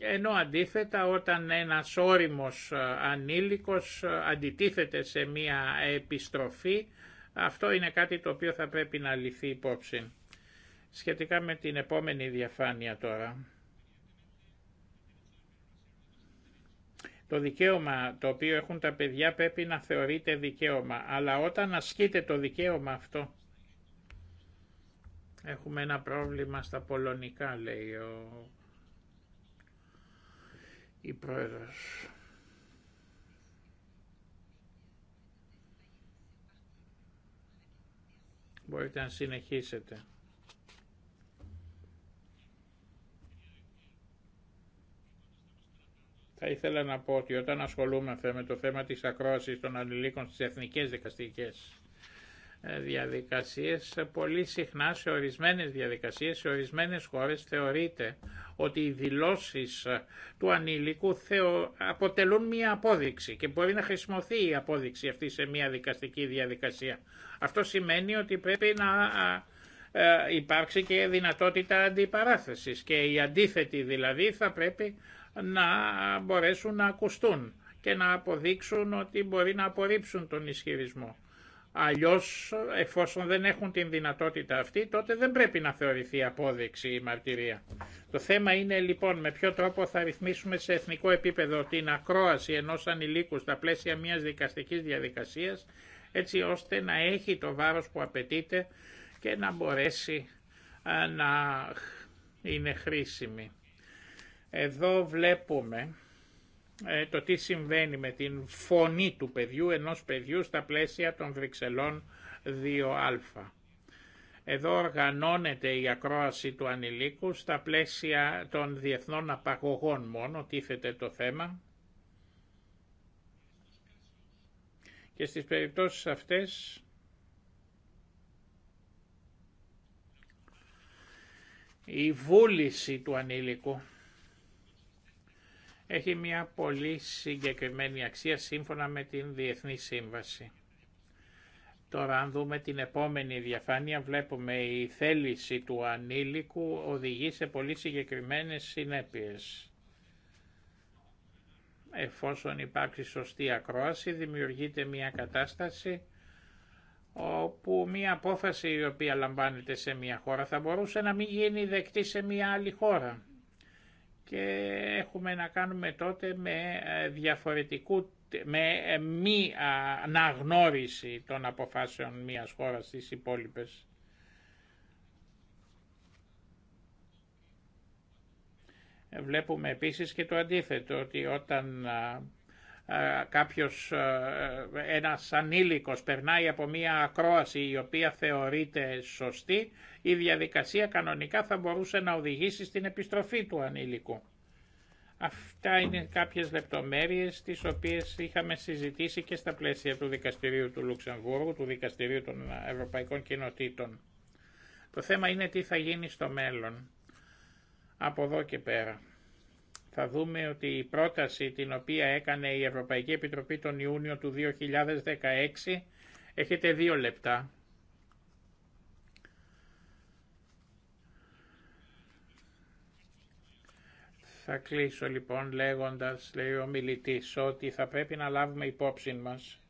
Speaker 2: ενώ αντίθετα όταν ένας όριμος ε, ανήλικος ε, αντιτίθεται σε μία επιστροφή, αυτό είναι κάτι το οποίο θα πρέπει να λυθεί υπόψη. Σχετικά με την επόμενη διαφάνεια τώρα. Το δικαίωμα το οποίο έχουν τα παιδιά πρέπει να θεωρείται δικαίωμα, αλλά όταν ασκείται το δικαίωμα αυτό, έχουμε ένα πρόβλημα στα πολωνικά λέει ο η Πρόεδρος. Μπορείτε να συνεχίσετε. Θα ήθελα να πω ότι όταν ασχολούμαστε με το θέμα της ακρόασης των ανηλίκων στις εθνικές δικαστικές ε, διαδικασίες, ε, πολύ συχνά σε ορισμένες διαδικασίες, σε ορισμένες χώρες θεωρείται ότι οι δηλώσεις ε, του ανήλικου θεω... αποτελούν μία απόδειξη και μπορεί να χρησιμοθεί η απόδειξη αυτή σε μία δικαστική διαδικασία. Αυτό σημαίνει ότι πρέπει να υπάρξει και δυνατότητα αντιπαράθεσης και οι αντίθετοι δηλαδή θα πρέπει να μπορέσουν να ακουστούν και να αποδείξουν ότι μπορεί να απορρίψουν τον ισχυρισμό. Αλλιώς, εφόσον δεν έχουν την δυνατότητα αυτή, τότε δεν πρέπει να θεωρηθεί απόδειξη η μαρτυρία. Το θέμα είναι λοιπόν με ποιο τρόπο θα ρυθμίσουμε σε εθνικό επίπεδο την ακρόαση ενός ανηλίκου στα πλαίσια μιας δικαστικής διαδικασίας, έτσι ώστε να έχει το βάρος που απαιτείται και να μπορέσει να είναι χρήσιμη. Εδώ βλέπουμε ε, το τι συμβαίνει με την φωνή του παιδιού, ενός παιδιού στα πλαίσια των Βρυξελών 2α. Εδώ οργανώνεται η ακρόαση του ανηλίκου στα πλαίσια των διεθνών απαγωγών μόνο, τίθεται το θέμα. Και στις περιπτώσεις αυτές η βούληση του ανήλικου έχει μια πολύ συγκεκριμένη αξία σύμφωνα με την Διεθνή Σύμβαση. Τώρα αν δούμε την επόμενη διαφάνεια βλέπουμε η θέληση του ανήλικου οδηγεί σε πολύ συγκεκριμένες συνέπειες. Εφόσον υπάρξει σωστή ακρόαση δημιουργείται μια κατάσταση όπου μια απόφαση η οποία λαμβάνεται σε μια χώρα θα μπορούσε να μην γίνει δεκτή σε μια άλλη χώρα και έχουμε να κάνουμε τότε με ε, διαφορετικού με ε, μη αναγνώριση των αποφάσεων μιας χώρας στις υπόλοιπες. Βλέπουμε επίσης και το αντίθετο, ότι όταν κάποιος, ένας ανήλικος περνάει από μια ακρόαση η οποία θεωρείται σωστή, η διαδικασία κανονικά θα μπορούσε να οδηγήσει στην επιστροφή του ανήλικου. Αυτά είναι κάποιες λεπτομέρειες τις οποίες είχαμε συζητήσει και στα πλαίσια του Δικαστηρίου του Λουξεμβούργου, του Δικαστηρίου των Ευρωπαϊκών Κοινοτήτων. Το θέμα είναι τι θα γίνει στο μέλλον. Από εδώ και πέρα. Θα δούμε ότι η πρόταση την οποία έκανε η Ευρωπαϊκή Επιτροπή τον Ιούνιο του 2016, έχετε δύο λεπτά, Θα κλείσω λοιπόν λέγοντας, λέει ο μιλητής, ότι θα πρέπει να λάβουμε υπόψη μας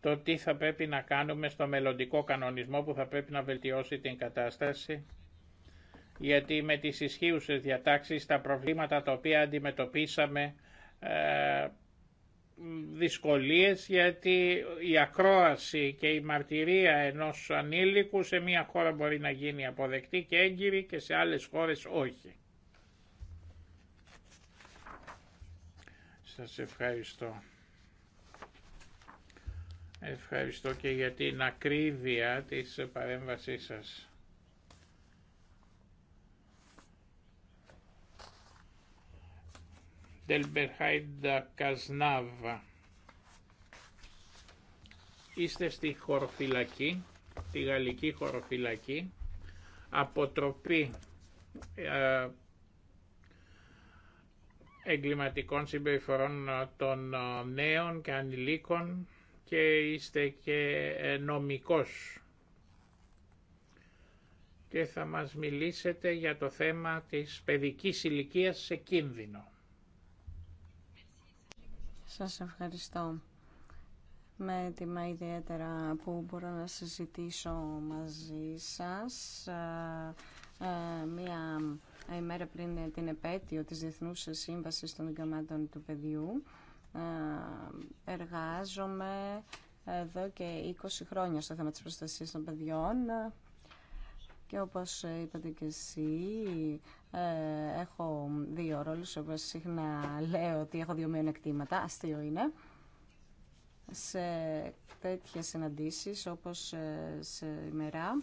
Speaker 2: το τι θα πρέπει να κάνουμε στο μελλοντικό κανονισμό που θα πρέπει να βελτιώσει την κατάσταση, γιατί με τις ισχύουσες διατάξεις τα προβλήματα τα οποία αντιμετωπίσαμε ε, δυσκολίες γιατί η ακρόαση και η μαρτυρία ενός ανήλικου σε μια χώρα μπορεί να γίνει αποδεκτή και έγκυρη και σε άλλες χώρες όχι. Σας ευχαριστώ. Ευχαριστώ και για την ακρίβεια της παρέμβασής σας. Τελμπερχάιντα Καζνάβα. Είστε στη χωροφυλακή, τη γαλλική χωροφυλακή, αποτροπή ε, εγκληματικών συμπεριφορών ε, των ε, νέων και ανηλίκων και είστε και ε, νομικός και θα μας μιλήσετε για το θέμα της παιδικής ηλικίας σε κίνδυνο.
Speaker 1: Σας ευχαριστώ με τιμά ιδιαίτερα που μπορώ να συζητήσω μαζί σας μία ημέρα πριν την επέτειο της Διεθνούς Σύμβασης των δικαιωμάτων του Παιδιού. Εργάζομαι εδώ και 20 χρόνια στο θέμα της προστασίας των παιδιών και όπως είπατε και εσύ, ε, έχω δύο ρόλους, όπως συχνά λέω ότι έχω δύο μειονεκτήματα, αστείο είναι σε τέτοιες συναντήσεις όπως ε, σε ημερά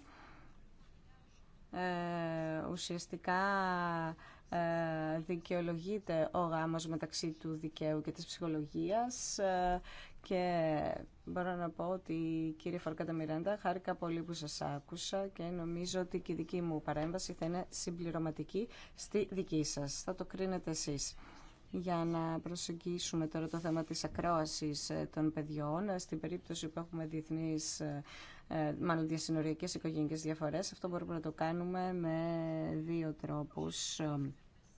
Speaker 1: ουσιαστικά ε, δικαιολογείται ο γάμος μεταξύ του δικαίου και της ψυχολογίας ε, και μπορώ να πω ότι κύριε Φορκάτα Μιράντα χάρηκα πολύ που σας άκουσα και νομίζω ότι και η δική μου παρέμβαση θα είναι συμπληρωματική στη δική σας. Θα το κρίνετε εσείς για να προσεγγίσουμε τώρα το θέμα της ακρόασης ε, των παιδιών ε, στην περίπτωση που έχουμε διεθνείς ε, μάλλον διασυνοριακές οικογενικές διαφορές αυτό μπορούμε να το κάνουμε με δύο τρόπους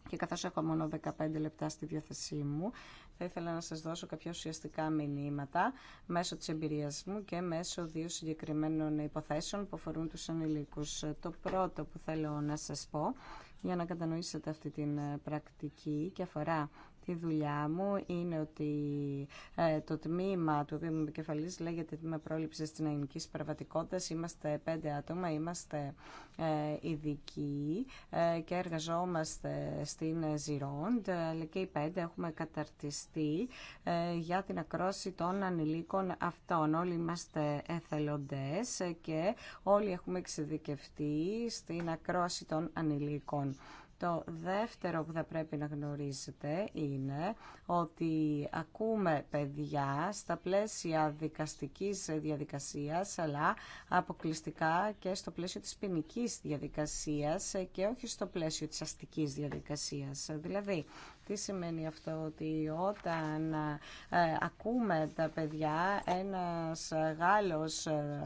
Speaker 1: και καθώς έχω μόνο 15 λεπτά στη διάθεσή μου θα ήθελα να σας δώσω κάποια ουσιαστικά μηνύματα μέσω της εμπειρίας μου και μέσω δύο συγκεκριμένων υποθέσεων που αφορούν τους ανηλίκους. Το πρώτο που θέλω να σας πω για να κατανοήσετε αυτή την ε, πρακτική και αφορά στη δουλειά μου είναι ότι ε, το τμήμα του οποίου είμαι επικεφαλής λέγεται τμήμα πρόληψη της νεανικής παραβατικότητας. Είμαστε πέντε άτομα, είμαστε ε, ειδικοί ε, και εργαζόμαστε στην Ζηρόντ, αλλά και οι πέντε έχουμε καταρτιστεί για την ακρόση των ανηλίκων αυτών. Όλοι είμαστε εθελοντές και όλοι έχουμε εξειδικευτεί στην ακρόση των ανηλίκων. Το δεύτερο που θα πρέπει να γνωρίζετε είναι ότι ακούμε παιδιά στα πλαίσια δικαστικής διαδικασίας, αλλά αποκλειστικά και στο πλαίσιο της ποινική διαδικασίας και όχι στο πλαίσιο της αστικής διαδικασίας. Δηλαδή, τι σημαίνει αυτό, ότι όταν ε, ακούμε τα παιδιά, ένας Γάλλος... Ε,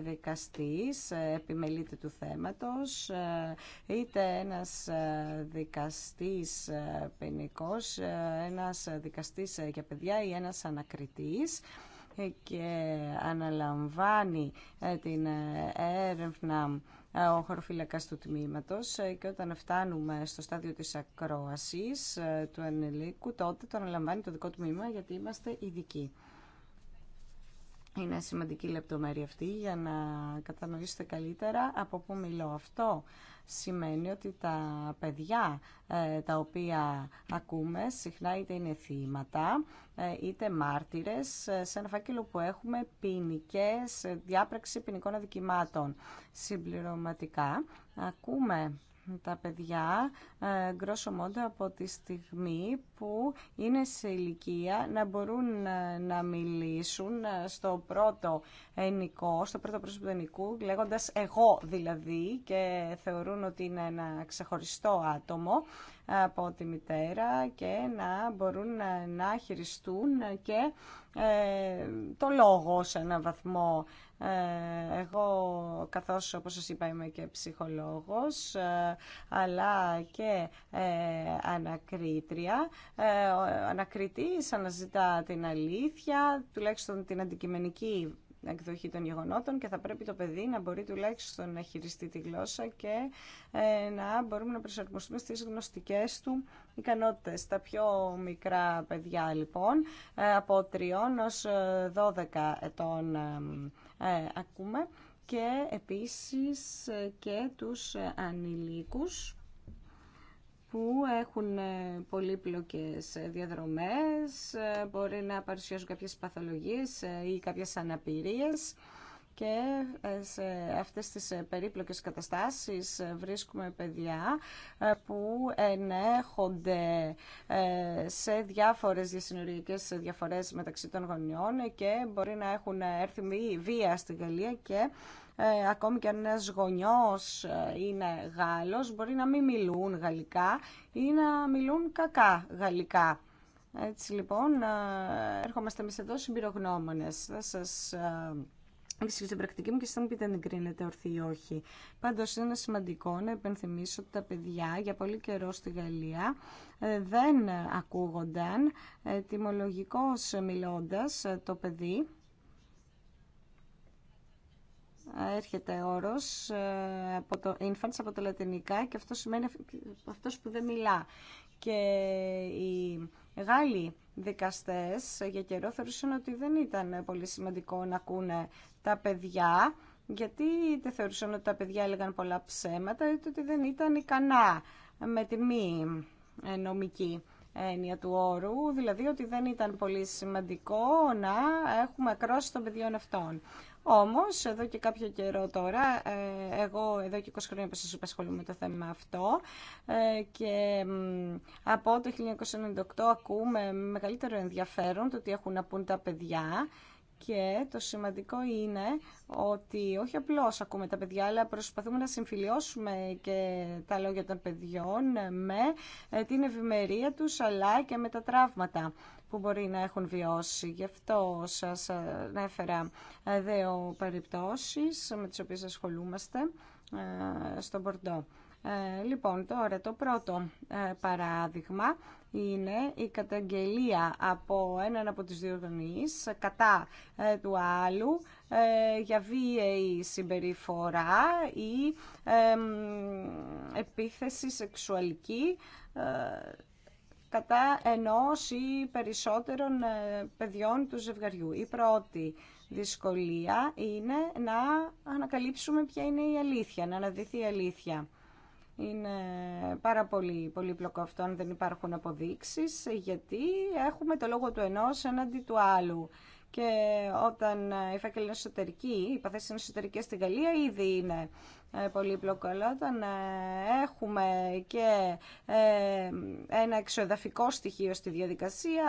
Speaker 1: δικαστής ε, επιμελείται του θέματος, ε, είτε ένας ε, δικαστής ποινικό, ένας δικαστής για παιδιά ή ένας ανακριτής και αναλαμβάνει την έρευνα ο χωροφύλακας του τμήματος και όταν φτάνουμε στο στάδιο της ακρόασης του ανελίκου, τότε το αναλαμβάνει το δικό τμήμα γιατί είμαστε ειδικοί. Είναι σημαντική λεπτομέρεια αυτή για να κατανοήσετε καλύτερα από πού μιλώ. Αυτό σημαίνει ότι τα παιδιά ε, τα οποία ακούμε συχνά είτε είναι θύματα ε, είτε μάρτυρες ε, σε ένα φάκελο που έχουμε ποινικέ διάπραξη ποινικών αδικημάτων. Συμπληρωματικά ακούμε τα παιδιά γκρόσο ε, μόντο από τη στιγμή που είναι σε ηλικία να μπορούν ε, να μιλήσουν ε, στο πρώτο ενικό, στο πρώτο πρόσωπο ενικού λέγοντας εγώ δηλαδή και θεωρούν ότι είναι ένα ξεχωριστό άτομο από τη μητέρα και να μπορούν να χειριστούν και ε, το λόγο σε έναν βαθμό. Ε, εγώ, καθώς όπως σας είπα είμαι και ψυχολόγος, ε, αλλά και ανακρίτρια, ο ανακριτής αναζητά την αλήθεια, τουλάχιστον την αντικειμενική εκδοχή των γεγονότων και θα πρέπει το παιδί να μπορεί τουλάχιστον να χειριστεί τη γλώσσα και ε, να μπορούμε να προσαρμοστούμε στις γνωστικές του ικανότητες. Τα πιο μικρά παιδιά λοιπόν ε, από 3 ως 12 ε, ετών ακούμε και επίσης και τους ανηλίκους που έχουν ε, πολύπλοκες ε, διαδρομές, ε, μπορεί να παρουσιάζουν κάποιες παθολογίες ή κάποιες αναπηρίες και σε αυτές τις περίπλοκες καταστάσεις βρίσκουμε παιδιά που ενέχονται σε διάφορες διασυνοριακές διαφορές μεταξύ των γονιών και μπορεί να έχουν έρθει βία στην Γαλλία και ε, ακόμη και αν ένας γονιός ε, είναι Γάλλος, μπορεί να μην μιλούν γαλλικά ή να μιλούν κακά γαλλικά. Έτσι λοιπόν, ε, έρχομαστε εμεί εδώ συμπειρογνώμονε. Θα σας ε, εξηγήσω την πρακτική μου και θα μου πείτε αν ορθή ή όχι. Πάντω είναι σημαντικό να επενθυμίσω ότι τα παιδιά για πολύ καιρό στη Γαλλία δεν ακούγονταν. Τιμολογικώ μιλώντα το παιδί έρχεται όρος ε, από το infants, από τα λατινικά και αυτό σημαίνει αυτός που δεν μιλά. Και οι Γάλλοι δικαστές για καιρό θεωρούσαν ότι δεν ήταν πολύ σημαντικό να ακούνε τα παιδιά γιατί είτε θεωρούσαν ότι τα παιδιά έλεγαν πολλά ψέματα είτε ότι δεν ήταν ικανά με τη μη ε, νομική έννοια του όρου, δηλαδή ότι δεν ήταν πολύ σημαντικό να έχουμε ακρόση των παιδιών αυτών. Όμως, εδώ και κάποιο καιρό τώρα, ε, εγώ εδώ και 20 χρόνια που σας επασχολούμαι με το θέμα αυτό ε, και από το 1998 ακούμε με μεγαλύτερο ενδιαφέρον το τι έχουν να πούν τα παιδιά και το σημαντικό είναι ότι όχι απλώς ακούμε τα παιδιά, αλλά προσπαθούμε να συμφιλιώσουμε και τα λόγια των παιδιών με ε, την ευημερία τους, αλλά και με τα τραύματα που μπορεί να έχουν βιώσει. Γι' αυτό σας ε, έφερα ε, δύο περιπτώσεις με τις οποίες ασχολούμαστε στον Πορντό. Λοιπόν, τώρα το πρώτο παράδειγμα είναι η καταγγελία από έναν από τις δύο γονείς κατά ε, του άλλου ε, για βίαιη συμπεριφορά ή επίθεση σεξουαλική ε, κατά ενός ή περισσότερων παιδιών του ζευγαριού. Η πρώτη δυσκολία είναι να ανακαλύψουμε ποια είναι η αλήθεια, να αναδειθεί η αλήθεια. Είναι πάρα πολύ πολύπλοκο αυτό αν δεν υπάρχουν αποδείξεις, γιατί έχουμε το λόγο του ενός έναντι του άλλου. Και όταν η φάκελη είναι εσωτερική, οι παθέσεις είναι εσωτερικές στην Γαλλία, ήδη είναι ε, πολύπλοκο. Αλλά όταν ε, έχουμε και ε, ένα εξοδαφικό στοιχείο στη διαδικασία,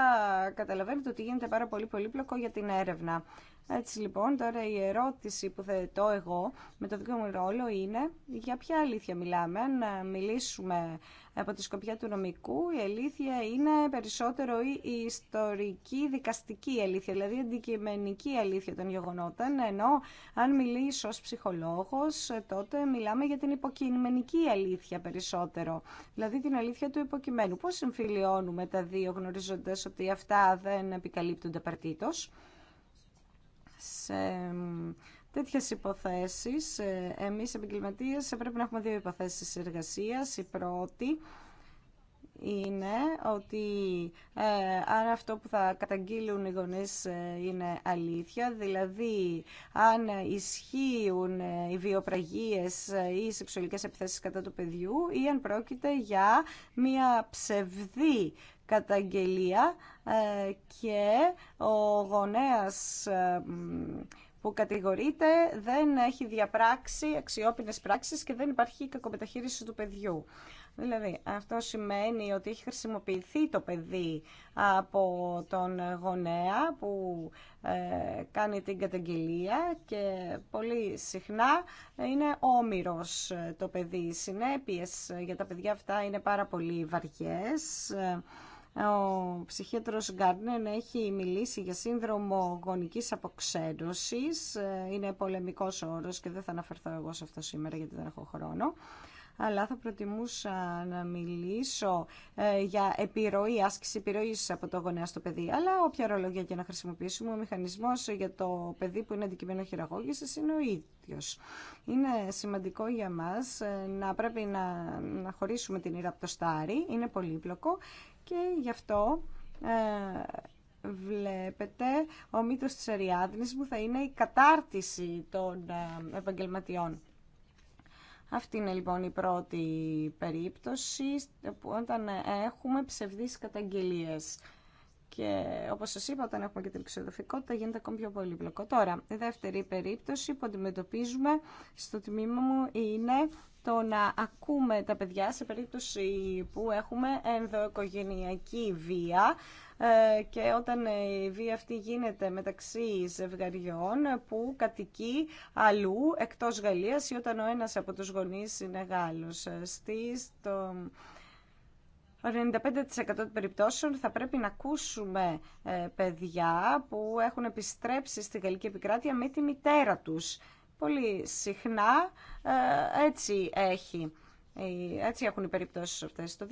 Speaker 1: καταλαβαίνετε ότι γίνεται πάρα πολύ πολύπλοκο για την έρευνα. Έτσι λοιπόν τώρα η ερώτηση που θέτω εγώ με το δικό μου ρόλο είναι για ποια αλήθεια μιλάμε. Αν ε, μιλήσουμε από τη σκοπιά του νομικού η αλήθεια είναι περισσότερο η ιστορική δικαστική αλήθεια, δηλαδή η αντικειμενική αλήθεια των γεγονότων, ενώ αν μιλήσω ως ψυχολόγος ε, τότε μιλάμε για την υποκειμενική αλήθεια περισσότερο, δηλαδή την αλήθεια του υποκειμένου. Πώς συμφιλιώνουμε τα δύο γνωρίζοντας ότι αυτά δεν επικαλύπτονται παρτίτως σε τέτοιε υποθέσει, ε, εμεί επαγγελματίε πρέπει να έχουμε δύο υποθέσει εργασία. Η πρώτη είναι ότι ε, αν αυτό που θα καταγγείλουν οι γονείς ε, είναι αλήθεια, δηλαδή αν ισχύουν οι βιοπραγίες ή οι σεξουαλικές επιθέσεις κατά του παιδιού ή αν πρόκειται για μια ψευδή καταγγελία ε, και ο γονέας ε, που κατηγορείται δεν έχει διαπράξει αξιόπινες πράξεις και δεν υπάρχει κακομεταχείριση του παιδιού. Δηλαδή, αυτό σημαίνει ότι έχει χρησιμοποιηθεί το παιδί από τον γονέα που ε, κάνει την καταγγελία και πολύ συχνά είναι όμοιρος το παιδί. Οι συνέπειες για τα παιδιά αυτά είναι πάρα πολύ βαριές. Ο ψυχίατρος Γκάρνεν έχει μιλήσει για σύνδρομο γονικής αποξένωσης. Είναι πολεμικός όρος και δεν θα αναφερθώ εγώ σε αυτό σήμερα γιατί δεν έχω χρόνο. Αλλά θα προτιμούσα να μιλήσω ε, για επιρροή, άσκηση επιρροή από το γονέα στο παιδί. Αλλά όποια ρολογία και να χρησιμοποιήσουμε, ο μηχανισμό για το παιδί που είναι αντικείμενο χειραγώγηση είναι ο ίδιο. Είναι σημαντικό για μα ε, να πρέπει να, να χωρίσουμε την ήρα από το στάρι. Είναι πολύπλοκο και γι' αυτό ε, βλέπετε ο μύθος της Αριάδνης που θα είναι η κατάρτιση των ε, επαγγελματιών. Αυτή είναι λοιπόν η πρώτη περίπτωση όταν έχουμε ψευδείς καταγγελίες και όπως σας είπα, όταν έχουμε και την εξοδοφικότητα γίνεται ακόμη πιο πολύπλοκο. Τώρα, η δεύτερη περίπτωση που αντιμετωπίζουμε στο τμήμα μου είναι το να ακούμε τα παιδιά σε περίπτωση που έχουμε ενδοοικογενειακή βία ε, και όταν η βία αυτή γίνεται μεταξύ ζευγαριών που κατοικεί αλλού εκτός Γαλλίας ή όταν ο ένας από τους γονείς είναι Γάλλος. Ε, 95% των περιπτώσεων θα πρέπει να ακούσουμε ε, παιδιά που έχουν επιστρέψει στη Γαλλική επικράτεια με τη μητέρα τους. Πολύ συχνά ε, έτσι έχει. Ε, έτσι έχουν οι περιπτώσεις αυτές. Το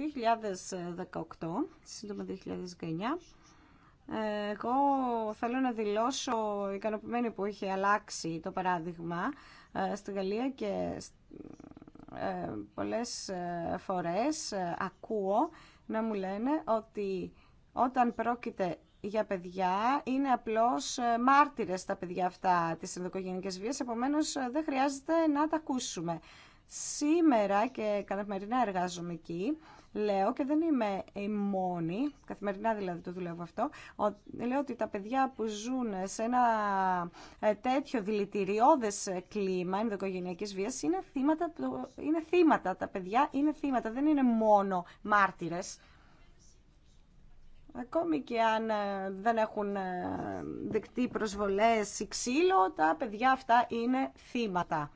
Speaker 1: 2018, σύντομα 2019, εγώ θέλω να δηλώσω ικανοποιημένη που είχε αλλάξει το παράδειγμα στη Γαλλία και ε, πολλές ε, φορές ε, ακούω να μου λένε ότι όταν πρόκειται για παιδιά είναι απλώς μάρτυρες τα παιδιά αυτά της ενδοκογενικής βίας, επομένως δεν χρειάζεται να τα ακούσουμε. Σήμερα και καθημερινά εργάζομαι εκεί λέω και δεν είμαι η μόνη, καθημερινά δηλαδή το δουλεύω αυτό, λέω ότι τα παιδιά που ζουν σε ένα ε, τέτοιο δηλητηριώδες ε, κλίμα ενδοκογενειακής βίας είναι θύματα, είναι θύματα, τα παιδιά είναι θύματα, δεν είναι μόνο μάρτυρες. Ακόμη και αν ε, δεν έχουν δεκτεί προσβολές ή ξύλο, τα παιδιά αυτά είναι θύματα.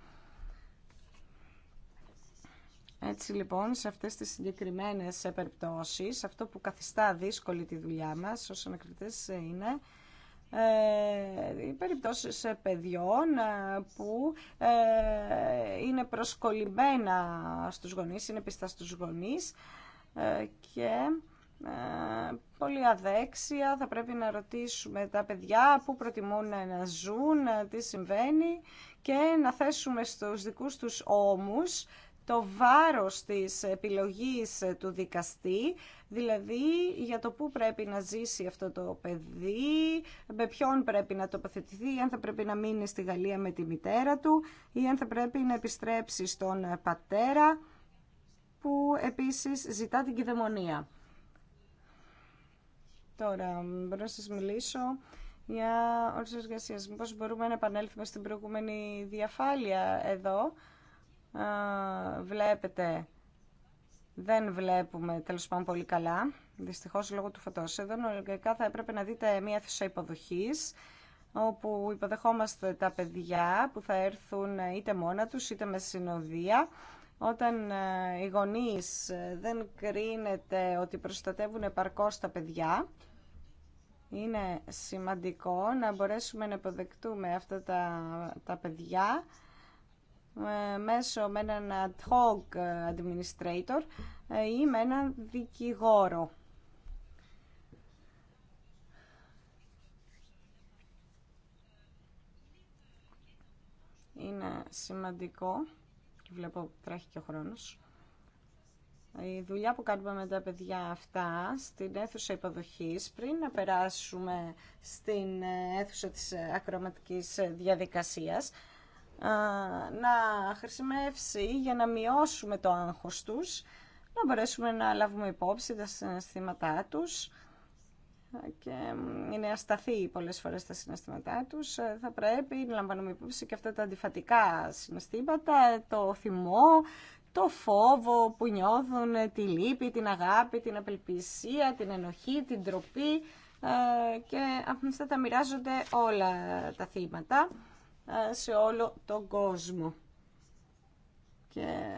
Speaker 1: Έτσι λοιπόν σε αυτές τις συγκεκριμένες περιπτώσεις αυτό που καθιστά δύσκολη τη δουλειά μας ως ανακριτές είναι ε, οι περιπτώσεις παιδιών ε, που ε, είναι προσκολλημένα στους γονείς, είναι πιστά στους γονείς ε, και ε, πολύ αδέξια θα πρέπει να ρωτήσουμε τα παιδιά που προτιμούν να ζουν, τι συμβαίνει και να θέσουμε στους δικούς τους ώμους το βάρος της επιλογής του δικαστή, δηλαδή για το πού πρέπει να ζήσει αυτό το παιδί, με ποιον πρέπει να τοποθετηθεί, αν θα πρέπει να μείνει στη Γαλλία με τη μητέρα του ή αν θα πρέπει να επιστρέψει στον πατέρα που επίσης ζητά την κυδαιμονία. Τώρα, μπορώ να σας μιλήσω για όρους εργασίας. Μήπως μπορούμε να επανέλθουμε στην προηγούμενη διαφάλεια εδώ βλέπετε, δεν βλέπουμε τέλος πάντων πολύ καλά, δυστυχώς λόγω του φωτός. Εδώ νοργικά θα έπρεπε να δείτε μια αίθουσα υποδοχής, όπου υποδεχόμαστε τα παιδιά που θα έρθουν είτε μόνα τους είτε με συνοδεία. Όταν ε, οι γονείς ε, δεν κρίνεται ότι προστατεύουν επαρκώς τα παιδιά, είναι σημαντικό να μπορέσουμε να υποδεκτούμε αυτά τα, τα παιδιά ε, μέσω με έναν ad hoc administrator ε, ή με έναν δικηγόρο. Είναι σημαντικό βλέπω τρέχει και ο χρόνος. Η δουλειά που κάνουμε με τα παιδιά αυτά στην αίθουσα υποδοχής πριν να περάσουμε στην αίθουσα της ακροματικής διαδικασίας να χρησιμεύσει για να μειώσουμε το άγχος τους, να μπορέσουμε να λάβουμε υπόψη τα συναισθήματά τους και είναι ασταθή πολλές φορές τα συναισθήματά τους. Θα πρέπει να λαμβάνουμε υπόψη και αυτά τα αντιφατικά συναισθήματα, το θυμό, το φόβο που νιώθουν, τη λύπη, την αγάπη, την απελπισία, την ενοχή, την τροπή και αυτά τα μοιράζονται όλα τα θύματα ε, σε όλο τον κόσμο. Και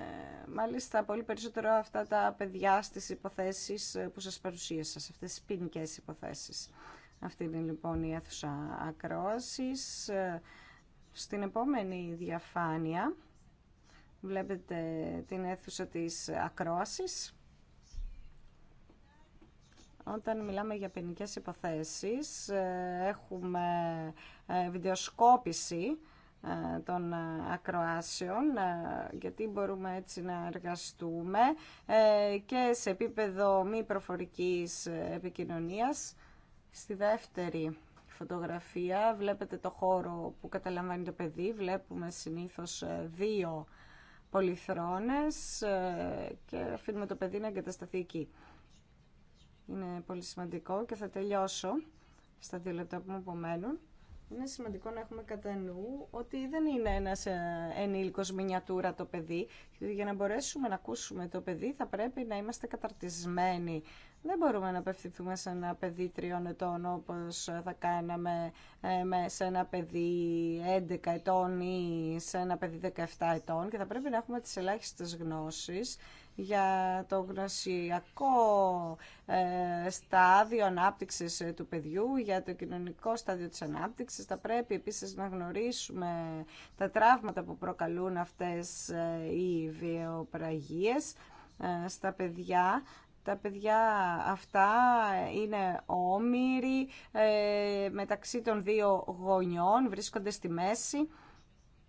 Speaker 1: μάλιστα πολύ περισσότερο αυτά τα παιδιά στις υποθέσεις ε, που σας παρουσίασα, σε αυτές τις ποινικέ υποθέσεις. Αυτή είναι λοιπόν η αίθουσα ακρόασης. Ε, στην επόμενη διαφάνεια βλέπετε την αίθουσα της ακρόασης. Όταν μιλάμε για ποινικέ υποθέσεις, ε, έχουμε ε, βιντεοσκόπηση ε, των ακροάσεων γιατί μπορούμε έτσι να εργαστούμε και σε επίπεδο μη προφορικής επικοινωνίας. Στη δεύτερη φωτογραφία βλέπετε το χώρο που καταλαμβάνει το παιδί. Βλέπουμε συνήθως δύο πολυθρόνες και αφήνουμε το παιδί να εγκατασταθεί εκεί είναι πολύ σημαντικό και θα τελειώσω στα δύο λεπτά που μου απομένουν. Είναι σημαντικό να έχουμε κατά νου ότι δεν είναι ένα ε, ενήλικος μινιατούρα το παιδί. Για να μπορέσουμε να ακούσουμε το παιδί θα πρέπει να είμαστε καταρτισμένοι. Δεν μπορούμε να απευθυνθούμε σε ένα παιδί τριών ετών όπως θα κάναμε ε, σε ένα παιδί 11 ετών ή σε ένα παιδί 17 ετών και θα πρέπει να έχουμε τι ελάχιστε γνώσει για το γνωσιακό ε, στάδιο ανάπτυξης ε, του παιδιού, για το κοινωνικό στάδιο της ανάπτυξης. Θα πρέπει επίσης να γνωρίσουμε τα τραύματα που προκαλούν αυτές ε, οι βιοπραγίες στα παιδιά. Τα παιδιά αυτά είναι όμοιροι μεταξύ των δύο γονιών, βρίσκονται στη μέση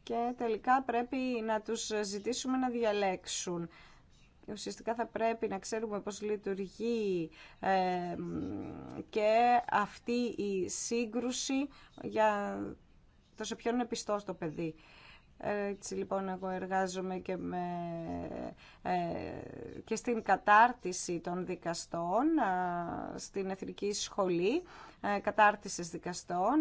Speaker 1: και τελικά πρέπει να τους ζητήσουμε να διαλέξουν ουσιαστικά θα πρέπει να ξέρουμε πώς λειτουργεί και αυτή η σύγκρουση για το σε ποιον είναι πιστό το παιδί. Έτσι λοιπόν εγώ εργάζομαι και, με, ε, και στην κατάρτιση των δικαστών στην Εθνική Σχολή ε, Κατάρτισης Δικαστών.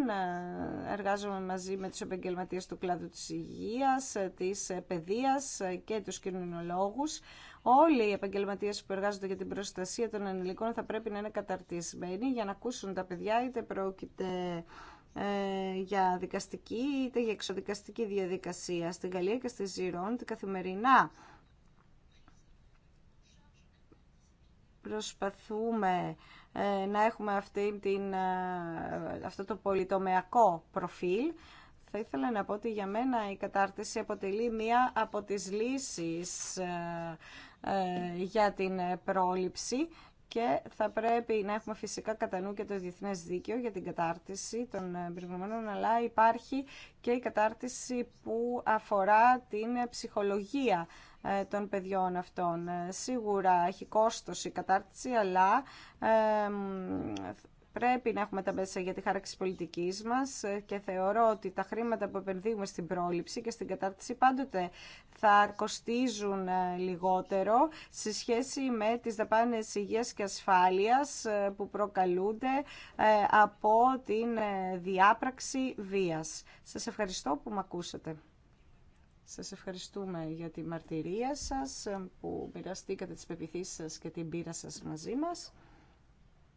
Speaker 1: Εργάζομαι μαζί με τους επαγγελματίες του κλάδου της υγείας, ε, της παιδείας και τους κοινωνιολόγους. Όλοι οι επαγγελματίες που εργάζονται για την προστασία των ανηλικών θα πρέπει να είναι καταρτισμένοι για να ακούσουν τα παιδιά είτε πρόκειται ε, για δικαστική είτε για εξοδικαστική διαδικασία στην Γαλλία και στη Την καθημερινά. Προσπαθούμε ε, να έχουμε αυτή την, ε, αυτό το πολυτομεακό προφίλ. Θα ήθελα να πω ότι για μένα η κατάρτιση αποτελεί μία από τις λύσεις για την πρόληψη και θα πρέπει να έχουμε φυσικά κατά νου και το διεθνές δίκαιο για την κατάρτιση των εμπειρογνωμένων, αλλά υπάρχει και η κατάρτιση που αφορά την ψυχολογία ε, των παιδιών αυτών. Ε, σίγουρα έχει κόστος η κατάρτιση, αλλά ε, Πρέπει να έχουμε τα μέσα για τη χάραξη πολιτική μα ε, και θεωρώ ότι τα χρήματα που επενδύουμε στην πρόληψη και στην κατάρτιση πάντοτε θα κοστίζουν ε, λιγότερο σε σχέση με τις δαπάνε υγείας και ασφάλειας ε, που προκαλούνται από την διάπραξη βίας. Σα ευχαριστώ που με ακούσατε. Σας ευχαριστούμε για τη μαρτυρία σας που μοιραστήκατε τις πεπιθήσεις σας και την πείρα σας μαζί μας.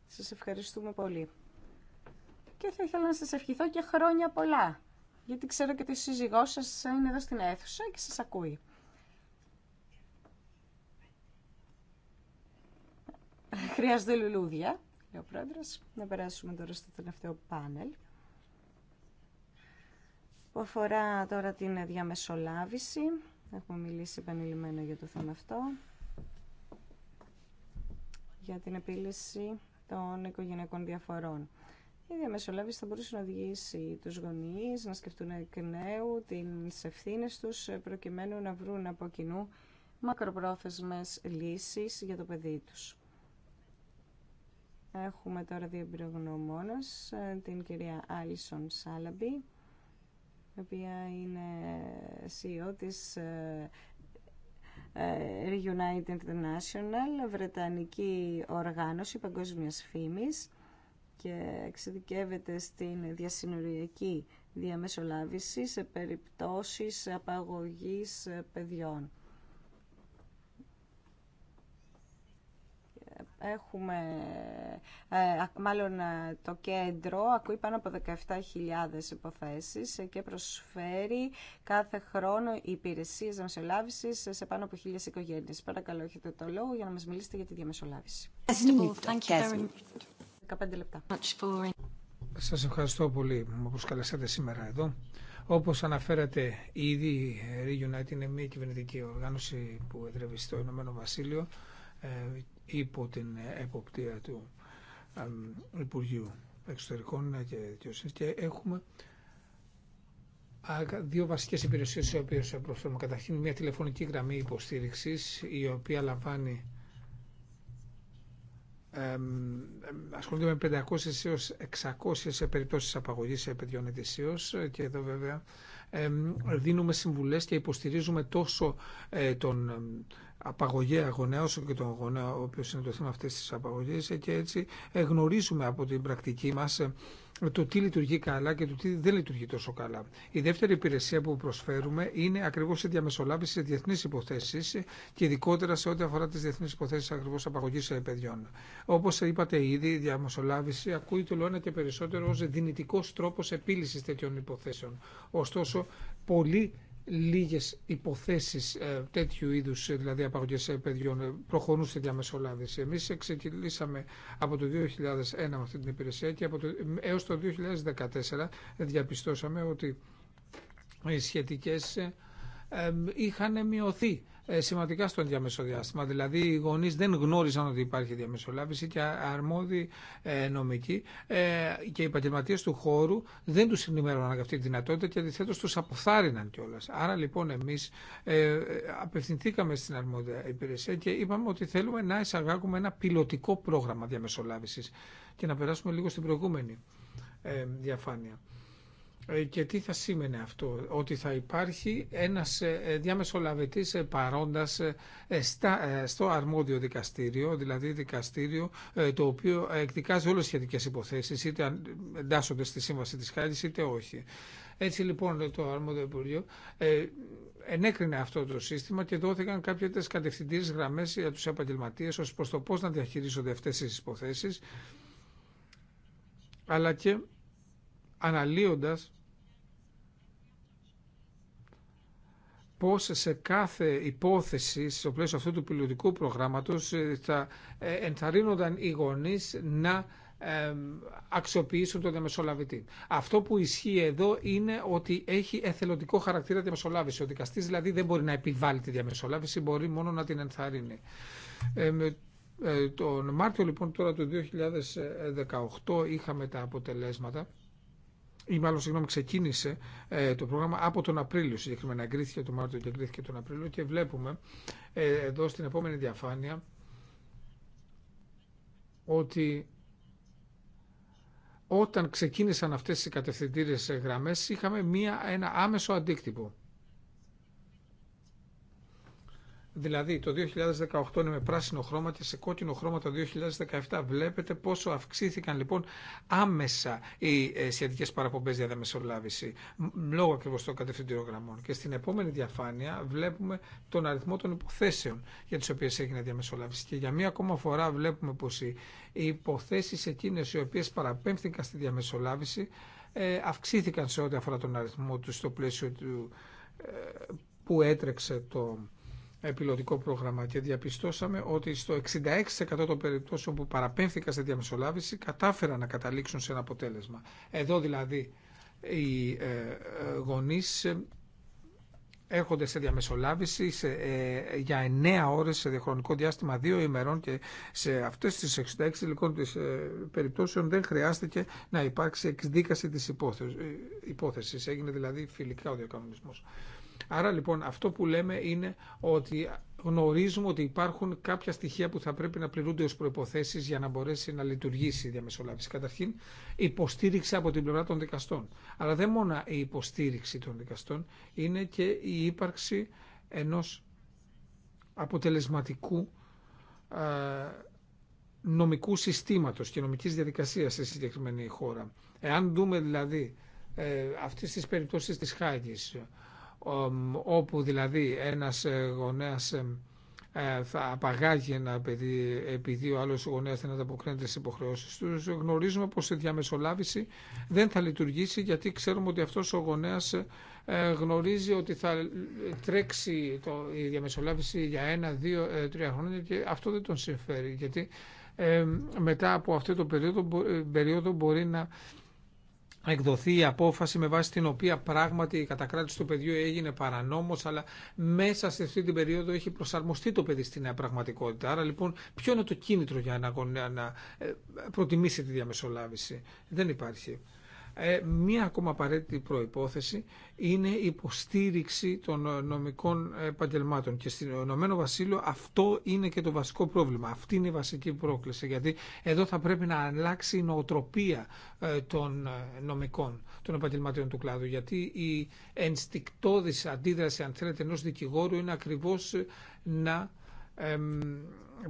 Speaker 1: Σας ευχαριστούμε πολύ. Και θα ήθελα να σας ευχηθώ και χρόνια πολλά. Γιατί ξέρω και ότι ο σας είναι εδώ στην αίθουσα και σας ακούει. Χρειάζονται λουλούδια, λέει ο πρόεδρος. Να περάσουμε τώρα στο τελευταίο πάνελ που αφορά τώρα την διαμεσολάβηση. Έχουμε μιλήσει επανειλημμένα για το θέμα αυτό. Για την επίλυση των οικογενειακών διαφορών. Η διαμεσολάβηση θα μπορούσε να οδηγήσει τους γονείς να σκεφτούν εκ νέου τι ευθύνε τους προκειμένου να βρουν από κοινού μακροπρόθεσμε λύσεις για το παιδί τους. Έχουμε τώρα δύο εμπειρογνωμόνε, την κυρία Άλισον Σάλαμπη, η οποία είναι CEO της ε, ε, Reunited International, βρετανική οργάνωση παγκόσμιας φήμης και εξειδικεύεται στην διασυνοριακή διαμεσολάβηση σε περιπτώσεις απαγωγής παιδιών. Έχουμε, ε, μάλλον ε, το κέντρο ακούει πάνω από 17.000 υποθέσεις ε, και προσφέρει κάθε χρόνο υπηρεσίες διαμεσολάβησης σε πάνω από 1.000 οικογένειες. Παρακαλώ, έχετε το λόγο για να μας μιλήσετε για τη διαμεσολάβηση. 15 λεπτά.
Speaker 3: Σας ευχαριστώ πολύ που με προσκαλέσατε σήμερα εδώ. Όπως αναφέρατε ήδη, η United είναι μια κυβερνητική οργάνωση που εδρεύει στο Ηνωμένο Βασίλειο υπό την ε, εποπτεία του Υπουργείου Εξωτερικών ε, και Δικαιοσύνη. και έχουμε δύο βασικές υπηρεσίες οι οποίες ε, προσφέρουμε. Καταρχήν μια τηλεφωνική γραμμή υποστήριξης η οποία λαμβάνει ασχολούνται με 500 έως 600 σε περιπτώσεις απαγωγής παιδιών ετησίως και εδώ βέβαια δίνουμε συμβουλές και υποστηρίζουμε τόσο τον Απαγωγή γονέα, και τον γονέα ο οποίος είναι το θέμα αυτής της απαγωγής και έτσι ε, γνωρίζουμε από την πρακτική μας ε, το τι λειτουργεί καλά και το τι δεν λειτουργεί τόσο καλά. Η δεύτερη υπηρεσία που προσφέρουμε είναι ακριβώ η διαμεσολάβηση σε διεθνεί υποθέσει και ειδικότερα σε ό,τι αφορά τι διεθνεί υποθέσει ακριβώ απαγωγή ε, παιδιών. Όπω είπατε ήδη, η διαμεσολάβηση ακούει το ένα και περισσότερο ω δυνητικό τρόπο επίλυση τέτοιων υποθέσεων. Ωστόσο, πολύ λίγες υποθέσεις ε, τέτοιου είδους ε, δηλαδή απαγωγέ ε, παιδιών προχωρούν στη διαμεσολάβηση. Εμείς ξεκινήσαμε από το 2001 με αυτή την υπηρεσία και από το, έως το 2014 διαπιστώσαμε ότι οι σχετικές είχαν μειωθεί ε, σημαντικά στον διαμεσοδιάστημα. Δηλαδή οι γονεί δεν γνώριζαν ότι υπάρχει διαμεσολάβηση και αρμόδιοι ε, νομικοί ε, και οι επαγγελματίε του χώρου δεν του ενημέρωναν για αυτή τη δυνατότητα και αντιθέτω του αποθάρρυναν κιόλα. Άρα λοιπόν εμεί απευθυνθήκαμε στην αρμόδια υπηρεσία και είπαμε ότι θέλουμε να εισαγάγουμε ένα πιλωτικό πρόγραμμα διαμεσολάβηση και να περάσουμε λίγο στην προηγούμενη διαφάνεια. Ε, και τι θα σήμαινε αυτό, ότι θα υπάρχει ένας ε, διαμεσολαβητής ε, παρόντας στο αρμόδιο δικαστήριο, δηλαδή δικαστήριο το οποίο εκδικάζει όλες τις σχετικές υποθέσεις, είτε εντάσσονται στη Σύμβαση της Χάρης είτε όχι. Έτσι λοιπόν το αρμόδιο Υπουργείο ενέκρινε αυτό το σύστημα και δόθηκαν κάποιες κατευθυντήρες γραμμές για τους επαγγελματίε ω προ το πώ να διαχειρίζονται αυτέ τι υποθέσει, αλλά και αναλύοντας πώς σε κάθε υπόθεση στο πλαίσιο αυτού του πιλωτικού προγράμματος ε, θα ε, ενθαρρύνονταν οι γονείς να αξιοποιήσουν τον διαμεσολαβητή. Αυτό που ισχύει εδώ είναι ότι έχει εθελοντικό χαρακτήρα διαμεσολάβηση. Ο δικαστής δηλαδή δεν μπορεί να επιβάλλει τη διαμεσολάβηση, μπορεί μόνο να την ενθαρρύνει. Ε, ε, τον Μάρτιο λοιπόν τώρα του 2018 είχαμε τα αποτελέσματα ή μάλλον συγγνώμη ξεκίνησε ε, το πρόγραμμα από τον Απρίλιο συγκεκριμένα εγκρίθηκε τον Μάρτιο και εγκρίθηκε τον Απρίλιο και βλέπουμε ε, εδώ στην επόμενη διαφάνεια ότι όταν ξεκίνησαν αυτές οι κατευθυντήρες γραμμές είχαμε μία, ένα άμεσο αντίκτυπο Δηλαδή το 2018 είναι με πράσινο χρώμα και σε κόκκινο χρώμα το 2017. Βλέπετε πόσο αυξήθηκαν λοιπόν άμεσα οι ε, σχετικέ παραπομπές για διαμεσολάβηση λόγω ακριβώ των κατευθυντηρογραμμών. Και στην επόμενη διαφάνεια βλέπουμε τον αριθμό των υποθέσεων για τι οποίε έγινε διαμεσολάβηση. Και για μία ακόμα φορά βλέπουμε πω οι υποθέσεις εκείνες οι οποίε παραπέμφθηκαν στη διαμεσολάβηση ε, αυξήθηκαν σε ό,τι αφορά τον αριθμό του στο πλαίσιο του, ε, που έτρεξε το πιλωτικό πρόγραμμα και διαπιστώσαμε ότι στο 66% των περιπτώσεων που παραπέμφθηκαν σε διαμεσολάβηση κατάφεραν να καταλήξουν σε ένα αποτέλεσμα. Εδώ δηλαδή οι ε, γονείς έρχονται σε διαμεσολάβηση ε, για 9 ώρες σε διαχρονικό διάστημα 2 ημερών και σε αυτές τις 66 λοιπόν ε, περιπτώσεων δεν χρειάστηκε να υπάρξει εκδίκαση της υπόθεσης. Έγινε δηλαδή φιλικά ο διακανονισμός. Άρα λοιπόν αυτό που λέμε είναι ότι γνωρίζουμε ότι υπάρχουν κάποια στοιχεία που θα πρέπει να πληρούνται ως προϋποθέσεις για να μπορέσει να λειτουργήσει η διαμεσολάβηση. Καταρχήν, υποστήριξη από την πλευρά των δικαστών. Αλλά δεν μόνο η υποστήριξη των δικαστών, είναι και η ύπαρξη ενός αποτελεσματικού νομικού συστήματος και νομικής διαδικασίας σε συγκεκριμένη χώρα. Εάν δούμε δηλαδή ε, αυτές τις περιπτώσεις της Χάγης, όπου δηλαδή ένας ε, γονέας ε, θα απαγάγει ένα παιδί επειδή ο άλλος γονέας δεν ανταποκρίνεται στις υποχρεώσεις του, γνωρίζουμε πως η διαμεσολάβηση δεν θα λειτουργήσει γιατί ξέρουμε ότι αυτός ο γονέας ε, γνωρίζει ότι θα τρέξει το, η διαμεσολάβηση για ένα, δύο, τρία χρόνια και αυτό δεν τον συμφέρει γιατί μετά από αυτό το περίοδο, περίοδο μπορεί να εκδοθεί η απόφαση με βάση την οποία πράγματι η κατακράτηση του παιδιού έγινε παρανόμως αλλά μέσα σε αυτή την περίοδο έχει προσαρμοστεί το παιδί στη νέα πραγματικότητα. Άρα λοιπόν ποιο είναι το κίνητρο για να ε, προτιμήσει τη διαμεσολάβηση. Δεν υπάρχει. Ε, μία ακόμα απαραίτητη προϋπόθεση είναι η υποστήριξη των νομικών επαγγελμάτων και στην Ηνωμένο Βασίλειο αυτό είναι και το βασικό πρόβλημα. Αυτή είναι η βασική πρόκληση γιατί εδώ θα πρέπει να αλλάξει η νοοτροπία ε, των ε, νομικών, των επαγγελματιών του κλάδου γιατί η ενστικτόδης αντίδραση αν θέλετε ενός δικηγόρου είναι ακριβώς να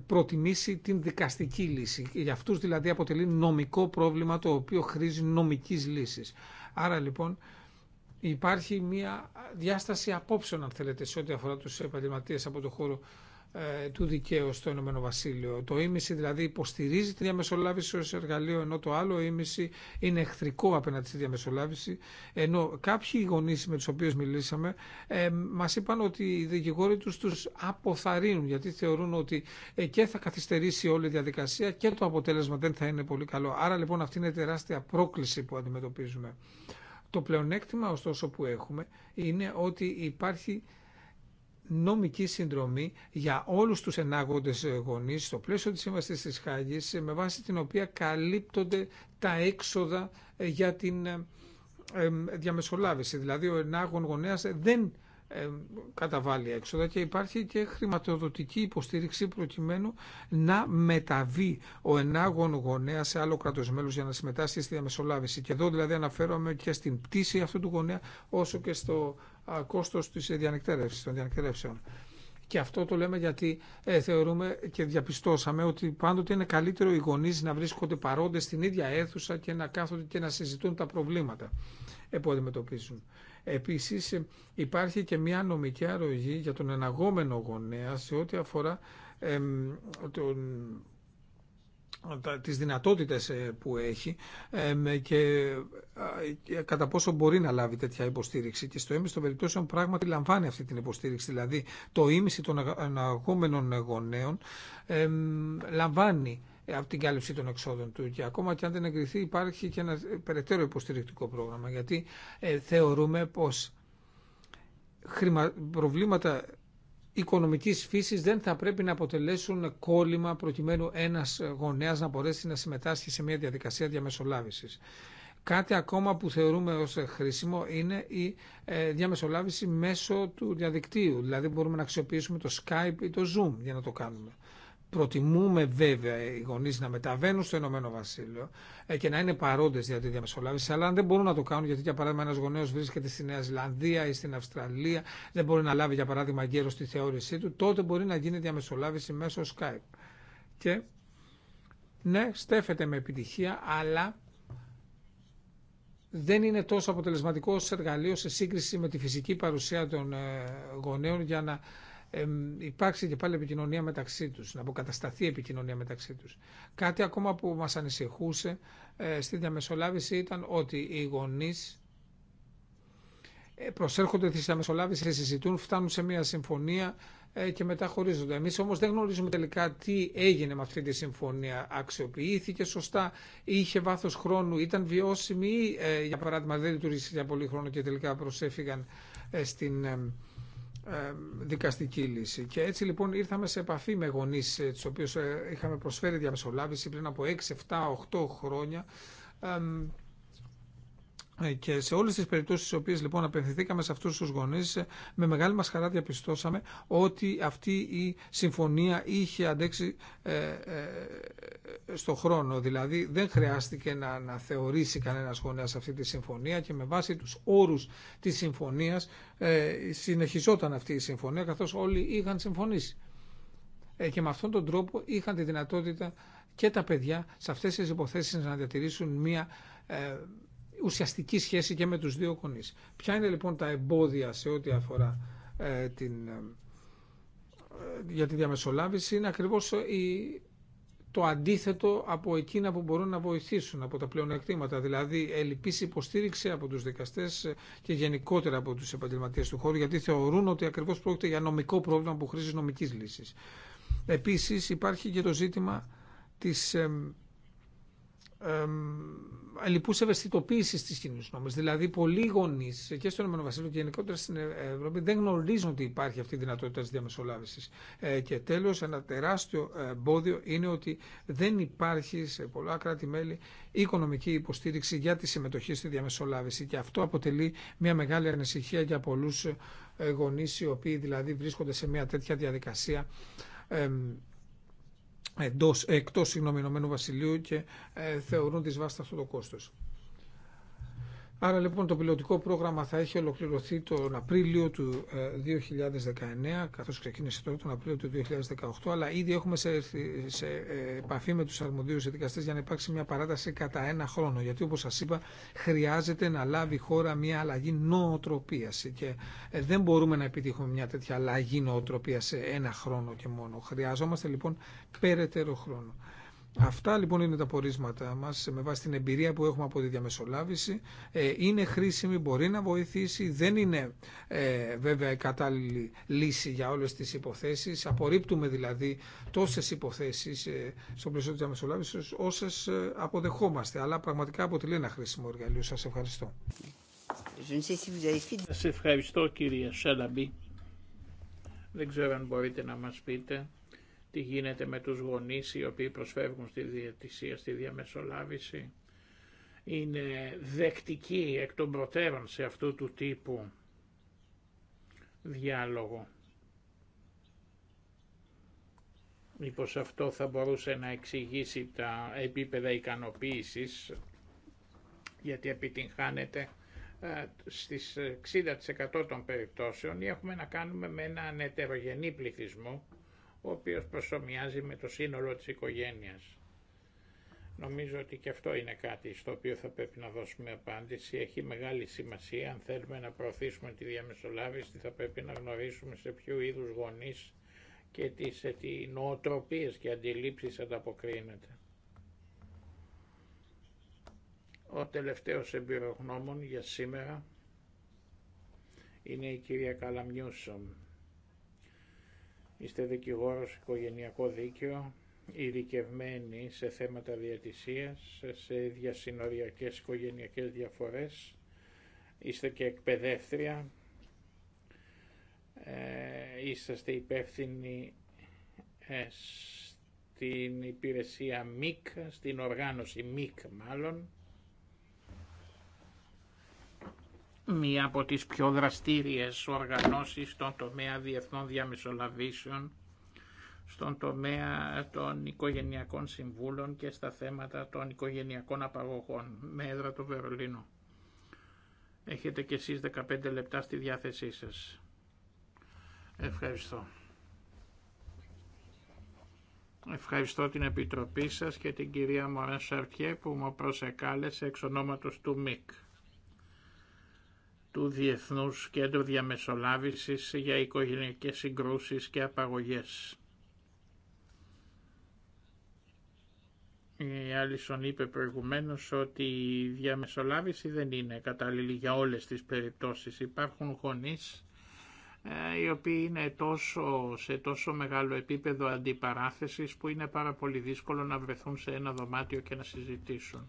Speaker 3: προτιμήσει την δικαστική λύση. Για αυτούς δηλαδή αποτελεί νομικό πρόβλημα το οποίο χρήζει νομικής λύσης. Άρα λοιπόν υπάρχει μια διάσταση απόψεων αν θέλετε σε ό,τι αφορά τους επαγγελματίε από το χώρο ε, του δικαίου στο Ηνωμένο Βασίλειο. Το ίμιση δηλαδή υποστηρίζει τη διαμεσολάβηση ως εργαλείο, ενώ το άλλο ίμιση είναι εχθρικό απέναντι στη διαμεσολάβηση, ενώ κάποιοι γονείς με τους οποίους μιλήσαμε ε, μας είπαν ότι οι δικηγόροι τους τους αποθαρρύνουν, γιατί θεωρούν ότι ε, και θα καθυστερήσει όλη η διαδικασία και το αποτέλεσμα δεν θα είναι πολύ καλό. Άρα λοιπόν αυτή είναι τεράστια πρόκληση που αντιμετωπίζουμε. Το πλεονέκτημα ωστόσο που έχουμε είναι ότι υπάρχει νομική συνδρομή για όλους τους ενάγοντες γονείς στο πλαίσιο της Σύμβασης της Χάγης με βάση την οποία καλύπτονται τα έξοδα ε, για την ε, ε, διαμεσολάβηση. Δηλαδή ο ενάγων γονέας δεν ε, καταβάλει έξοδα και υπάρχει και χρηματοδοτική υποστήριξη προκειμένου να μεταβεί ο ενάγων γονέα σε άλλο κράτο μέλο για να συμμετάσχει στη διαμεσολάβηση. Και εδώ δηλαδή αναφέρομαι και στην πτήση αυτού του γονέα όσο και στο κόστο τη διανεκτέρευση των διανεκτέρευσεων. Και αυτό το λέμε γιατί ε, θεωρούμε και διαπιστώσαμε ότι πάντοτε είναι καλύτερο οι γονεί να βρίσκονται παρόντε στην ίδια αίθουσα και να κάθονται και να συζητούν τα προβλήματα που αντιμετωπίζουν. Επίσης υπάρχει και μια νομική αρρωγή για τον εναγόμενο γονέα σε ό,τι αφορά ε, τον, τις δυνατότητες ε, που έχει και κατά πόσο μπορεί να λάβει τέτοια υποστήριξη. Και στο ίμιση των περιπτώσεων πράγματι λαμβάνει αυτή την υποστήριξη. Δηλαδή το ίμιση των εναγόμενων γονέων λαμβάνει από την κάλυψη των εξόδων του. Και ακόμα και αν δεν εγκριθεί υπάρχει και ένα ε, περαιτέρω υποστηρικτικό πρόγραμμα γιατί ε, θεωρούμε πως χρημα... προβλήματα οικονομικής φύσης δεν θα πρέπει να αποτελέσουν κόλλημα προκειμένου ένας γονέας να μπορέσει να συμμετάσχει σε μια διαδικασία διαμεσολάβησης. Κάτι ακόμα που θεωρούμε ως χρήσιμο είναι η ε, διαμεσολάβηση μέσω του διαδικτύου. Δηλαδή μπορούμε να αξιοποιήσουμε το Skype ή το Zoom για να το κάνουμε. Προτιμούμε βέβαια οι γονεί να μεταβαίνουν στο Ηνωμένο Βασίλειο ε, και να είναι παρόντε για τη διαμεσολάβηση, αλλά αν δεν μπορούν να το κάνουν, γιατί για παράδειγμα ένα γονέο βρίσκεται στη Νέα Ζηλανδία ή στην Αυστραλία, δεν μπορεί να λάβει για παράδειγμα γέρο τη θεώρησή του, τότε μπορεί να γίνει διαμεσολάβηση μέσω Skype. Και ναι, στέφεται με επιτυχία, αλλά δεν είναι τόσο αποτελεσματικό ως εργαλείο σε σύγκριση με τη φυσική παρουσία των ε, γονέων για να υπάρξει και πάλι επικοινωνία μεταξύ τους, να αποκατασταθεί επικοινωνία μεταξύ τους. Κάτι ακόμα που μας ανησυχούσε ε, στη διαμεσολάβηση ήταν ότι οι γονείς ε, προσέρχονται στη διαμεσολάβηση, συζητούν, φτάνουν σε μια συμφωνία ε, και μετά χωρίζονται. Εμείς όμως δεν γνωρίζουμε τελικά τι έγινε με αυτή τη συμφωνία. Αξιοποιήθηκε σωστά, είχε βάθος χρόνου, ήταν βιώσιμη ή για παράδειγμα δεν λειτουργήσε για πολύ χρόνο και τελικά προσέφυγαν στην ε, δικαστική λύση. Και έτσι λοιπόν ήρθαμε σε επαφή με γονεί ε, του οποίους ε, είχαμε προσφέρει διαμεσολάβηση πριν από 6, 7, 8 χρόνια ναι, και σε όλε τι περιπτώσει στι οποίε λοιπόν απευθυνθήκαμε σε αυτού του γονεί, με μεγάλη μα χαρά διαπιστώσαμε ότι αυτή η συμφωνία είχε αντέξει ε, ε, στο χρόνο. Δηλαδή δεν χρειάστηκε να, να θεωρήσει κανένα γονέα αυτή τη συμφωνία και με βάση του όρου τη συμφωνία ε, συνεχιζόταν αυτή η συμφωνία καθώ όλοι είχαν συμφωνήσει. Ε, και με αυτόν τον τρόπο είχαν τη δυνατότητα και τα παιδιά σε αυτές τις υποθέσεις να διατηρήσουν μία ε, ουσιαστική σχέση και με τους δύο κονείς. Ποια είναι λοιπόν τα εμπόδια σε ό,τι αφορά ε, την, ε, για τη διαμεσολάβηση είναι ακριβώς ε, η, το αντίθετο από εκείνα που μπορούν να βοηθήσουν από τα πλεονεκτήματα, δηλαδή ελλειπής υποστήριξη από τους δικαστές και γενικότερα από τους επαγγελματίες του χώρου, γιατί θεωρούν ότι ακριβώς πρόκειται για νομικό πρόβλημα που χρήζει νομικής λύσης. Επίσης υπάρχει και το ζήτημα της ελλειπούς ευαισθητοποίησης τη κοινή νόμης. Δηλαδή πολλοί γονεί και στον Ηνωμένο Βασίλειο και γενικότερα στην ε- Ευρώπη δεν γνωρίζουν ότι υπάρχει αυτή η δυνατότητα της διαμεσολάβησης. Ε, και τέλος ένα τεράστιο ε, εμπόδιο είναι ότι δεν υπάρχει σε πολλά κράτη-μέλη οικονομική υποστήριξη για τη συμμετοχή στη διαμεσολάβηση και αυτό αποτελεί μια μεγάλη ανησυχία για πολλούς γονείς οι οποίοι δηλαδή βρίσκονται σε μια τέτοια διαδικασία εντός, εκτός συγγνώμη, Ηνωμένου Βασιλείου και ε, θεωρούν τις βάστα αυτό το κόστος. Άρα λοιπόν το πιλωτικό πρόγραμμα θα έχει ολοκληρωθεί τον Απρίλιο του 2019, ε, καθώς ξεκίνησε τώρα τον Απρίλιο του 2018, αλλά ήδη έχουμε σε, σε ε, επαφή με τους αρμοδίους δικαστές για να υπάρξει μια παράταση κατά ένα χρόνο, γιατί όπως σας είπα χρειάζεται να λάβει η χώρα μια αλλαγή νοοτροπίας και ε, δεν μπορούμε να επιτύχουμε μια τέτοια αλλαγή νοοτροπίας σε ένα χρόνο και μόνο. Χρειαζόμαστε λοιπόν περαιτέρω χρόνο. Αυτά λοιπόν είναι τα πορίσματα μας με βάση την εμπειρία που έχουμε από τη διαμεσολάβηση. Ε, είναι χρήσιμη, μπορεί να βοηθήσει, δεν είναι ε, βέβαια η κατάλληλη λύση για όλες τις υποθέσεις. Απορρίπτουμε δηλαδή τόσες υποθέσεις ε, στο πλαίσιο της διαμεσολάβησης όσες ε, αποδεχόμαστε. Αλλά πραγματικά αποτελεί ένα χρήσιμο εργαλείο. Σας ευχαριστώ.
Speaker 2: Σα ευχαριστώ κύριε Σέλαμπη. Δεν ξέρω αν μπορείτε να μας πείτε τι γίνεται με τους γονείς οι οποίοι προσφεύγουν στη διαιτησία, στη διαμεσολάβηση. Είναι δεκτική εκ των προτέρων σε αυτού του τύπου διάλογο. Μήπως αυτό θα μπορούσε να εξηγήσει τα επίπεδα ικανοποίησης, γιατί επιτυγχάνεται ε, στις 60% των περιπτώσεων ή έχουμε να κάνουμε με έναν ετερογενή πληθυσμό ο οποίος προσωμιάζει με το σύνολο της οικογένειας. Νομίζω ότι και αυτό είναι κάτι στο οποίο θα πρέπει να δώσουμε απάντηση. Έχει μεγάλη σημασία αν θέλουμε να προωθήσουμε τη διαμεσολάβηση θα πρέπει να γνωρίσουμε σε ποιου είδους γονείς και τις τι νοοτροπίες και αντιλήψεις ανταποκρίνεται. Ο τελευταίος εμπειρογνώμων για σήμερα είναι η κυρία Καλαμιούσομ Είστε δικηγόρος οικογενειακό δίκαιο, ειδικευμένοι σε θέματα διατησίας, σε διασυνοριακές οικογενειακές διαφορές. Είστε και εκπαιδεύτρια. Ε, είσαστε υπεύθυνοι ε, στην υπηρεσία ΜΙΚ, στην οργάνωση ΜΙΚ μάλλον. μία από τις πιο δραστήριες οργανώσεις στον τομέα διεθνών διαμεσολαβήσεων, στον τομέα των οικογενειακών συμβούλων και στα θέματα των οικογενειακών απαγωγών με έδρα του Βερολίνου. Έχετε και εσείς 15 λεπτά στη διάθεσή σας. Ευχαριστώ. Ευχαριστώ την Επιτροπή σας και την κυρία Μωρέν Σαρτιέ που μου προσεκάλεσε εξ ονόματος του ΜΙΚ του Διεθνούς Κέντρου Διαμεσολάβησης για Οικογενειακές Συγκρούσεις και Απαγωγές. Η Άλισον είπε προηγουμένως ότι η διαμεσολάβηση δεν είναι κατάλληλη για όλες τις περιπτώσεις. Υπάρχουν γονείς ε, οι οποίοι είναι τόσο, σε τόσο μεγάλο επίπεδο αντιπαράθεσης που είναι πάρα πολύ δύσκολο να βρεθούν σε ένα δωμάτιο και να συζητήσουν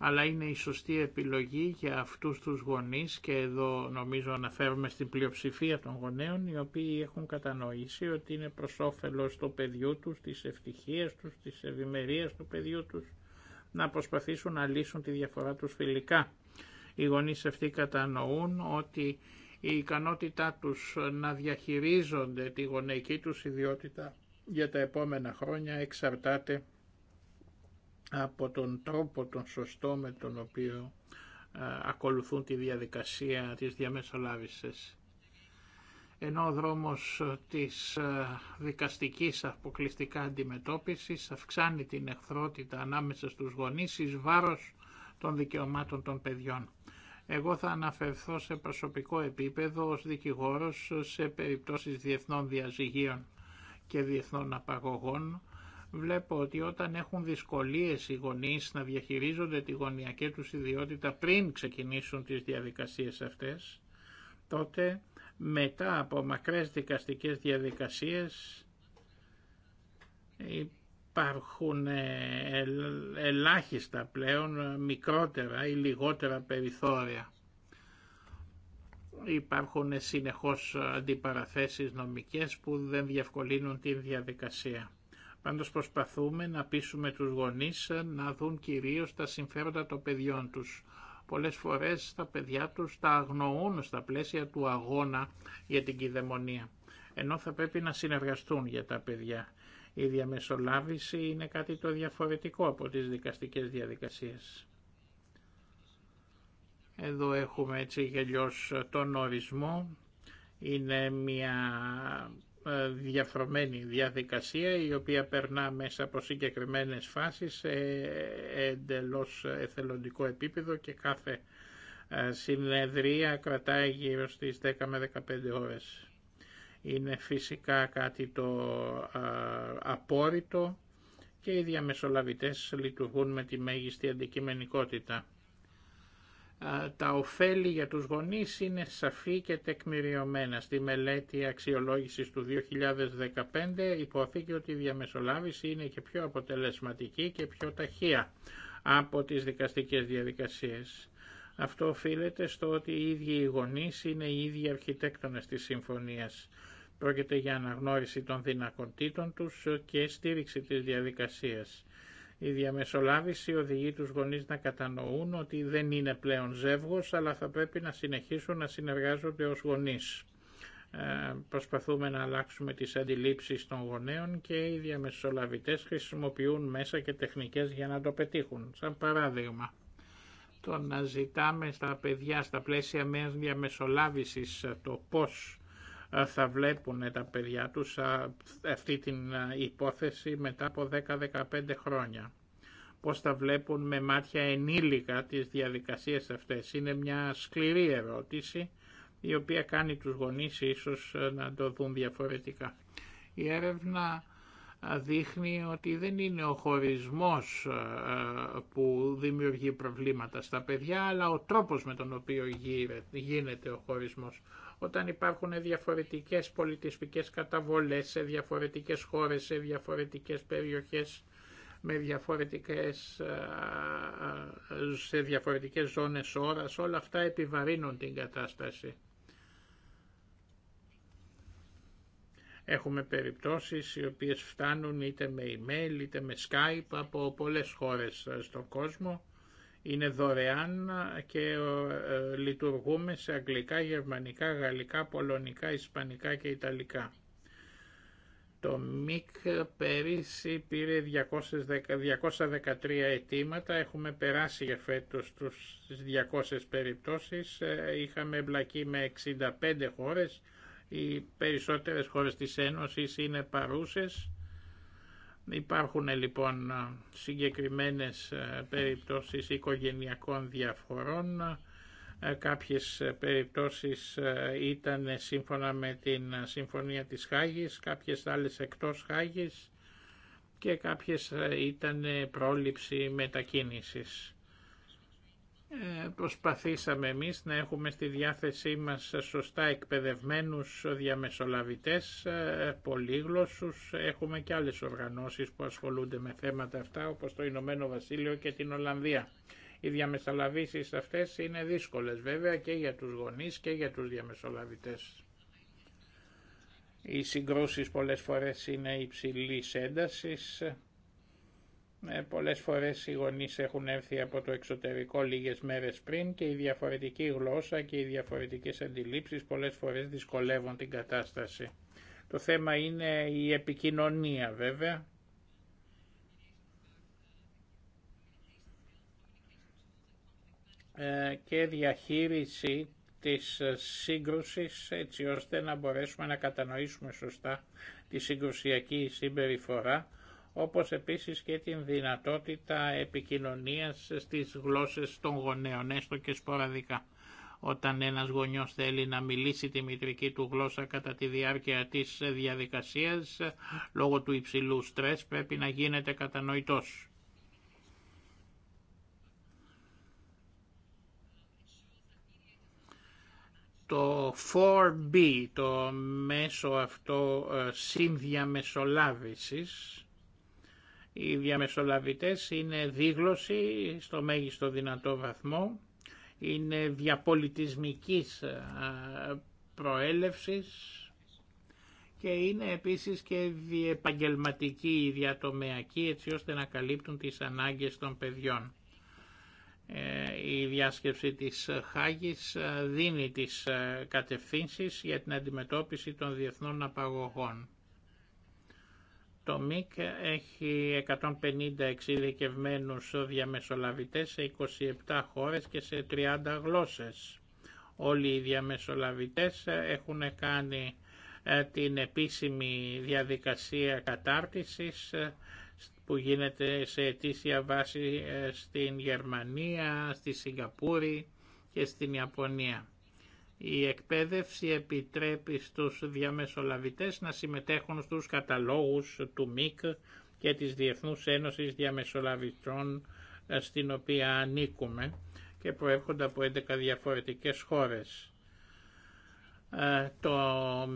Speaker 2: αλλά είναι η σωστή επιλογή για αυτούς τους γονείς και εδώ νομίζω αναφέρουμε στην πλειοψηφία των γονέων οι οποίοι έχουν κατανοήσει ότι είναι προς όφελος του παιδιού τους, της ευτυχίας τους, της ευημερίας του παιδιού τους να προσπαθήσουν να λύσουν τη διαφορά τους φιλικά. Οι γονείς αυτοί κατανοούν ότι η ικανότητά τους να διαχειρίζονται τη γονεϊκή τους ιδιότητα για τα επόμενα χρόνια εξαρτάται από τον τρόπο τον σωστό με τον οποίο ακολουθούν τη διαδικασία της διαμεσολάβησης. Ενώ ο δρόμος της δικαστικής αποκλειστικά αντιμετώπισης αυξάνει την εχθρότητα ανάμεσα στους γονείς εις βάρος των δικαιωμάτων των παιδιών. Εγώ θα αναφερθώ σε προσωπικό επίπεδο ως δικηγόρος σε περιπτώσεις διεθνών διαζυγίων και διεθνών απαγωγών βλέπω ότι όταν έχουν δυσκολίες οι γονείς να διαχειρίζονται τη γωνιακή τους ιδιότητα πριν ξεκινήσουν τις διαδικασίες αυτές, τότε μετά από μακρές δικαστικές διαδικασίες υπάρχουν ε, ελάχιστα πλέον μικρότερα ή λιγότερα περιθώρια. Υπάρχουν συνεχώς αντιπαραθέσεις νομικές που δεν διευκολύνουν την διαδικασία. Πάντως προσπαθούμε να πείσουμε τους γονείς να δουν κυρίως τα συμφέροντα των παιδιών τους. Πολλές φορές τα παιδιά τους τα αγνοούν στα πλαίσια του αγώνα για την κυδαιμονία. Ενώ θα πρέπει να συνεργαστούν για τα παιδιά. Η διαμεσολάβηση είναι κάτι το διαφορετικό από τις δικαστικές διαδικασίες. Εδώ έχουμε έτσι γελιός τον ορισμό. Είναι μια ε, διαφρομένη διαδικασία η οποία περνά μέσα από συγκεκριμένες φάσεις σε εντελώς εθελοντικό επίπεδο και κάθε ε, συνεδρία κρατάει γύρω στις 10 με 15 ώρες. Είναι φυσικά κάτι το ε, απόρριτο και οι διαμεσολαβητές λειτουργούν με τη μέγιστη αντικειμενικότητα τα ωφέλη για τους γονείς είναι σαφή και τεκμηριωμένα. Στη μελέτη αξιολόγησης του 2015 υποθήκε ότι η διαμεσολάβηση είναι και πιο αποτελεσματική και πιο ταχεία από τις δικαστικές διαδικασίες. Αυτό οφείλεται στο ότι οι ίδιοι οι γονείς είναι οι ίδιοι αρχιτέκτονες της συμφωνίας. Πρόκειται για αναγνώριση των δυνακοτήτων τους και στήριξη της διαδικασίας. Η διαμεσολάβηση οδηγεί τους γονείς να κατανοούν ότι δεν είναι πλέον ζεύγος, αλλά θα πρέπει να συνεχίσουν να συνεργάζονται ως γονείς. Ε, προσπαθούμε να αλλάξουμε τις αντιλήψεις των γονέων και οι διαμεσολαβητές χρησιμοποιούν μέσα και τεχνικές για να το πετύχουν. Σαν παράδειγμα, το να ζητάμε στα παιδιά στα πλαίσια μιας διαμεσολάβησης το πώς ε, θα βλέπουν τα παιδιά τους αυτή την υπόθεση μετά από 10-15 χρόνια. Πώς θα βλέπουν με μάτια ενήλικα τις διαδικασίες αυτές. Είναι μια σκληρή ερώτηση η οποία κάνει τους γονείς ίσως ε, να το δουν διαφορετικά. Η έρευνα δείχνει ότι δεν είναι ο χωρισμός ε, που δημιουργεί προβλήματα στα παιδιά, αλλά ο τρόπος με τον οποίο γίνεται ο χωρισμός όταν υπάρχουν διαφορετικές πολιτισμικές καταβολές σε διαφορετικές χώρες, σε διαφορετικές περιοχές, με διαφορετικές, σε διαφορετικές ζώνες ώρας, όλα αυτά επιβαρύνουν την κατάσταση. Έχουμε περιπτώσεις οι οποίες φτάνουν είτε με email είτε με Skype από πολλές χώρες στον κόσμο είναι δωρεάν και ε, λειτουργούμε σε αγγλικά, γερμανικά, γαλλικά, πολωνικά, ισπανικά και ιταλικά. Το ΜΙΚ πέρυσι πήρε 213 αιτήματα, έχουμε περάσει για φέτος τους 200 περιπτώσεις, ε, είχαμε εμπλακεί με 65 χώρες, οι περισσότερες χώρες της Ένωσης είναι παρούσες Υπάρχουν λοιπόν συγκεκριμένες ε, περιπτώσεις οικογενειακών διαφορών. Ε, κάποιες ε, περιπτώσεις ήταν σύμφωνα με την Συμφωνία της Χάγης, κάποιες άλλες εκτός Χάγης και κάποιες ήταν πρόληψη μετακίνησης. Ε, προσπαθήσαμε εμείς να έχουμε στη διάθεσή μας σωστά εκπαιδευμένους διαμεσολαβητές, ε, πολύγλωσσους. Έχουμε και άλλες οργανώσεις που ασχολούνται με θέματα αυτά, όπως το Ηνωμένο Βασίλειο και την Ολλανδία. Οι διαμεσολαβήσεις αυτές είναι δύσκολες βέβαια και για τους γονείς και για τους διαμεσολαβητές. Οι συγκρούσεις πολλές φορές είναι υψηλής έντασης ε, πολλές φορές οι γονείς έχουν έρθει από το εξωτερικό λίγες μέρες πριν και η διαφορετική γλώσσα και οι διαφορετικές αντιλήψεις πολλές φορές δυσκολεύουν την κατάσταση. Το θέμα είναι η επικοινωνία βέβαια. Ε, και διαχείριση της σύγκρουσης έτσι ώστε να μπορέσουμε να κατανοήσουμε σωστά τη συγκρουσιακή συμπεριφορά όπως επίσης και την δυνατότητα επικοινωνίας στις γλώσσες των γονέων, έστω και σποραδικά. Όταν ένας γονιός θέλει να μιλήσει τη μητρική του γλώσσα κατά τη διάρκεια της διαδικασίας, λόγω του υψηλού στρες πρέπει να γίνεται κατανοητός. το 4B, το μέσο αυτό ε, συνδιαμεσολάβησης, οι διαμεσολαβητές είναι δίγλωση στο μέγιστο δυνατό βαθμό, είναι διαπολιτισμικής προέλευσης και είναι επίσης και διεπαγγελματική, διατομεακή έτσι ώστε να καλύπτουν τις ανάγκες των παιδιών. Ε, η διάσκεψη της Χάγης δίνει τις κατευθύνσεις για την αντιμετώπιση των διεθνών απαγωγών. Το ΜΙΚ έχει 150 εξειδικευμένους διαμεσολαβητέ σε 27 χώρες και σε 30 γλώσσες. Όλοι οι διαμεσολαβητές έχουν κάνει ε, την επίσημη διαδικασία κατάρτισης ε, που γίνεται σε αιτήσια βάση ε, στην Γερμανία, στη Σιγκαπούρη και στην Ιαπωνία. Η εκπαίδευση επιτρέπει στους διαμεσολαβητές να συμμετέχουν στους καταλόγους του ΜΙΚ και της Διεθνούς Ένωσης Διαμεσολαβητών ε, στην οποία ανήκουμε και προέρχονται από 11 διαφορετικές χώρες. Ε, το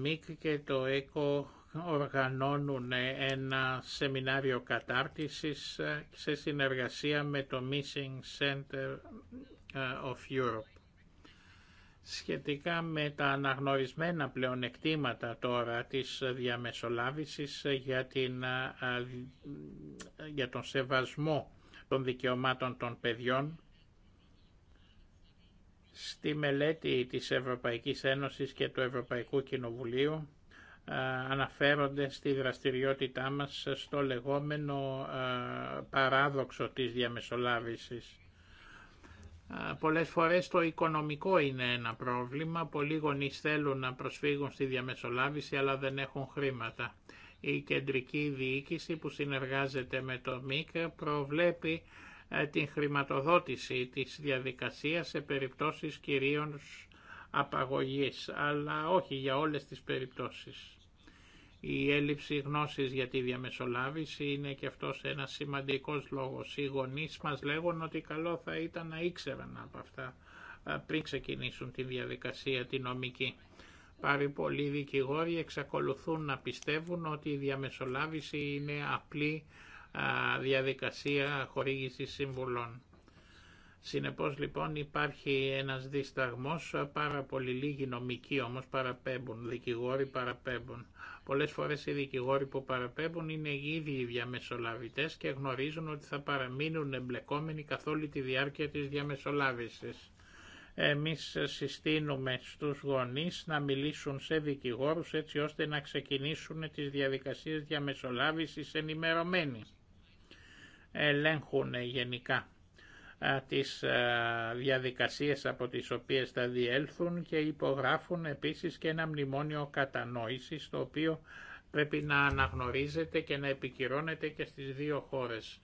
Speaker 2: ΜΙΚ και το ΕΚΟ οργανώνουν ένα σεμινάριο κατάρτισης ε, σε συνεργασία με το Missing Center of Europe σχετικά με τα αναγνωρισμένα πλεονεκτήματα τώρα της διαμεσολάβησης για, την, για τον σεβασμό των δικαιωμάτων των παιδιών στη μελέτη της Ευρωπαϊκής Ένωσης και του Ευρωπαϊκού Κοινοβουλίου αναφέρονται στη δραστηριότητά μας στο λεγόμενο παράδοξο της διαμεσολάβησης Πολλές φορές το οικονομικό είναι ένα πρόβλημα. Πολλοί γονείς θέλουν να προσφύγουν στη διαμεσολάβηση αλλά δεν έχουν χρήματα. Η κεντρική διοίκηση που συνεργάζεται με το ΜΙΚ προβλέπει ε, την χρηματοδότηση της διαδικασίας σε περιπτώσεις κυρίως απαγωγής, αλλά όχι για όλες τις περιπτώσεις. Η έλλειψη γνώσης για τη διαμεσολάβηση είναι και αυτός ένα σημαντικός λόγος. Οι γονείς μας λέγουν ότι καλό θα ήταν να ήξεραν από αυτά πριν ξεκινήσουν τη διαδικασία τη νομική. Πάρει πολλοί δικηγόροι εξακολουθούν να πιστεύουν ότι η διαμεσολάβηση είναι απλή διαδικασία χορήγησης συμβουλών. Συνεπώς λοιπόν υπάρχει ένας δισταγμός, πάρα πολύ λίγοι νομικοί όμως παραπέμπουν, δικηγόροι παραπέμπουν. Πολλές φορές οι δικηγόροι που παραπέμπουν είναι οι ίδιοι διαμεσολαβητές και γνωρίζουν ότι θα παραμείνουν εμπλεκόμενοι καθ' όλη τη διάρκεια της διαμεσολάβησης. Εμείς συστήνουμε στους γονείς να μιλήσουν σε δικηγόρους έτσι ώστε να ξεκινήσουν τις διαδικασίες διαμεσολάβησης ενημερωμένοι. Ελέγχουν γενικά τις διαδικασίες από τις οποίες θα διέλθουν και υπογράφουν επίσης και ένα μνημόνιο κατανόησης το οποίο πρέπει να αναγνωρίζεται και να επικυρώνεται και στις δύο χώρες.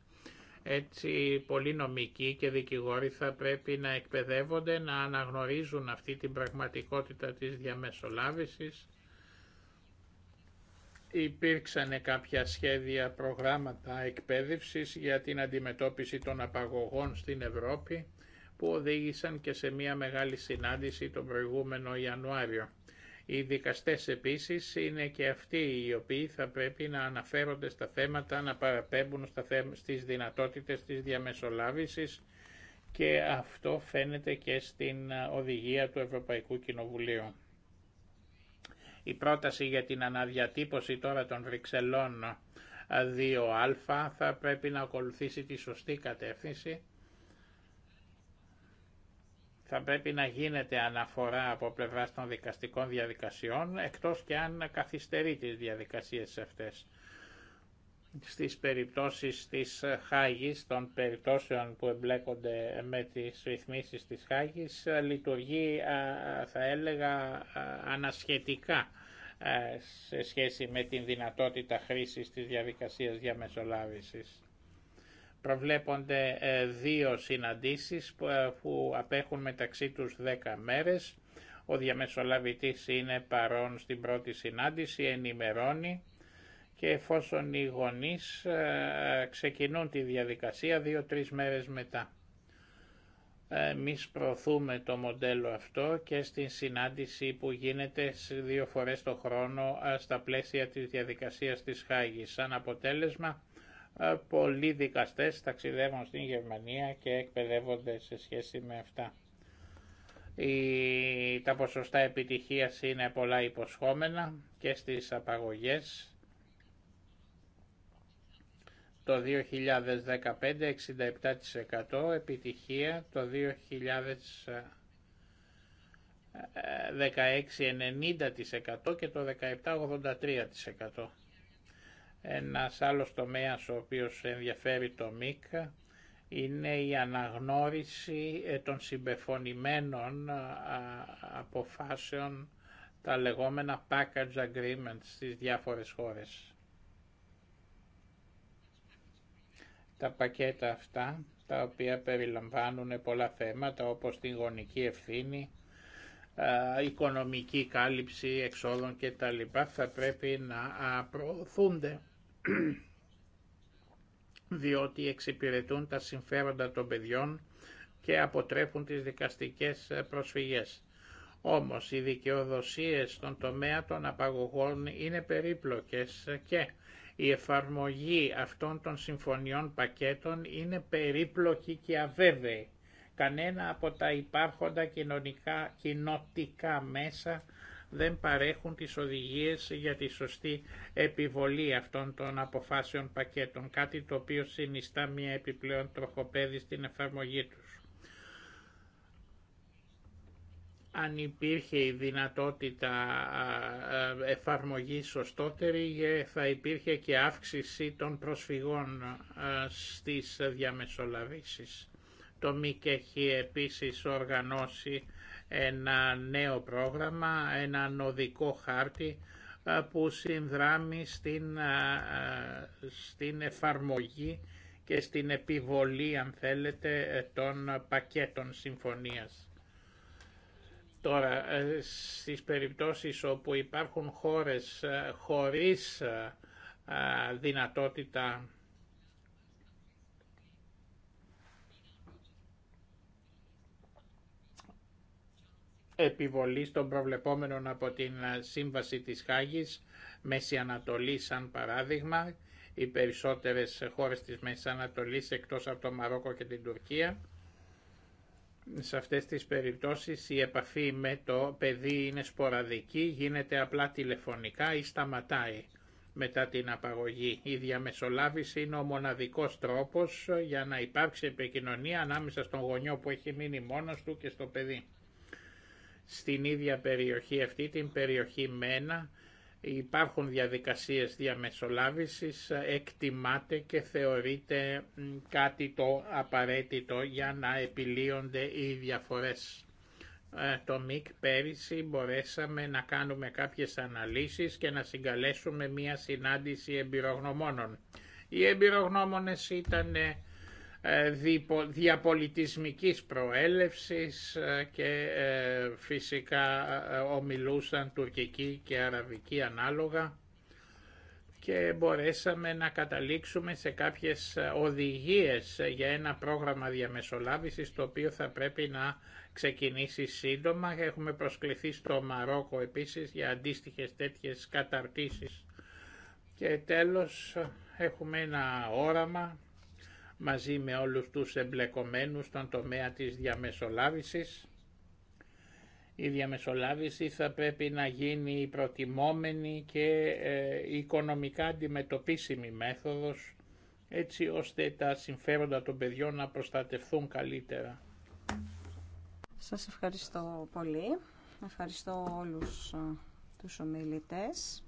Speaker 2: Έτσι πολλοί νομικοί και δικηγόροι θα πρέπει να εκπαιδεύονται να αναγνωρίζουν αυτή την πραγματικότητα της διαμεσολάβησης Υπήρξαν κάποια σχέδια προγράμματα εκπαίδευσης για την αντιμετώπιση των απαγωγών στην Ευρώπη που οδήγησαν και σε μια μεγάλη συνάντηση τον προηγούμενο Ιανουάριο. Οι δικαστές επίσης είναι και αυτοί οι οποίοι θα πρέπει να αναφέρονται στα θέματα, να παραπέμπουν στα θέ, στις δυνατότητες της διαμεσολάβησης και αυτό φαίνεται και στην ε, οδηγία του Ευρωπαϊκού Κοινοβουλίου. Η πρόταση για την αναδιατύπωση τώρα των Βρυξελών 2α θα πρέπει να ακολουθήσει τη σωστή κατεύθυνση. Θα πρέπει να γίνεται αναφορά από πλευρά των δικαστικών διαδικασιών, εκτός και αν καθυστερεί τις διαδικασίες αυτές. Στις περιπτώσεις της Χάγης, των περιπτώσεων που εμπλέκονται με τις ρυθμίσεις της Χάγης, λειτουργεί, θα έλεγα, ανασχετικά ε, σε σχέση με την δυνατότητα χρήσης της διαδικασίας διαμεσολάβησης. Προβλέπονται ε, δύο συναντήσεις ε, που απέχουν μεταξύ τους 10 μέρες. Ο διαμεσολαβητής είναι παρόν στην πρώτη συνάντηση, ενημερώνει και εφόσον οι γονείς ξεκινούν τη διαδικασία δύο-τρεις μέρες μετά. Εμείς προωθούμε το μοντέλο αυτό και στην συνάντηση που γίνεται δύο φορές το χρόνο στα πλαίσια της διαδικασίας της Χάγης. Σαν αποτέλεσμα, πολλοί δικαστές ταξιδεύουν στην Γερμανία και εκπαιδεύονται σε σχέση με αυτά. Η, τα ποσοστά επιτυχίας είναι πολλά υποσχόμενα και στις απαγωγές το 2015 67% επιτυχία, το 2016 90% και το 17 83%. Ένας άλλος τομέας ο οποίος ενδιαφέρει το ΜΙΚ είναι η αναγνώριση ε, των συμπεφωνημένων αποφάσεων τα λεγόμενα package agreements στις διάφορες χώρες. Τα πακέτα αυτά, τα οποία περιλαμβάνουν πολλά θέματα όπως την γονική ευθύνη, οικονομική κάλυψη εξόδων και κτλ. θα πρέπει να προωθούνται διότι εξυπηρετούν τα συμφέροντα των παιδιών και αποτρέπουν τις δικαστικές προσφυγές. Όμως οι δικαιοδοσίες στον τομέα των απαγωγών είναι περίπλοκες και η εφαρμογή αυτών των συμφωνιών πακέτων είναι περίπλοκη και αβέβαιη. Κανένα από τα υπάρχοντα κοινωνικά, κοινοτικά μέσα δεν παρέχουν τις οδηγίες για τη σωστή επιβολή αυτών των αποφάσεων πακέτων, κάτι το οποίο συνιστά μια επιπλέον τροχοπέδη στην εφαρμογή τους. αν υπήρχε η δυνατότητα εφαρμογής σωστότερη ε, θα υπήρχε και αύξηση των προσφυγών στις διαμεσολαβήσεις. Το ΜΙΚ έχει επίσης οργανώσει ένα νέο πρόγραμμα, ένα νοδικό χάρτη που συνδράμει στην, στην εφαρμογή και στην επιβολή, αν θέλετε, ε, των πακέτων συμφωνίας. Τώρα, ε, στις περιπτώσεις όπου υπάρχουν χώρες ε, χωρίς ε, δυνατότητα επιβολής των προβλεπόμενων από την Σύμβαση της Χάγης, Μέση Ανατολή σαν παράδειγμα, οι περισσότερες χώρες της Μέσης Ανατολής εκτός από το Μαρόκο και την Τουρκία, σε αυτές τις περιπτώσεις η επαφή με το παιδί είναι σποραδική, γίνεται απλά τηλεφωνικά ή σταματάει μετά την απαγωγή. Η διαμεσολάβηση είναι ο μοναδικός τρόπος για να υπάρξει επικοινωνία ανάμεσα στον γονιό που έχει μείνει μόνος του και στο παιδί. Στην ίδια περιοχή αυτή, την περιοχή Μένα, Υπάρχουν διαδικασίες διαμεσολάβησης, εκτιμάται και θεωρείται κάτι το απαραίτητο για να επιλύονται οι διαφορές. Ε, το ΜΙΚ πέρυσι μπορέσαμε να κάνουμε κάποιες αναλύσεις και να συγκαλέσουμε μία συνάντηση εμπειρογνωμόνων. Οι εμπειρογνώμονες ήταν ε, διαπολιτισμικής προέλευσης ε, και ε, φυσικά ομιλούσαν τουρκική και αραβική ανάλογα και μπορέσαμε να καταλήξουμε σε κάποιες οδηγίες για ένα πρόγραμμα διαμεσολάβησης το οποίο θα πρέπει να ξεκινήσει σύντομα. Έχουμε προσκληθεί στο Μαρόκο επίσης για αντίστοιχες τέτοιες καταρτήσεις. Και τέλος έχουμε ένα όραμα μαζί με όλους τους εμπλεκομένους στον τομέα της διαμεσολάβησης. Η διαμεσολάβηση θα πρέπει να γίνει η προτιμόμενη και ε, οικονομικά αντιμετωπίσιμη μέθοδος, έτσι ώστε τα συμφέροντα των παιδιών να προστατευθούν καλύτερα.
Speaker 1: Σας ευχαριστώ πολύ. Ευχαριστώ όλους ε, τους ομιλητές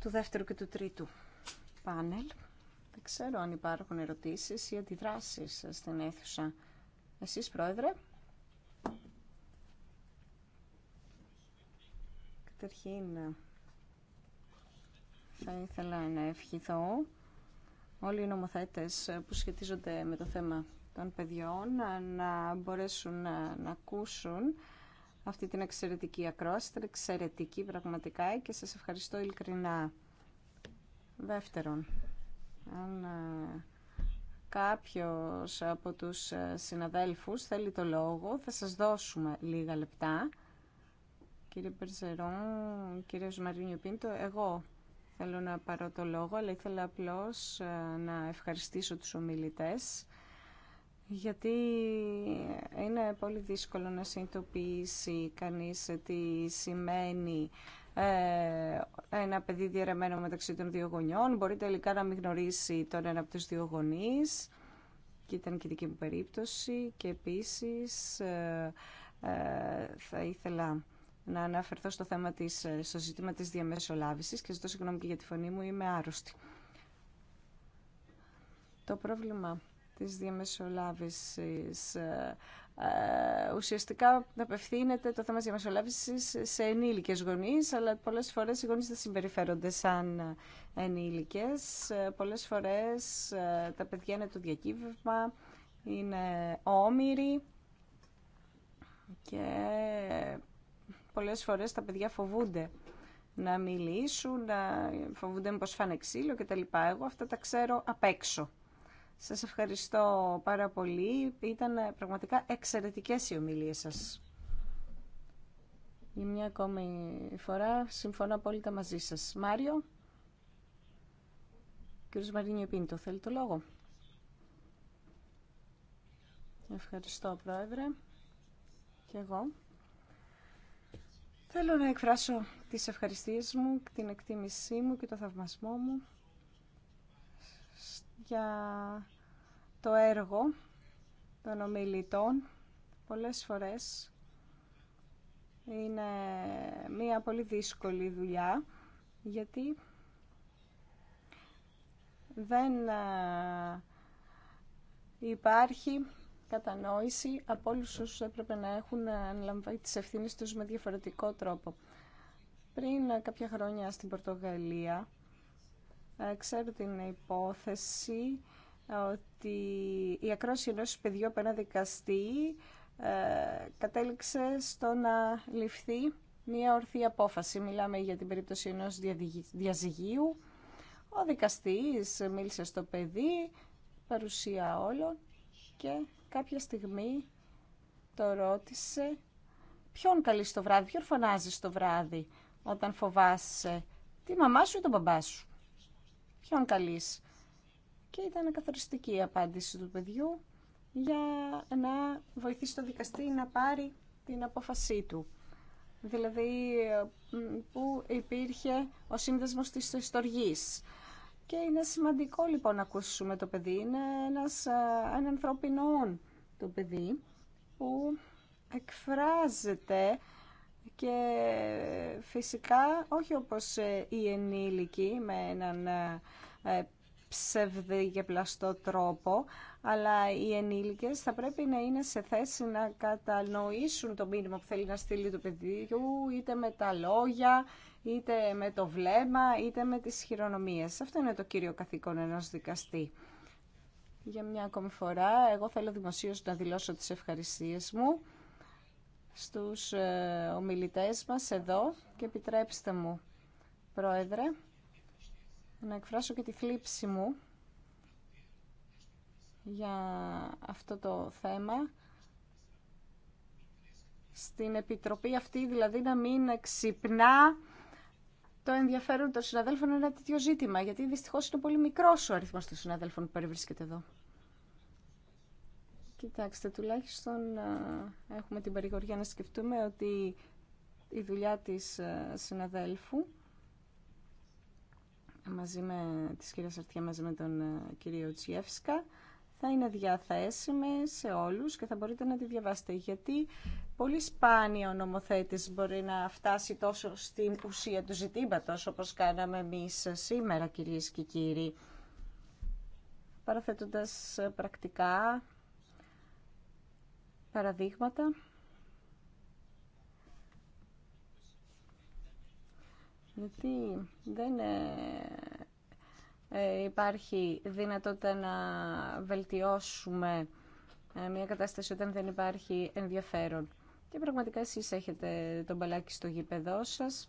Speaker 1: του δεύτερου και του τρίτου πάνελ. Δεν ξέρω αν υπάρχουν ερωτήσεις ή αντιδράσεις στην αίθουσα. Εσείς, Πρόεδρε. Καταρχήν, θα ήθελα να ευχηθώ όλοι οι νομοθέτες που σχετίζονται με το θέμα των παιδιών να μπορέσουν να, ακούσουν αυτή την εξαιρετική ακρόαστρα, εξαιρετική πραγματικά και σας ευχαριστώ ειλικρινά. Δεύτερον, αν ε, κάποιος από τους ε, συναδέλφους θέλει το λόγο, θα σας δώσουμε λίγα λεπτά. Κύριε Περζερόν, κύριος Μαρίνιο Πίντο, εγώ θέλω να πάρω το λόγο, αλλά ήθελα απλώς ε, να ευχαριστήσω τους ομιλητές, γιατί είναι πολύ δύσκολο να συνειδητοποιήσει κανείς τι σημαίνει ε, ένα παιδί διαιρεμένο μεταξύ των δύο γονιών μπορεί τελικά να μην γνωρίσει τον ένα από τους δύο γονείς και ήταν και δική μου περίπτωση και επίσης ε, ε, θα ήθελα να αναφερθώ στο θέμα της, στο ζήτημα της διαμεσολάβησης και ζητώ συγγνώμη και για τη φωνή μου, είμαι άρρωστη. Το πρόβλημα της διαμεσολάβησης ε, ουσιαστικά απευθύνεται το θέμα της διαμεσολάβησης σε ενήλικες γονείς, αλλά πολλές φορές οι γονείς δεν συμπεριφέρονται σαν ενήλικες. Ε, πολλές φορές ε, τα παιδιά είναι το διακύβευμα, είναι όμοιροι και πολλές φορές τα παιδιά φοβούνται να μιλήσουν, να φοβούνται πως φάνε ξύλο κτλ. Εγώ αυτά τα ξέρω απ' έξω. Σας ευχαριστώ πάρα πολύ. Ήταν ε, πραγματικά εξαιρετικές οι ομιλίες σας. Για μια ακόμη φορά συμφωνώ απόλυτα μαζί σας. Μάριο. Κύριος Μαρίνιο Πίντο, θέλει το λόγο. Ευχαριστώ, Πρόεδρε. Και εγώ. Θέλω να εκφράσω τις ευχαριστίες μου, την εκτίμησή μου και το θαυμασμό μου για το έργο των ομιλητών. Πολλές φορές είναι μία πολύ δύσκολη δουλειά γιατί δεν ε, υπάρχει κατανόηση από όλους όσους έπρεπε να έχουν ε, λαμβάνει τις ευθύνες τους με διαφορετικό τρόπο. Πριν ε, κάποια χρόνια στην Πορτογαλία ε, ξέρω την υπόθεση ότι η ακρόαση ενός παιδιού από ένα δικαστή ε, κατέληξε στο να ληφθεί μια ορθή απόφαση. Μιλάμε για την περίπτωση ενός διαζυγίου. Ο δικαστής μίλησε στο παιδί, παρουσία όλων και κάποια στιγμή το ρώτησε ποιον καλεί το βράδυ, ποιον φωνάζει το βράδυ όταν φοβάσαι τη μαμά σου ή τον μπαμπά σου ποιον καλείς. Και ήταν καθοριστική η απάντηση του παιδιού για να βοηθήσει το δικαστή να πάρει την απόφασή του. Δηλαδή που υπήρχε ο σύνδεσμος της ιστοργής. Και είναι σημαντικό λοιπόν να ακούσουμε το παιδί. Είναι ένας, ένα ανθρώπινο το παιδί που εκφράζεται και φυσικά όχι όπως ε, οι ενήλικοι με έναν ε, ε, ψευδή και πλαστό τρόπο, αλλά οι ενήλικες θα πρέπει να είναι σε θέση να κατανοήσουν το μήνυμα που θέλει να στείλει το παιδί είτε με τα λόγια, είτε με το βλέμμα, είτε με τις χειρονομίες. Αυτό είναι το κύριο καθήκον ενός δικαστή. Για μια ακόμη φορά, εγώ θέλω δημοσίως να δηλώσω τις ευχαριστίες μου στους ε, ομιλητές μας εδώ και επιτρέψτε μου, Πρόεδρε, να εκφράσω και τη θλίψη μου για αυτό το θέμα. Στην Επιτροπή αυτή δηλαδή να μην ξυπνά το ενδιαφέρον των συναδέλφων είναι ένα τέτοιο ζήτημα, γιατί δυστυχώς είναι πολύ μικρός ο αριθμός των συναδέλφων που περιβρίσκεται εδώ. Κοιτάξτε, τουλάχιστον έχουμε την παρηγοριά να σκεφτούμε ότι η δουλειά της συναδέλφου μαζί με της κυρίας Αρτιά, μαζί με τον κύριο Τσιεύσκα θα είναι διαθέσιμη σε όλους και θα μπορείτε να τη διαβάσετε γιατί πολύ σπάνιο ο νομοθέτης μπορεί να φτάσει τόσο στην ουσία του ζητήματος όπως κάναμε εμείς σήμερα κυρίες και κύριοι παραθέτοντας πρακτικά παραδείγματα γιατί δεν ε, ε, υπάρχει δυνατότητα να βελτιώσουμε ε, μια κατάσταση όταν δεν υπάρχει ενδιαφέρον. Και πραγματικά εσείς έχετε τον μπαλάκι στο γήπεδό σας,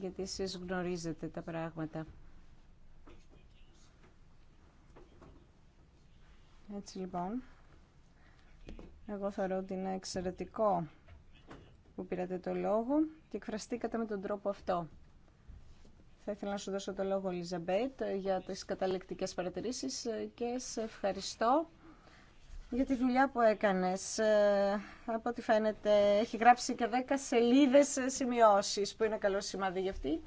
Speaker 1: γιατί εσείς γνωρίζετε τα πράγματα. Έτσι λοιπόν. Εγώ θεωρώ ότι είναι εξαιρετικό που πήρατε το λόγο και εκφραστήκατε με τον τρόπο αυτό. Θα ήθελα να σου δώσω το λόγο, Ελιζαμπέτ, για τις καταλεκτικές παρατηρήσεις και σε ευχαριστώ για τη δουλειά που έκανες. Ε, από ό,τι φαίνεται, έχει γράψει και 10 σελίδες σημειώσεις, που είναι καλό σημάδι για αυτή,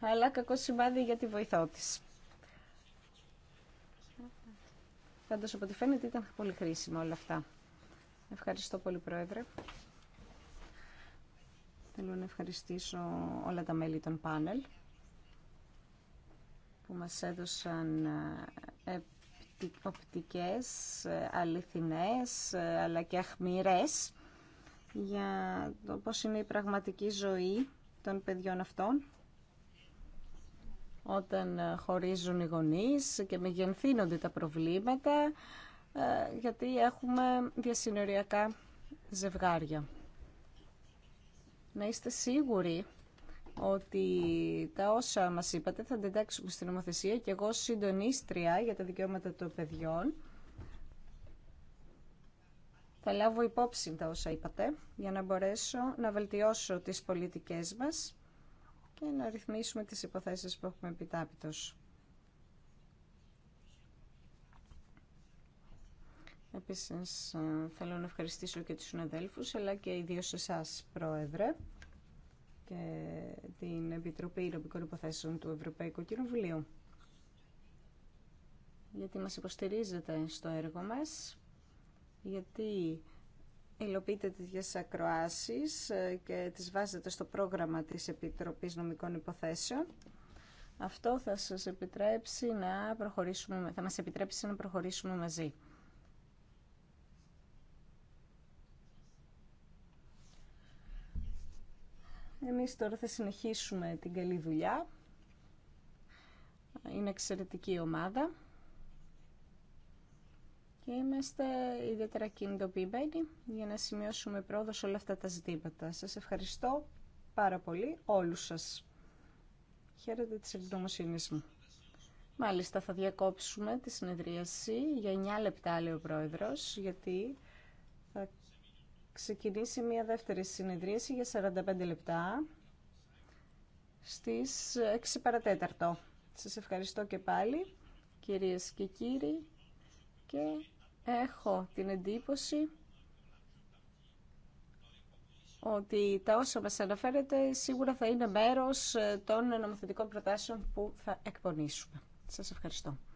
Speaker 1: αλλά κακό σημάδι για τη βοηθό της. από ό,τι φαίνεται, ήταν πολύ χρήσιμα όλα αυτά. Ευχαριστώ πολύ, Πρόεδρε. Θέλω να ευχαριστήσω όλα τα μέλη των πάνελ που μας έδωσαν ε, οπτικές, ε, αληθινές, ε, αλλά και αχμηρές για το πώς είναι η πραγματική ζωή των παιδιών αυτών όταν χωρίζουν οι γονείς και μεγενθύνονται τα προβλήματα ε, γιατί έχουμε διασυνοριακά ζευγάρια. Να είστε σίγουροι ότι τα όσα μας είπατε θα αντιτάξουμε στην νομοθεσία και εγώ συντονίστρια για τα δικαιώματα των παιδιών. Θα λάβω υπόψη τα όσα είπατε για να μπορέσω να βελτιώσω τις πολιτικές μας και να ρυθμίσουμε τις υποθέσεις που έχουμε επιτάπητος. Επίσης ε, θέλω να ευχαριστήσω και τους συναδέλφους αλλά και ιδίως εσά, Πρόεδρε και την Επιτροπή Ρομπικών Υποθέσεων του Ευρωπαϊκού Κοινοβουλίου γιατί μας υποστηρίζετε στο έργο μας γιατί υλοποιείτε τέτοιες ακροάσεις ε, και τις βάζετε στο πρόγραμμα της Επιτροπής Νομικών Υποθέσεων αυτό θα σας να προχωρήσουμε, θα μας επιτρέψει να προχωρήσουμε μαζί. Εμείς τώρα θα συνεχίσουμε την καλή δουλειά. Είναι εξαιρετική ομάδα. Και είμαστε ιδιαίτερα κινητοποιημένοι για να σημειώσουμε πρόοδο σε όλα αυτά τα ζητήματα. Σας ευχαριστώ πάρα πολύ όλους σας. Χαίρετε της ευγνωμοσύνης μου. Μάλιστα θα διακόψουμε τη συνεδρίαση για 9 λεπτά λέει ο Πρόεδρος γιατί θα ξεκινήσει μια δεύτερη συνεδρίαση για 45 λεπτά στις 6 παρατέταρτο. Σας ευχαριστώ και πάλι, κυρίες και κύριοι, και έχω την εντύπωση ότι τα όσα μας αναφέρετε σίγουρα θα είναι μέρος των νομοθετικών προτάσεων που θα εκπονήσουμε. Σας ευχαριστώ.